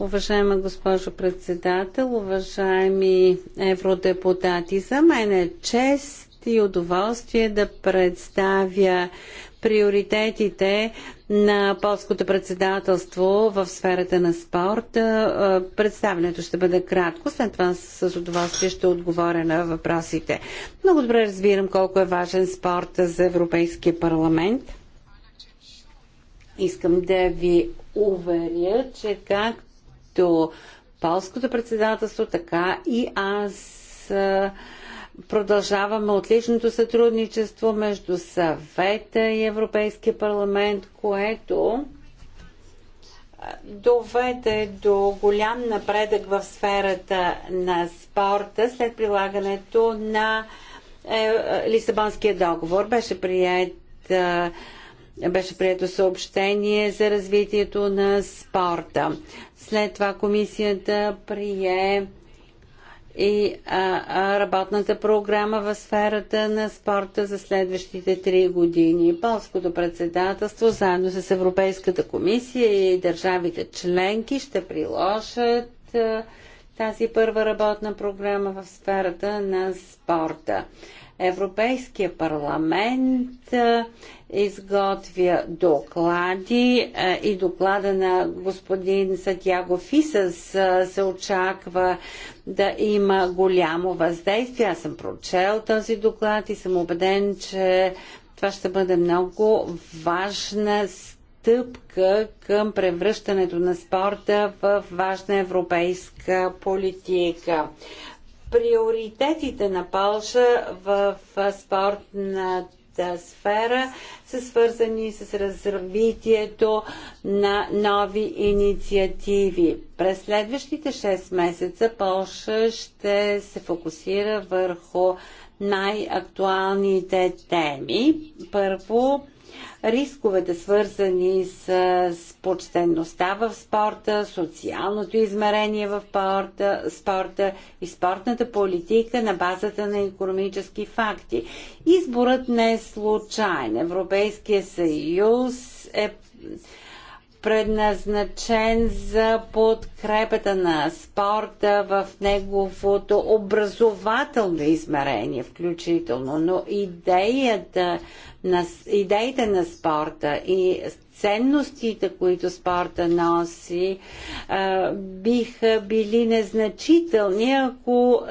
Уважаема госпожо председател, уважаеми евродепутати, за мен е чест и удоволствие да представя приоритетите на полското председателство в сферата на спорта. Е, представенето ще бъде кратко, след това с удоволствие ще отговоря на въпросите. Много добре разбирам колко е важен спорта за Европейския парламент. Искам да ви уверя, че както полското председателство, така и аз е, Продължаваме отличното сътрудничество между съвета и Европейския парламент, което доведе до голям напредък в сферата на спорта след прилагането на е, Лисабонския договор. Беше прият беше прието съобщение за развитието на спорта. След това комисията прие и а, а, работната програма в сферата на спорта за следващите три години. Полското председателство заедно с Европейската комисия и държавите членки ще приложат а, тази първа работна програма в сферата на спорта. Европейския парламент изготвя доклади и доклада на господин Сатяго Фисас се очаква да има голямо въздействие. Аз съм прочел този доклад и съм убеден, че това ще бъде много важна стъпка към превръщането на спорта в важна европейска политика приоритетите на Полша в спортната сфера са свързани с развитието на нови инициативи. През следващите 6 месеца Полша ще се фокусира върху най-актуалните теми. Първо, рисковете свързани с, с почтенността в спорта, социалното измерение в спорта, спорта и спортната политика на базата на економически факти. Изборът не е случайен. Европейския съюз е предназначен за подкрепата на спорта в неговото образователно измерение включително, но идеята на, идеите на спорта и ценностите, които спорта носи, биха били незначителни, ако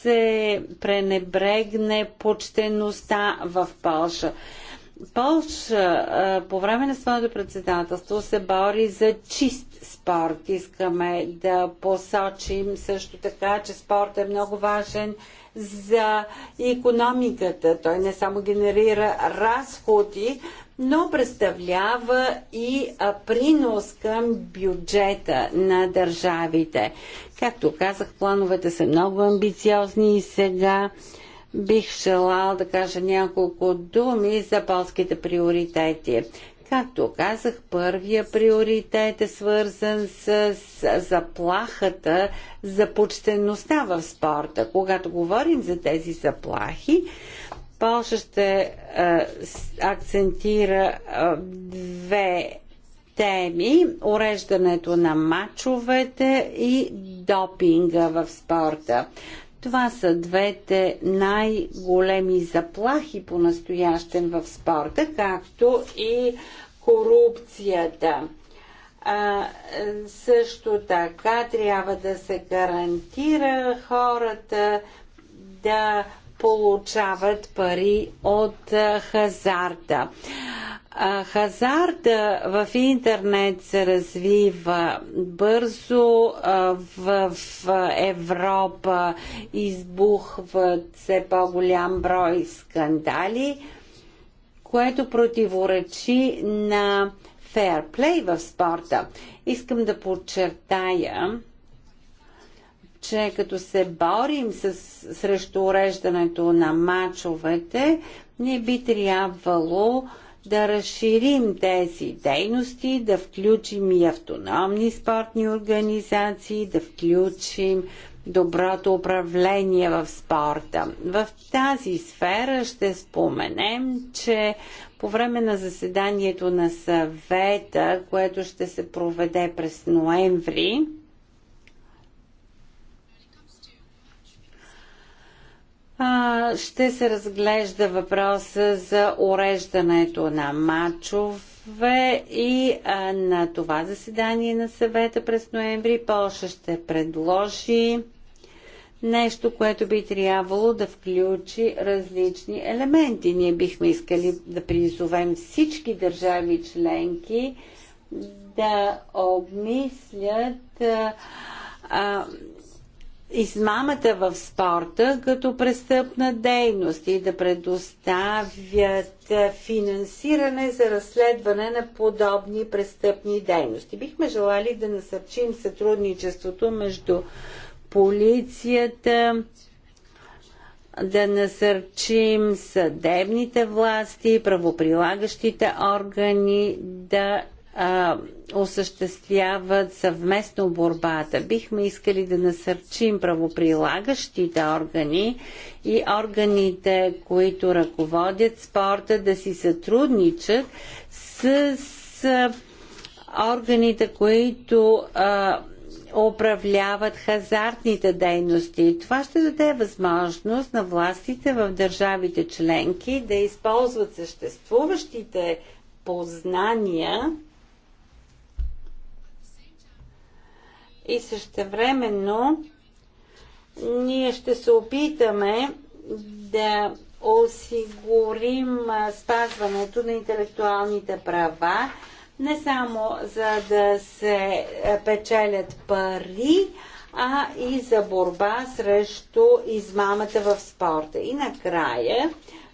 се пренебрегне почтеността в Польша. Полша по време на своето председателство се бори за чист спорт. Искаме да посочим също така, че спорт е много важен за економиката. Той не само генерира разходи, но представлява и принос към бюджета на държавите. Както казах, плановете са много амбициозни и сега бих желал да кажа няколко думи за полските приоритети. Както казах, първия приоритет е свързан с, заплахата за почтеността в спорта. Когато говорим за тези заплахи, Полша ще е, акцентира е, две теми уреждането на мачовете и допинга в спорта. Това са двете най-големи заплахи по-настоящен в спорта, както и корупцията. А, също така трябва да се гарантира хората да получават пари от хазарта. Хазарта в интернет се развива бързо, в Европа избухват все по-голям брой скандали, което противоречи на фейрплей в спорта. Искам да подчертая, че като се борим с, срещу уреждането на мачовете, не би трябвало да разширим тези дейности, да включим и автономни спортни организации, да включим доброто управление в спорта. В тази сфера ще споменем, че по време на заседанието на съвета, което ще се проведе през ноември, ще се разглежда въпроса за уреждането на Мачове и на това заседание на съвета през ноември Полша ще предложи нещо, което би трябвало да включи различни елементи. Ние бихме искали да призовем всички държави членки да обмислят а, а, измамата в спорта като престъпна дейност и да предоставят е, финансиране за разследване на подобни престъпни дейности. Бихме желали да насърчим сътрудничеството между полицията, да насърчим съдебните власти, правоприлагащите органи да а, осъществяват съвместно борбата. Бихме искали да насърчим правоприлагащите органи и органите, които ръководят спорта, да си сътрудничат с, с органите, които а, управляват хазартните дейности. Това ще даде възможност на властите в държавите членки да използват съществуващите познания и същевременно ние ще се опитаме да осигурим спазването на интелектуалните права, не само за да се печелят пари, а и за борба срещу измамата в спорта. И накрая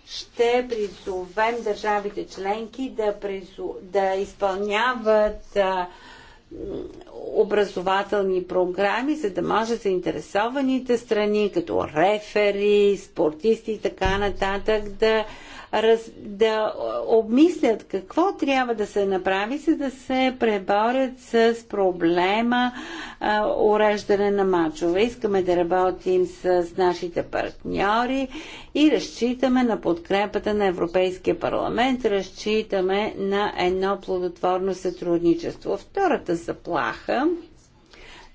ще призовем държавите членки да, призу... да изпълняват а, образователни програми, за да може заинтересованите страни, като рефери, спортисти и така нататък, да раз, да обмислят какво трябва да се направи, за да се преборят с проблема а, уреждане на мачове. Искаме да работим с нашите партньори и разчитаме на подкрепата на Европейския парламент, разчитаме на едно плодотворно сътрудничество. Втората заплаха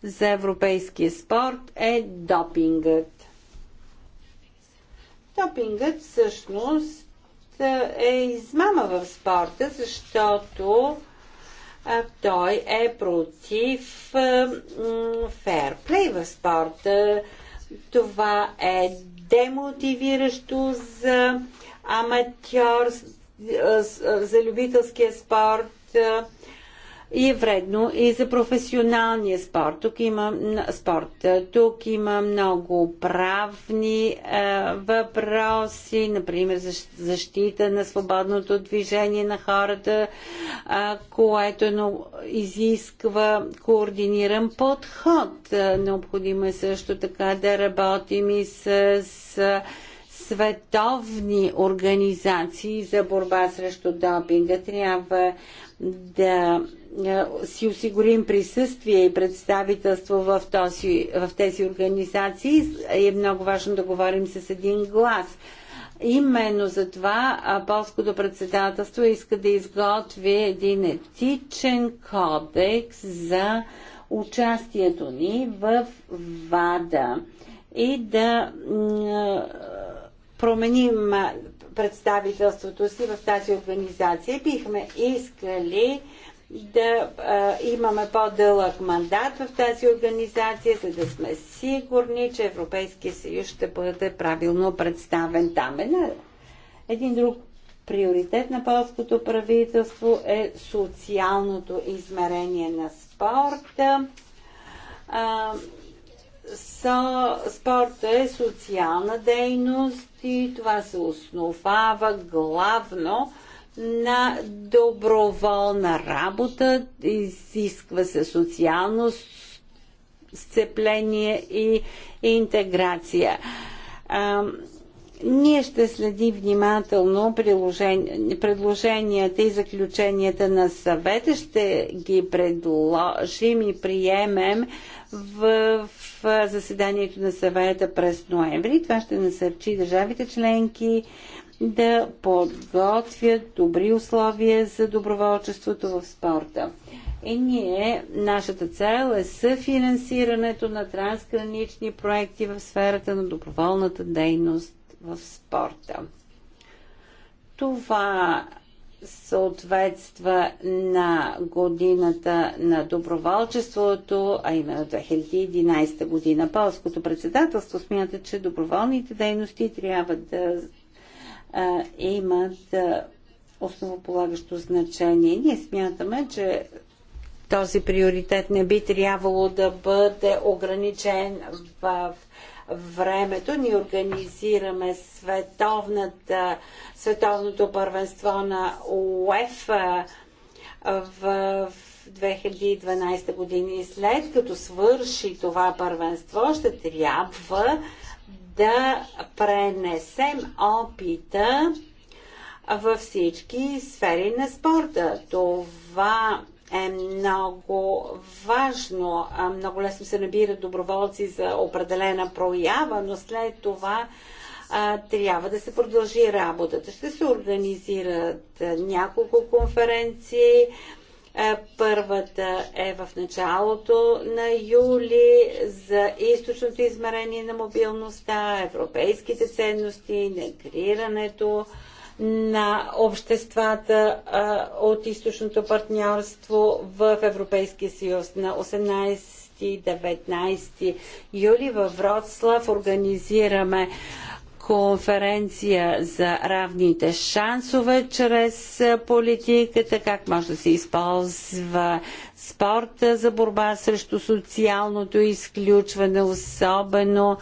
за европейския спорт е допингът. Допингът всъщност е измама в спорта, защото той е против ферплей в спорта. Това е демотивиращо за аматьор, за любителския спорт и е вредно и за професионалния спорт. Тук има спорт. Тук има много правни е, въпроси, например защита на свободното движение на хората, е, което е но, изисква координиран подход. Е, необходимо е също така да работим и с, с световни организации за борба срещу допинга. Трябва да е, си осигурим присъствие и представителство в, този, в тези организации, е много важно да говорим с един глас. Именно за това полското председателство иска да изготви един етичен кодекс за участието ни в ВАДА и да променим представителството си в тази организация. Бихме искали да а, имаме по-дълъг мандат в тази организация, за да сме сигурни, че Европейския съюз ще бъде правилно представен там. Една, един друг приоритет на полското правителство е социалното измерение на спорта. А, со, спорта е социална дейност и това се основава главно на доброволна работа, изисква се социално сцепление и интеграция. А, ние ще следим внимателно предложенията и заключенията на съвета, ще ги предложим и приемем в, в заседанието на съвета през ноември. Това ще насърчи държавите членки да подготвят добри условия за доброволчеството в спорта. И е, ние, нашата цел е съфинансирането на трансгранични проекти в сферата на доброволната дейност в спорта. Това съответства на годината на доброволчеството, а именно 2011 година. Полското председателство смята, че доброволните дейности трябва да а, имат а, основополагащо значение. Ние смятаме, че този приоритет не би трябвало да бъде ограничен в времето. Ние организираме световната, световното първенство на УЕФ в 2012 години. След като свърши това първенство, ще трябва да пренесем опита във всички сфери на спорта. Това е много важно. Много лесно се набират доброволци за определена проява, но след това а, трябва да се продължи работата. Ще се организират няколко конференции, е, първата е в началото на юли за източното измерение на мобилността, европейските ценности, интегрирането на обществата а, е, от източното партньорство в Европейския съюз на 18-19 юли в Вроцлав организираме конференция за равните шансове чрез политиката, как може да се използва спорта за борба срещу социалното изключване, особено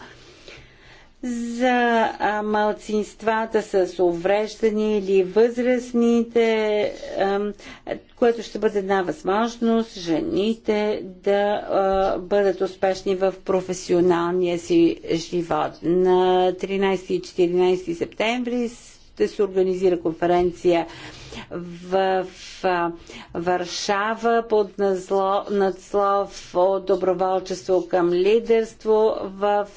за малцинствата с увреждани или възрастните, което ще бъде една възможност жените да бъдат успешни в професионалния си живот. На 13 и 14 септември ще се организира конференция в, в Варшава под надслов от доброволчество към лидерство в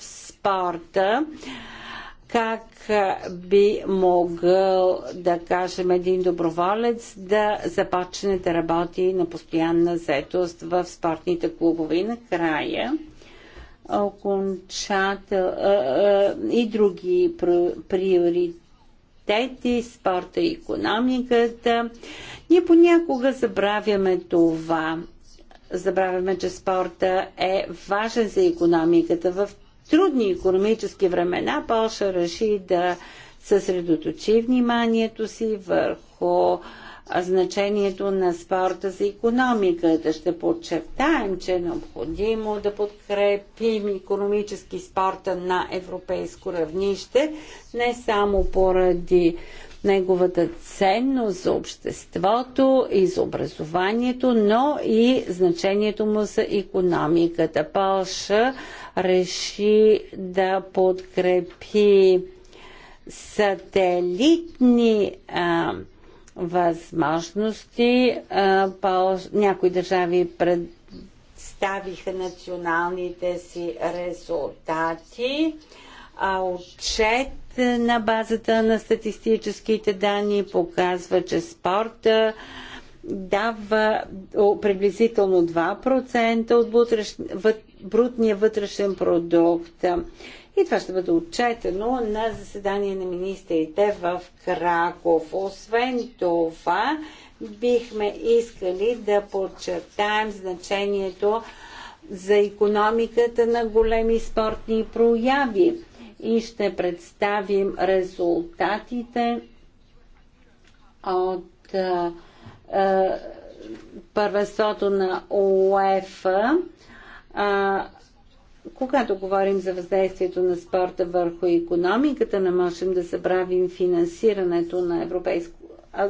Спорта, как би могъл, да кажем, един доброволец да започне да работи на постоянна заетост в спортните клубове. И накрая окончател, и други приоритети, спорта и економиката. Ние понякога забравяме това забравяме, че спорта е важен за економиката. В трудни економически времена Польша реши да съсредоточи вниманието си върху значението на спорта за економиката. Ще подчертаем, че е необходимо да подкрепим економически спорта на европейско равнище, не само поради неговата ценност за обществото и за образованието, но и значението му за економиката. Полша реши да подкрепи сателитни а, възможности. А, Палш, Някои държави представиха националните си резултати. А, отчет е, на базата на статистическите данни показва, че спорта дава приблизително 2% от брутния вътрешен продукт. И това ще бъде отчетено на заседание на министрите в Краков. Освен това, бихме искали да подчертаем значението за економиката на големи спортни прояви и ще представим резултатите от а, първенството на УЕФА. Когато говорим за въздействието на спорта върху економиката, не можем да забравим финансирането на европейско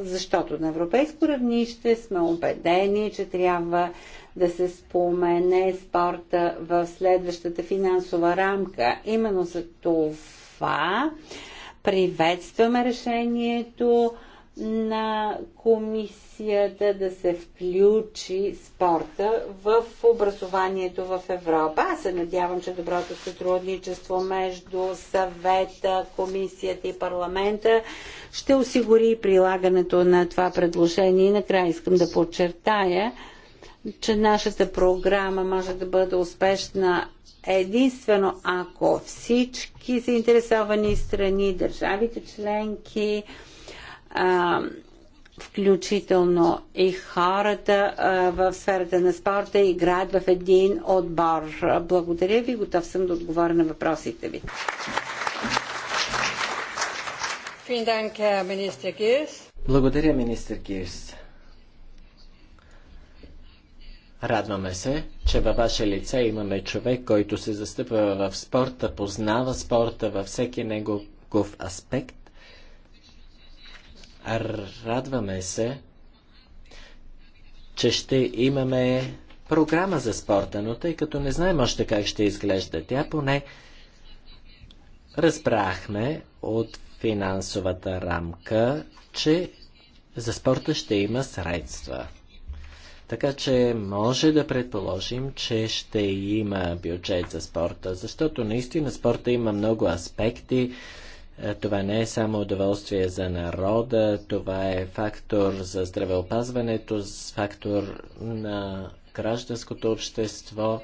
защото на европейско равнище сме убедени, че трябва да се спомене спорта в следващата финансова рамка. Именно за това приветстваме решението на комисията да се включи спорта в образованието в Европа. Аз се надявам, че доброто сътрудничество между съвета, комисията и парламента ще осигури прилагането на това предложение. И накрая искам да подчертая, че нашата програма може да бъде успешна единствено ако всички заинтересовани страни, държавите членки, а, включително и хората а, в сферата на спорта играят в един отбор. Благодаря ви, готов съм да отговоря на въпросите ви. Благодаря, министър Кирс. Радваме се, че във ваше лице имаме човек, който се застъпва в спорта, познава спорта във всеки негов аспект. Радваме се, че ще имаме програма за спорта, но тъй като не знаем още как ще изглежда тя, поне разбрахме от финансовата рамка, че за спорта ще има средства. Така че може да предположим, че ще има бюджет за спорта, защото наистина спорта има много аспекти. Е, това не е само удоволствие за народа, това е фактор за здравеопазването, фактор на гражданското общество,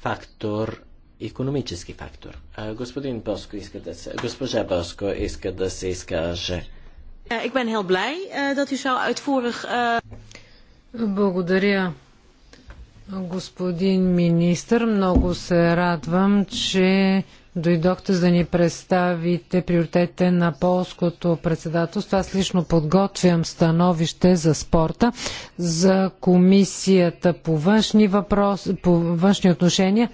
фактор економически фактор. Господин Боско иска да се, госпожа Боско иска да се изкаже. Ik ben heel blij eh, dat u zo uitvoerig. Eh, благодаря, господин министр. Много се радвам, че дойдохте за да ни представите приоритетите на полското председателство. Аз лично подготвям становище за спорта, за комисията по външни, въпрос, по външни отношения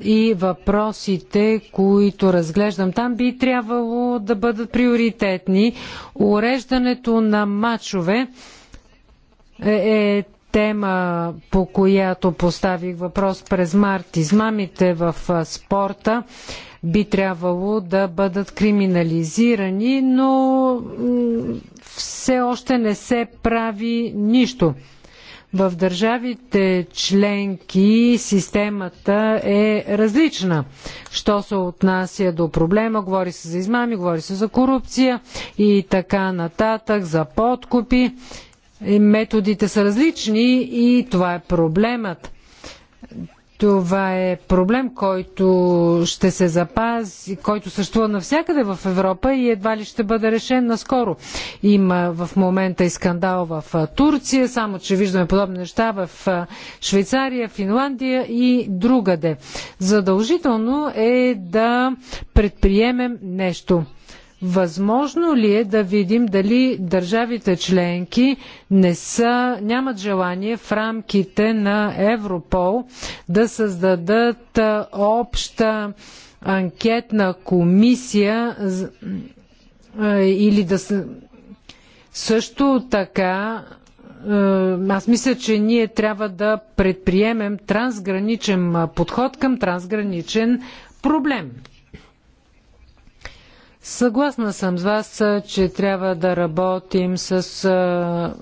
и въпросите, които разглеждам там, би трябвало да бъдат приоритетни. Уреждането на матчове е, е тема, по която поставих въпрос през март. Измамите в спорта би трябвало да бъдат криминализирани, но все още не се прави нищо. В държавите членки системата е различна. Що се отнася до проблема, говори се за измами, говори се за корупция и така нататък, за подкупи методите са различни и това е проблемът. Това е проблем, който ще се запази, който съществува навсякъде в Европа и едва ли ще бъде решен наскоро. Има в момента и скандал в Турция, само че виждаме подобни неща в Швейцария, Финландия и другаде. Задължително е да предприемем нещо. Възможно ли е да видим дали държавите членки не са, нямат желание в рамките на Европол да създадат обща анкетна комисия или да са... Също така аз мисля, че ние трябва да предприемем трансграничен подход към трансграничен проблем. Съгласна съм с вас, че трябва да работим с,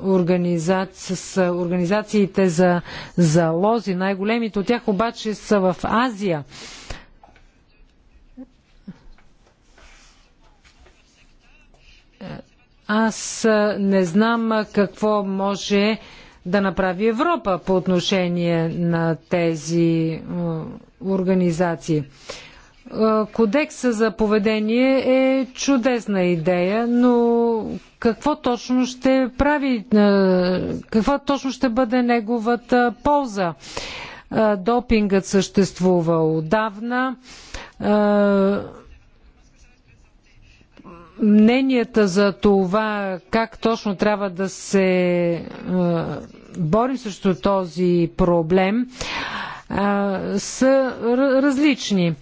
организаци... с организациите за залози. Най-големите от тях обаче са в Азия. Аз не знам какво може да направи Европа по отношение на тези организации. Е, кодекса за поведение е чудесна идея, но какво точно ще прави, е, какво точно ще бъде неговата полза? Е, допингът съществува отдавна. Мненията за това как точно трябва да се борим срещу този проблем са различни.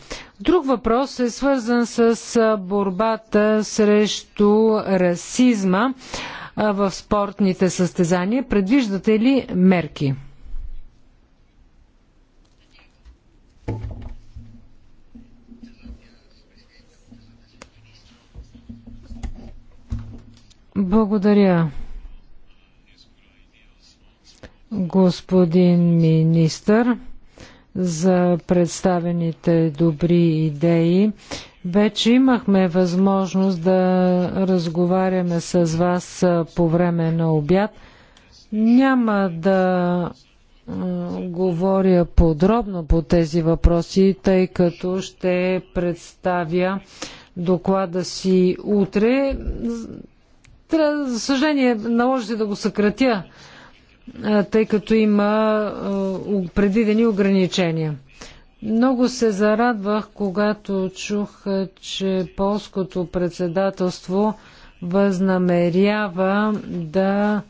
Друг въпрос е свързан с борбата срещу расизма в спортните състезания. Предвиждате ли мерки? Благодаря, господин министър за представените добри идеи. Вече имахме възможност да разговаряме с вас по време на обяд. Няма да говоря подробно по тези въпроси, тъй като ще представя доклада си утре. Трябва, за съжаление, наложи да го съкратя тъй като има предвидени ограничения. Много се зарадвах, когато чух, че полското председателство възнамерява да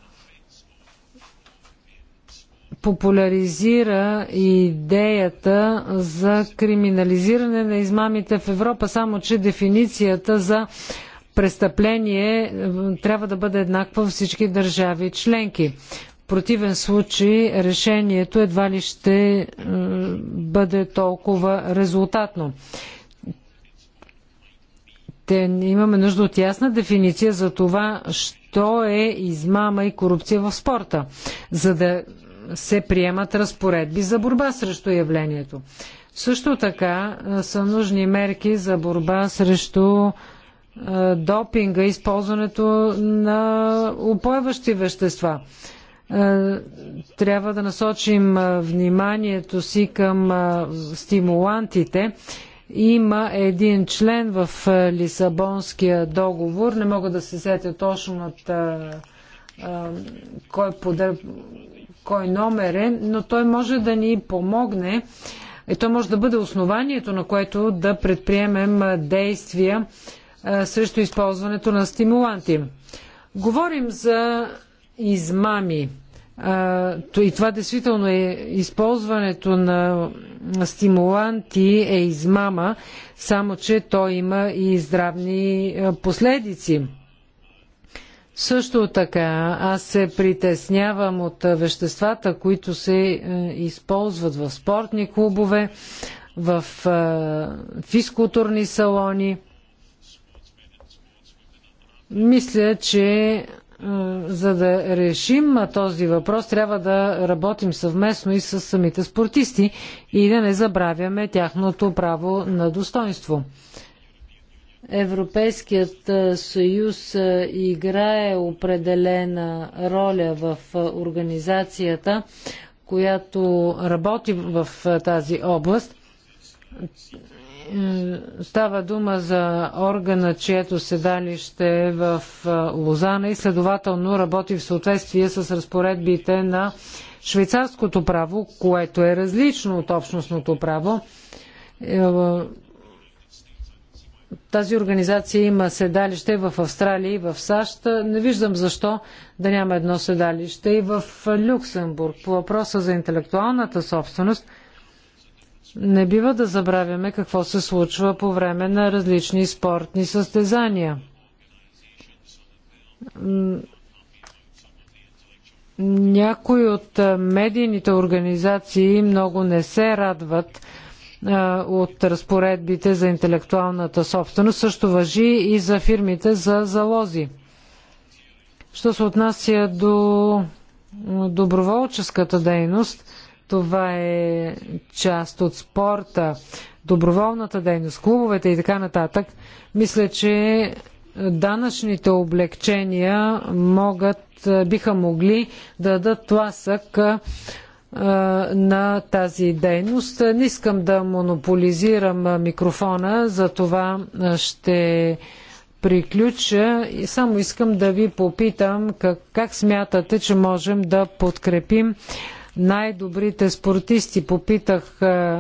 популяризира идеята за криминализиране на измамите в Европа, само че дефиницията за престъпление е, трябва да бъде еднаква във всички държави членки противен случай решението едва ли ще е, бъде толкова резултатно. Те, имаме нужда от ясна дефиниция за това, що е измама и корупция в спорта, за да се приемат разпоредби за борба срещу явлението. Също така е, са нужни мерки за борба срещу е, допинга, използването на упойващи вещества. Е, трябва да насочим е, вниманието си към е, стимулантите. Има един член в Лисабонския договор, не мога да се сетя точно от кой, подър... кой номер е, но той може да ни помогне и той може да бъде основанието, на което да предприемем действия срещу използването на стимуланти. Говорим за измами. И това действително е използването на стимуланти е измама, само че то има и здравни последици. Също така, аз се притеснявам от веществата, които се е, използват в спортни клубове, в физкултурни салони. Мисля, че е, за да решим този въпрос, трябва да работим съвместно и с самите спортисти и да не забравяме тяхното право на достоинство. Европейският е, съюз е, играе определена роля в организацията, която работи в тази област. Е, става дума за органа, чието седалище е в е, Лозана и следователно работи в съответствие с разпоредбите на швейцарското право, което е различно от общностното право. Е, тази организация има седалище в Австралия и в САЩ. Не виждам защо да няма едно седалище и в Люксембург. По въпроса за интелектуалната собственост – не бива да забравяме какво се случва по време на различни спортни състезания. Някои от медийните организации много не се радват от разпоредбите за интелектуалната собственост. Също въжи и за фирмите за залози. Що се отнася до доброволческата дейност, това е част от спорта, доброволната дейност, клубовете и така нататък. Мисля, че данъчните облегчения могат, биха могли да дадат тласък на тази дейност. Не искам да монополизирам микрофона, за това ще приключа и само искам да ви попитам как, как смятате, че можем да подкрепим най-добрите спортисти. Попитах е,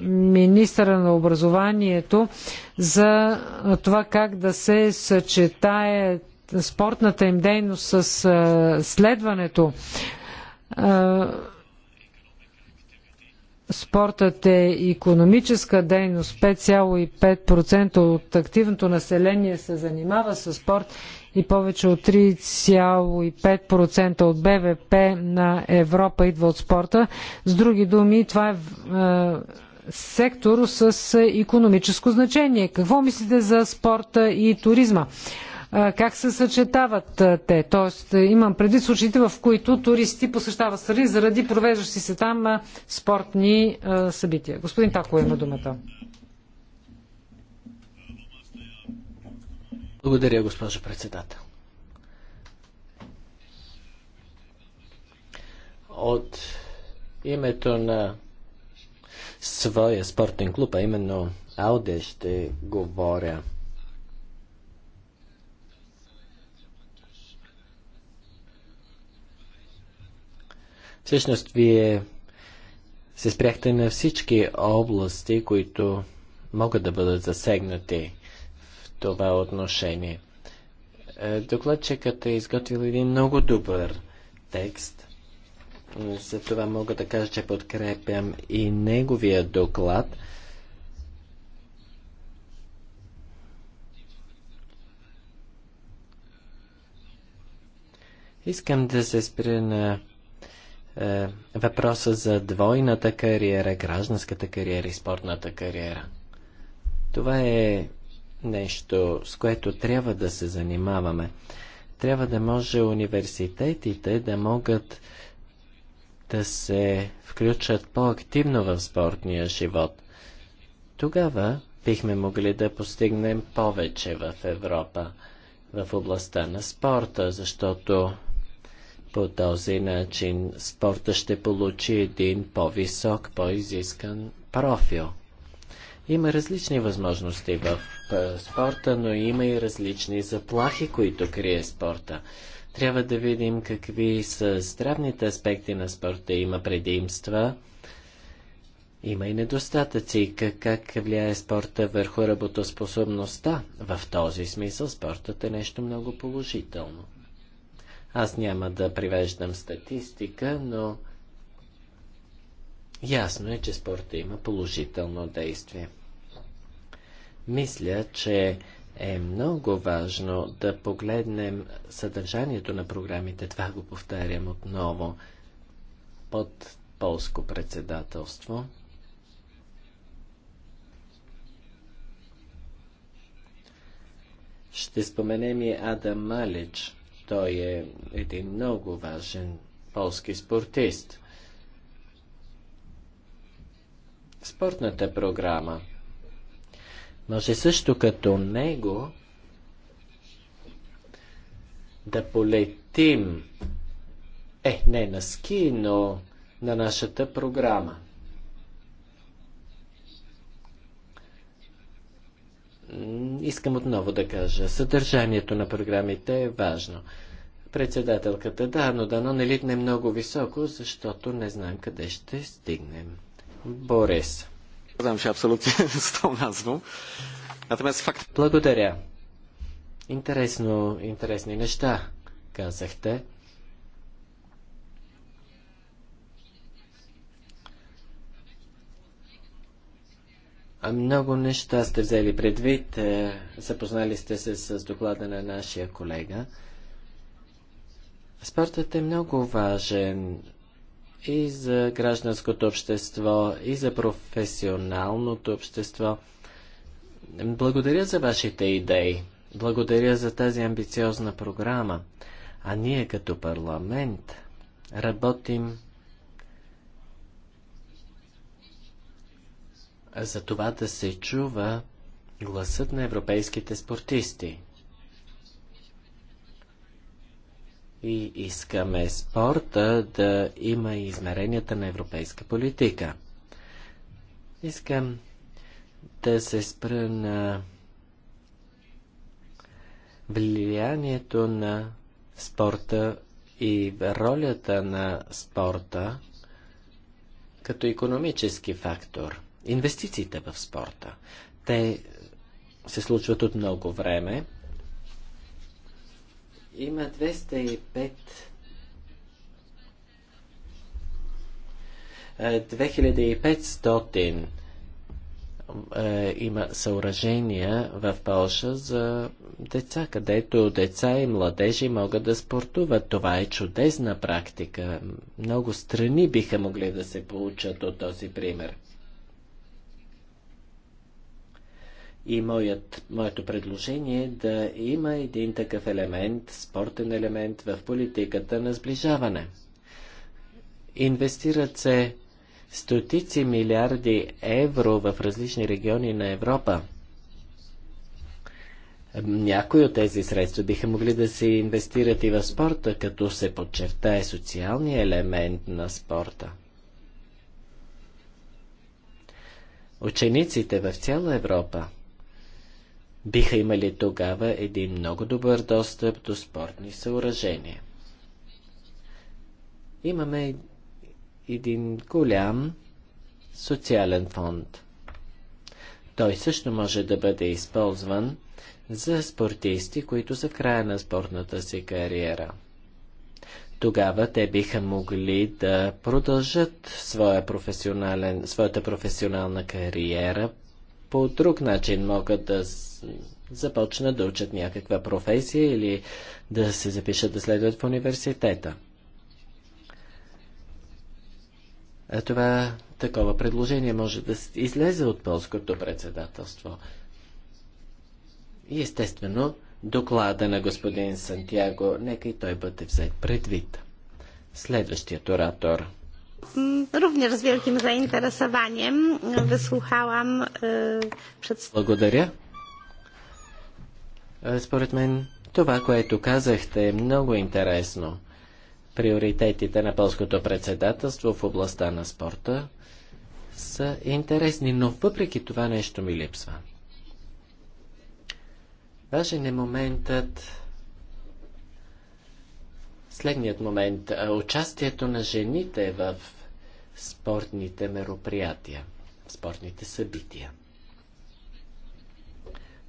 министъра на образованието за това как да се съчетае спортната им дейност с е, следването. Е, спортът е економическа дейност. 5,5% от активното население се занимава с спорт и повече от 3,5% от БВП на Европа идва от спорта. С други думи, това е, е сектор с економическо значение. Какво мислите за спорта и туризма? Е, как се съчетават е, те? Тоест, имам преди случаите, в които туристи посещават страни заради провеждащи се там спортни събития. Господин Такова има думата. Благодаря, госпожо председател. От името на своя спортен клуб, а именно Ауде, ще говоря. Всъщност, вие се спряхте на всички области, които могат да бъдат засегнати това отношение. Е, докладчикът е изготвил един много добър текст. За това мога да кажа, че подкрепям и неговия доклад. Искам да се спря на е, въпроса за двойната кариера, гражданската кариера и спортната кариера. Това е нещо, с което трябва да се занимаваме. Трябва да може университетите да могат да се включат по-активно в спортния живот. Тогава бихме могли да постигнем повече в Европа в областта на спорта, защото по този начин спорта ще получи един по-висок, по-изискан профил. Има различни възможности в спорта, но има и различни заплахи, които крие спорта. Трябва да видим какви са здравните аспекти на спорта. Има предимства, има и недостатъци. Как, как влияе спорта върху работоспособността? В този смисъл спортът е нещо много положително. Аз няма да привеждам статистика, но Ясно е, че спорта има положително действие. Мисля, че е много важно да погледнем съдържанието на програмите. Това го повтарям отново под полско председателство. Ще споменем и Адам Малич. Той е един много важен полски спортист – спортната програма. Може също като него да полетим, е, не на ски, но на нашата програма. Искам отново да кажа, съдържанието на програмите е важно. Председателката, да, но дано не литне много високо, защото не знам къде ще стигнем. Борис. Zgadzam się absolutnie z tą nazwą. Natomiast fakt... Благодаря. Интересно, интересни неща казахте. А Много неща сте взели предвид. Е, запознали сте се с доклада на нашия колега. Спортът е много важен и за гражданското общество, и за професионалното общество. Благодаря за вашите идеи. Благодаря за тази амбициозна програма. А ние като парламент работим за това да се чува гласът на европейските спортисти. и искаме спорта да има и измеренията на европейска политика. Искам да се спра на влиянието на спорта и ролята на спорта като економически фактор. Инвестициите в спорта. Те се случват от много време. Има 205 2500 е, е, има съоръжения в Польша за деца, където деца и младежи могат да спортуват. Това е чудесна практика. Много страни биха могли да се получат от този пример. И моят, моето предложение е да има един такъв елемент, спортен елемент в политиката на сближаване. Инвестират се стотици милиарди евро в различни региони на Европа. Някои от тези средства биха могли да се инвестират и в спорта, като се подчертае социалния елемент на спорта. Учениците в цяла Европа биха имали тогава един много добър достъп до спортни съоръжения. Имаме един голям социален фонд. Той също може да бъде използван за спортисти, които са в края на спортната си кариера. Тогава те биха могли да продължат своя професионален, своята професионална кариера по друг начин могат да започнат да учат някаква професия или да се запишат да следват в университета. А това такова предложение може да излезе от полското председателство. И естествено, доклада на господин Сантьяго, нека и той бъде взет предвид. Следващият оратор – Również z wielkim zainteresowaniem wysłuchałam e, przedstawienia. Благодаря. Е, според мен това, което казахте е много интересно. Приоритетите на полското председателство в областта на спорта са интересни, но въпреки това нещо ми липсва. Важен е моментът следният момент. Участието на жените в спортните мероприятия, в спортните събития.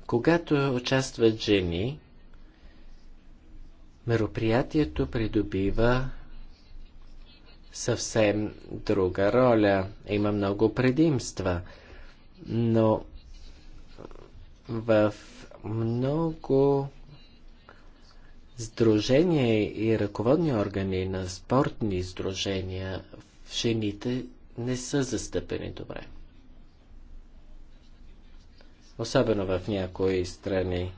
Когато участват жени, мероприятието придобива съвсем друга роля. Има много предимства, но в много Сдружение и ръководни органи на спортни сдружения в жените не са застъпени добре. Особено в някои страни.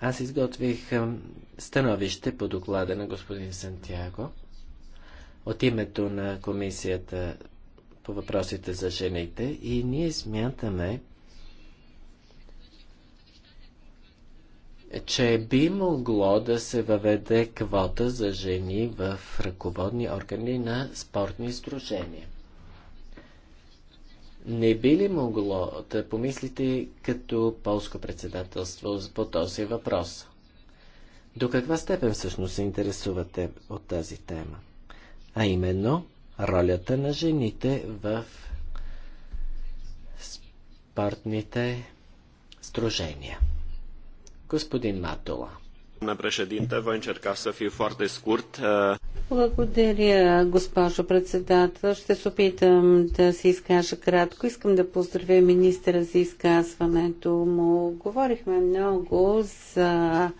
Аз изготвих становище по доклада на господин Сантьяго от името на комисията по въпросите за жените и ние смятаме, че би могло да се въведе квота за жени в ръководни органи на спортни сдружения. Не би ли могло да помислите като полско председателство по този въпрос? До каква степен всъщност се интересувате от тази тема? А именно ролята на жените в спортните сдружения. Господин Матола. На președинте, voi încerca să fiu foarte scurt. Благодаря, госпожо председател. Ще се опитам да се изкажа кратко. Искам да поздравя министра за изказването му. Говорихме много за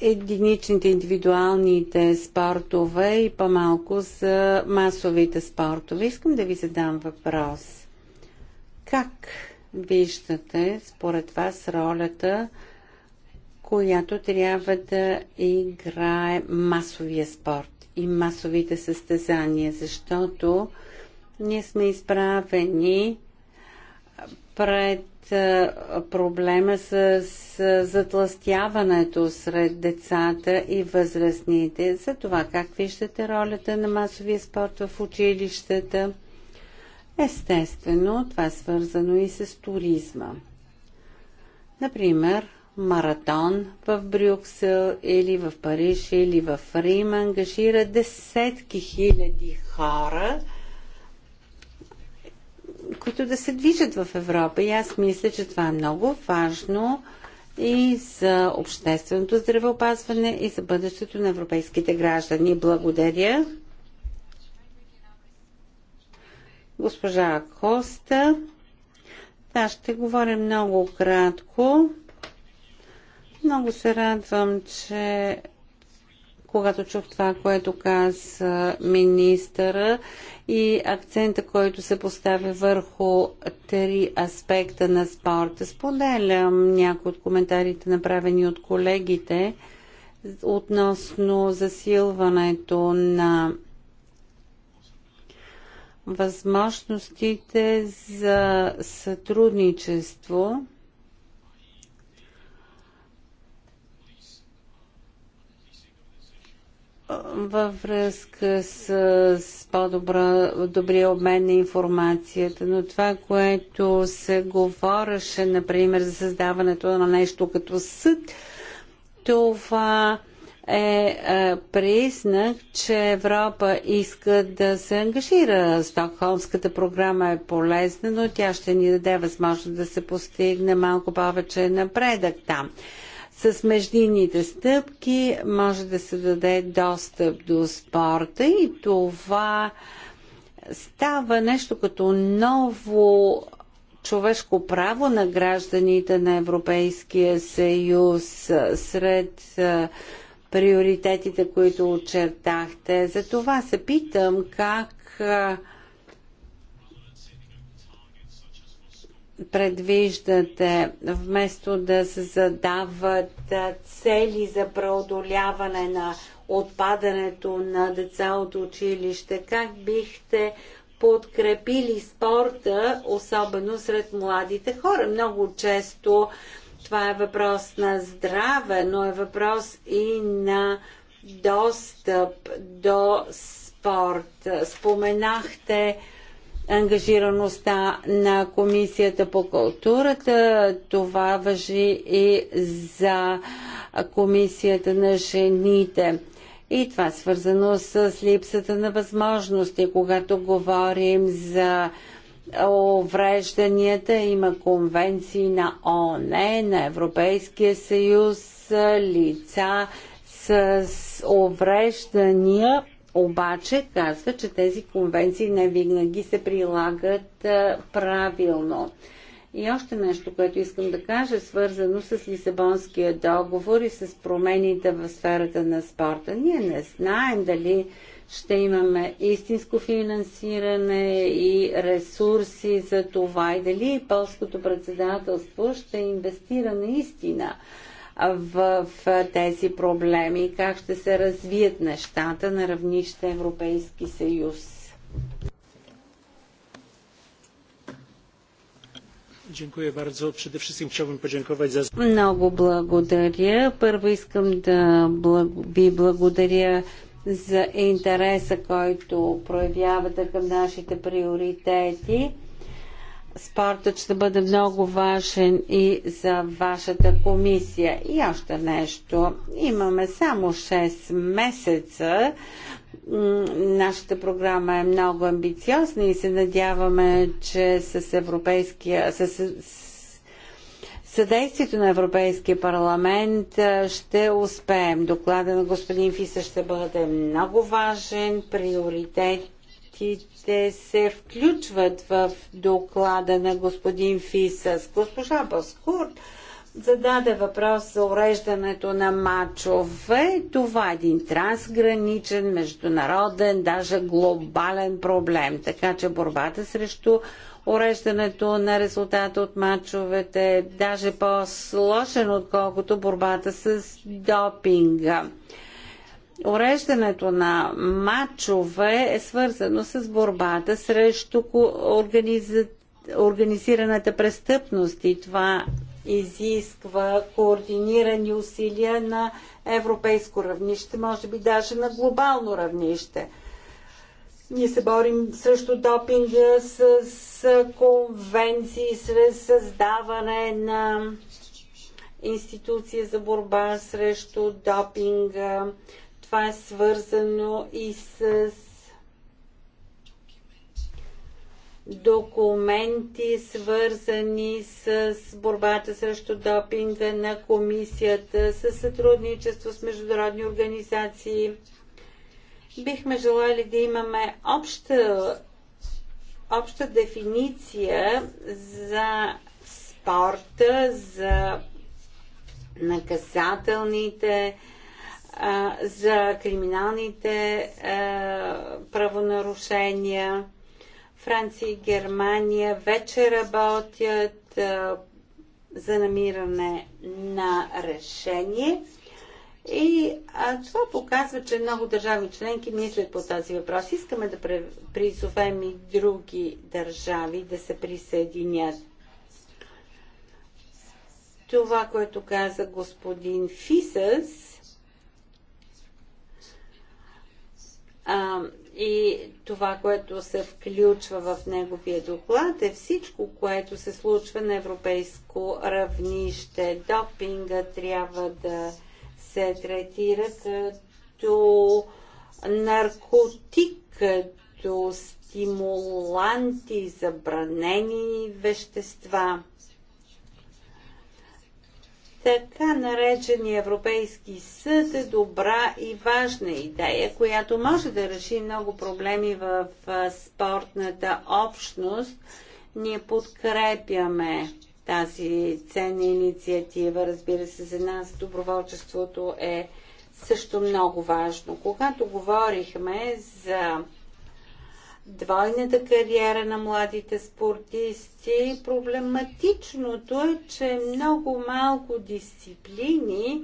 единичните, индивидуалните спортове и по-малко за масовите спортове. Искам да ви задам въпрос. Как виждате според вас ролята, която трябва да играе масовия спорт и масовите състезания, защото ние сме изправени пред проблема с затластяването сред децата и възрастните, за това как виждате ролята на масовия спорт в училищата – Естествено, това е свързано и с туризма. Например, маратон в Брюксел или в Париж или в Рим ангажира десетки хиляди хора, които да се движат в Европа. И аз мисля, че това е много важно и за общественото здравеопазване и за бъдещето на европейските граждани. Благодаря. госпожа Коста. Да, ще говоря много кратко. Много се радвам, че когато чух това, което каза министъра и акцента, който се поставя върху три аспекта на спорта. Споделям някои от коментарите, направени от колегите относно засилването на възможностите за сътрудничество във връзка с, с по-добрия обмен на информацията, но това, което се говореше, например, за създаването на нещо като съд, това е, е признак, че Европа иска да се ангажира. Стокхолмската програма е полезна, но тя ще ни даде възможност да се постигне малко повече напредък там. С междинните стъпки може да се даде достъп до спорта и това става нещо като ново човешко право на гражданите на Европейския съюз сред е, приоритетите, които очертахте. За това се питам как предвиждате, вместо да се задават цели за преодоляване на отпадането на деца от училище, как бихте подкрепили спорта, особено сред младите хора. Много често това е въпрос на здраве, но е въпрос и на достъп до спорт. Споменахте ангажираността на Комисията по културата. Това въжи и за Комисията на жените. И това свързано с липсата на възможности, когато говорим за уврежданията, има конвенции на ООН, на Европейския съюз, лица с увреждания, обаче казва, че тези конвенции не винаги се прилагат правилно. И още нещо, което искам да кажа, свързано с Лисабонския договор и с промените в сферата на спорта. Ние не знаем дали ще имаме истинско финансиране и ресурси за това и дали полското председателство ще инвестира наистина в тези проблеми и как ще се развият нещата на равнище Европейски съюз. Много благодаря. Първо искам да ви благодаря за интереса, който проявявате към нашите приоритети. Спортът ще бъде много важен и за вашата комисия. И още нещо. Имаме само 6 месеца. Нашата програма е много амбициозна и се надяваме, че с, европейския, с, с съдействието на Европейския парламент ще успеем. Доклада на господин Фиса ще бъде много важен. Приоритетите се включват в доклада на господин Фиса. С госпожа Баскур зададе въпрос за уреждането на мачове. Това е един трансграничен, международен, даже глобален проблем. Така че борбата срещу уреждането на резултата от матчовете е даже по-сложен, отколкото борбата с допинга. Уреждането на матчове е свързано с борбата срещу организираната престъпност и това изисква координирани усилия на европейско равнище, може би даже на глобално равнище – ние се борим срещу допинга с, с конвенции, с създаване на институция за борба срещу допинга. Това е свързано и с документи, свързани с борбата срещу допинга на комисията, с сътрудничество с международни организации Бихме желали да имаме обща, обща дефиниция за спорта, за наказателните, за криминалните правонарушения. Франция и Германия вече работят за намиране на решение. И а, това показва, че много държави членки мислят по този въпрос. Искаме да призовем и други държави да се присъединят. Това, което каза господин Фисъс, а, и това, което се включва в неговия доклад е всичко, което се случва на европейско равнище. Допинга трябва да се третира като наркотик, като стимуланти, забранени вещества. Така наречени Европейски съд е добра и важна идея, която може да реши много проблеми в спортната общност. Ние подкрепяме тази ценна инициатива. Разбира се, за нас доброволчеството е също много важно. Когато говорихме за двойната кариера на младите спортисти, проблематичното е, че много малко дисциплини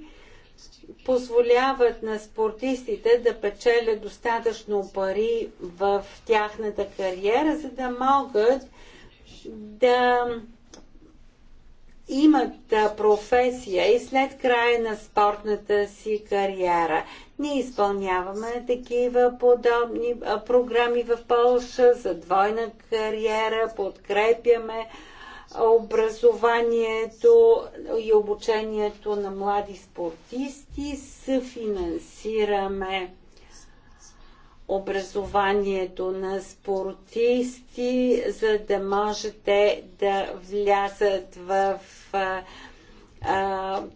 позволяват на спортистите да печелят достатъчно пари в тяхната кариера, за да могат да имат професия и след края на спортната си кариера. Ние изпълняваме такива подобни програми в Польша за двойна кариера, подкрепяме образованието и обучението на млади спортисти, съфинансираме образованието на спортисти, за да можете да влязат в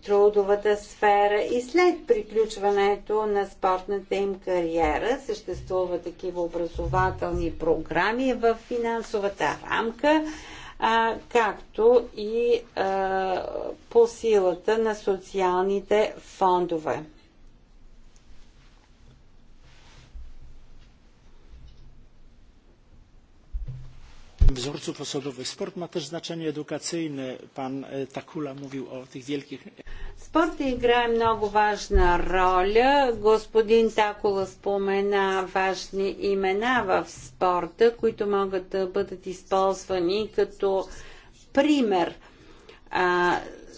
трудовата сфера и след приключването на спортната им кариера. Съществуват такива образователни програми в финансовата рамка, а, както и а, по силата на социалните фондове. Wzorców osobowych. Sport ma też znaczenie edukacyjne. Pan e, Takula mówił o tych wielkich... Спорт играе много важна роля. Господин Такула спомена важни имена в спорта, които могат да бъдат използвани като пример.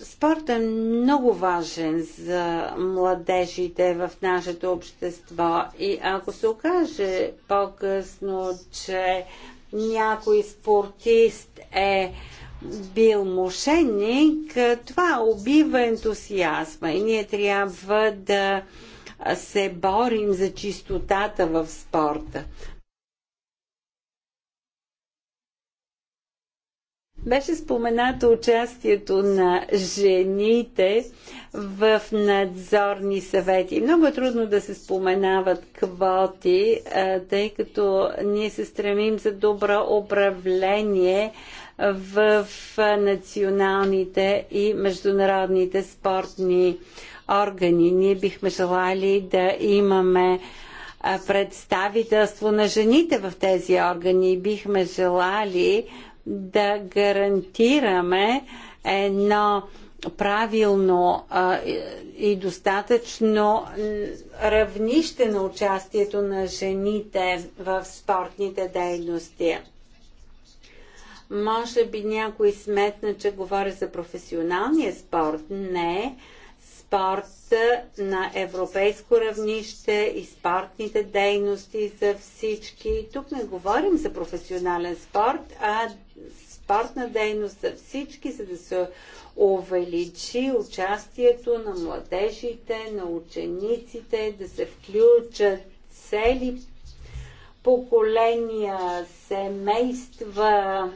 спортът е много важен за младежите в нашето общество и ако се окаже по-късно, че някой спортист е бил мошенник, това убива ентусиазма и ние трябва да се борим за чистотата в спорта. Беше споменато участието на жените в надзорни съвети. Много е трудно да се споменават квоти, тъй като ние се стремим за добро управление в националните и международните спортни органи. Ние бихме желали да имаме представителство на жените в тези органи и бихме желали да гарантираме едно правилно а, и достатъчно равнище на участието на жените в спортните дейности. Може би някой сметна, че говоря за професионалния спорт. Не. Спорт на европейско равнище и спортните дейности за всички. Тук не говорим за професионален спорт, а спортна дейност за всички, за да се увеличи участието на младежите, на учениците, да се включат цели поколения, семейства,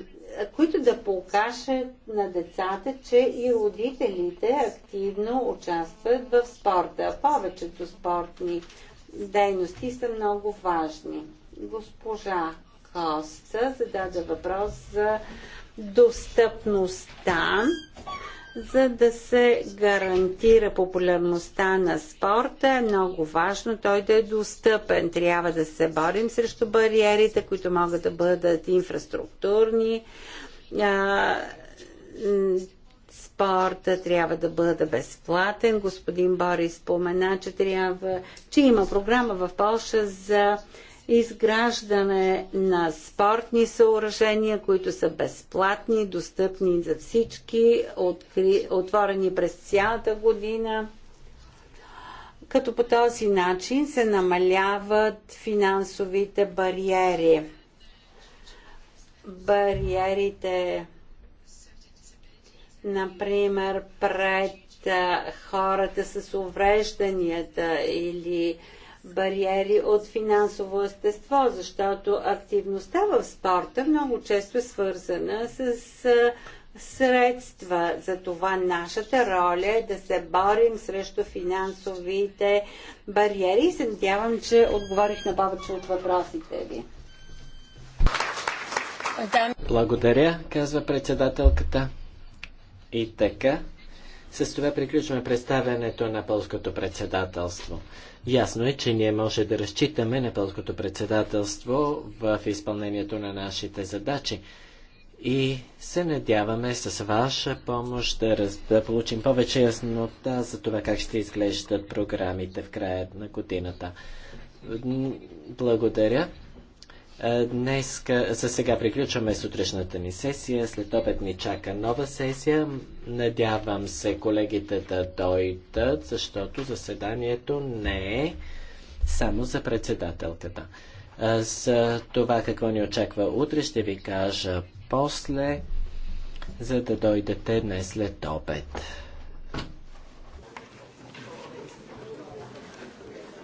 които да покажат на децата, че и родителите активно участват в спорта. Повечето спортни дейности са много важни. Госпожа Коста зададе въпрос за достъпността, за да се гарантира популярността на спорта. Е много важно той да е достъпен. Трябва да се борим срещу бариерите, които могат да бъдат инфраструктурни. Спорта трябва да бъде безплатен. Господин Борис спомена, че трябва, че има програма в Польша за изграждане на спортни съоръжения, които са безплатни, достъпни за всички, откри, отворени през цялата година, като по този начин се намаляват финансовите бариери. Бариерите, например, пред хората с уврежданията или бариери от финансово естество, защото активността в спорта много често е свързана с средства. Затова нашата роля е да се борим срещу финансовите бариери и се надявам, че отговорих на повече от въпросите ви. Благодаря, казва председателката. И така, с това приключваме представянето на полското председателство. Ясно е, че ние може да разчитаме на пълското председателство в изпълнението на нашите задачи. И се надяваме с ваша помощ да, раз... да получим повече яснота за това как ще изглеждат програмите в края на годината. Благодаря. Е, днес, за сега приключваме сутрешната ни сесия, след обед ни чака нова сесия. Надявам се колегите да дойдат, защото заседанието не е само за председателката. Е, за това какво ни очаква утре ще ви кажа после, за да дойдете днес след обед.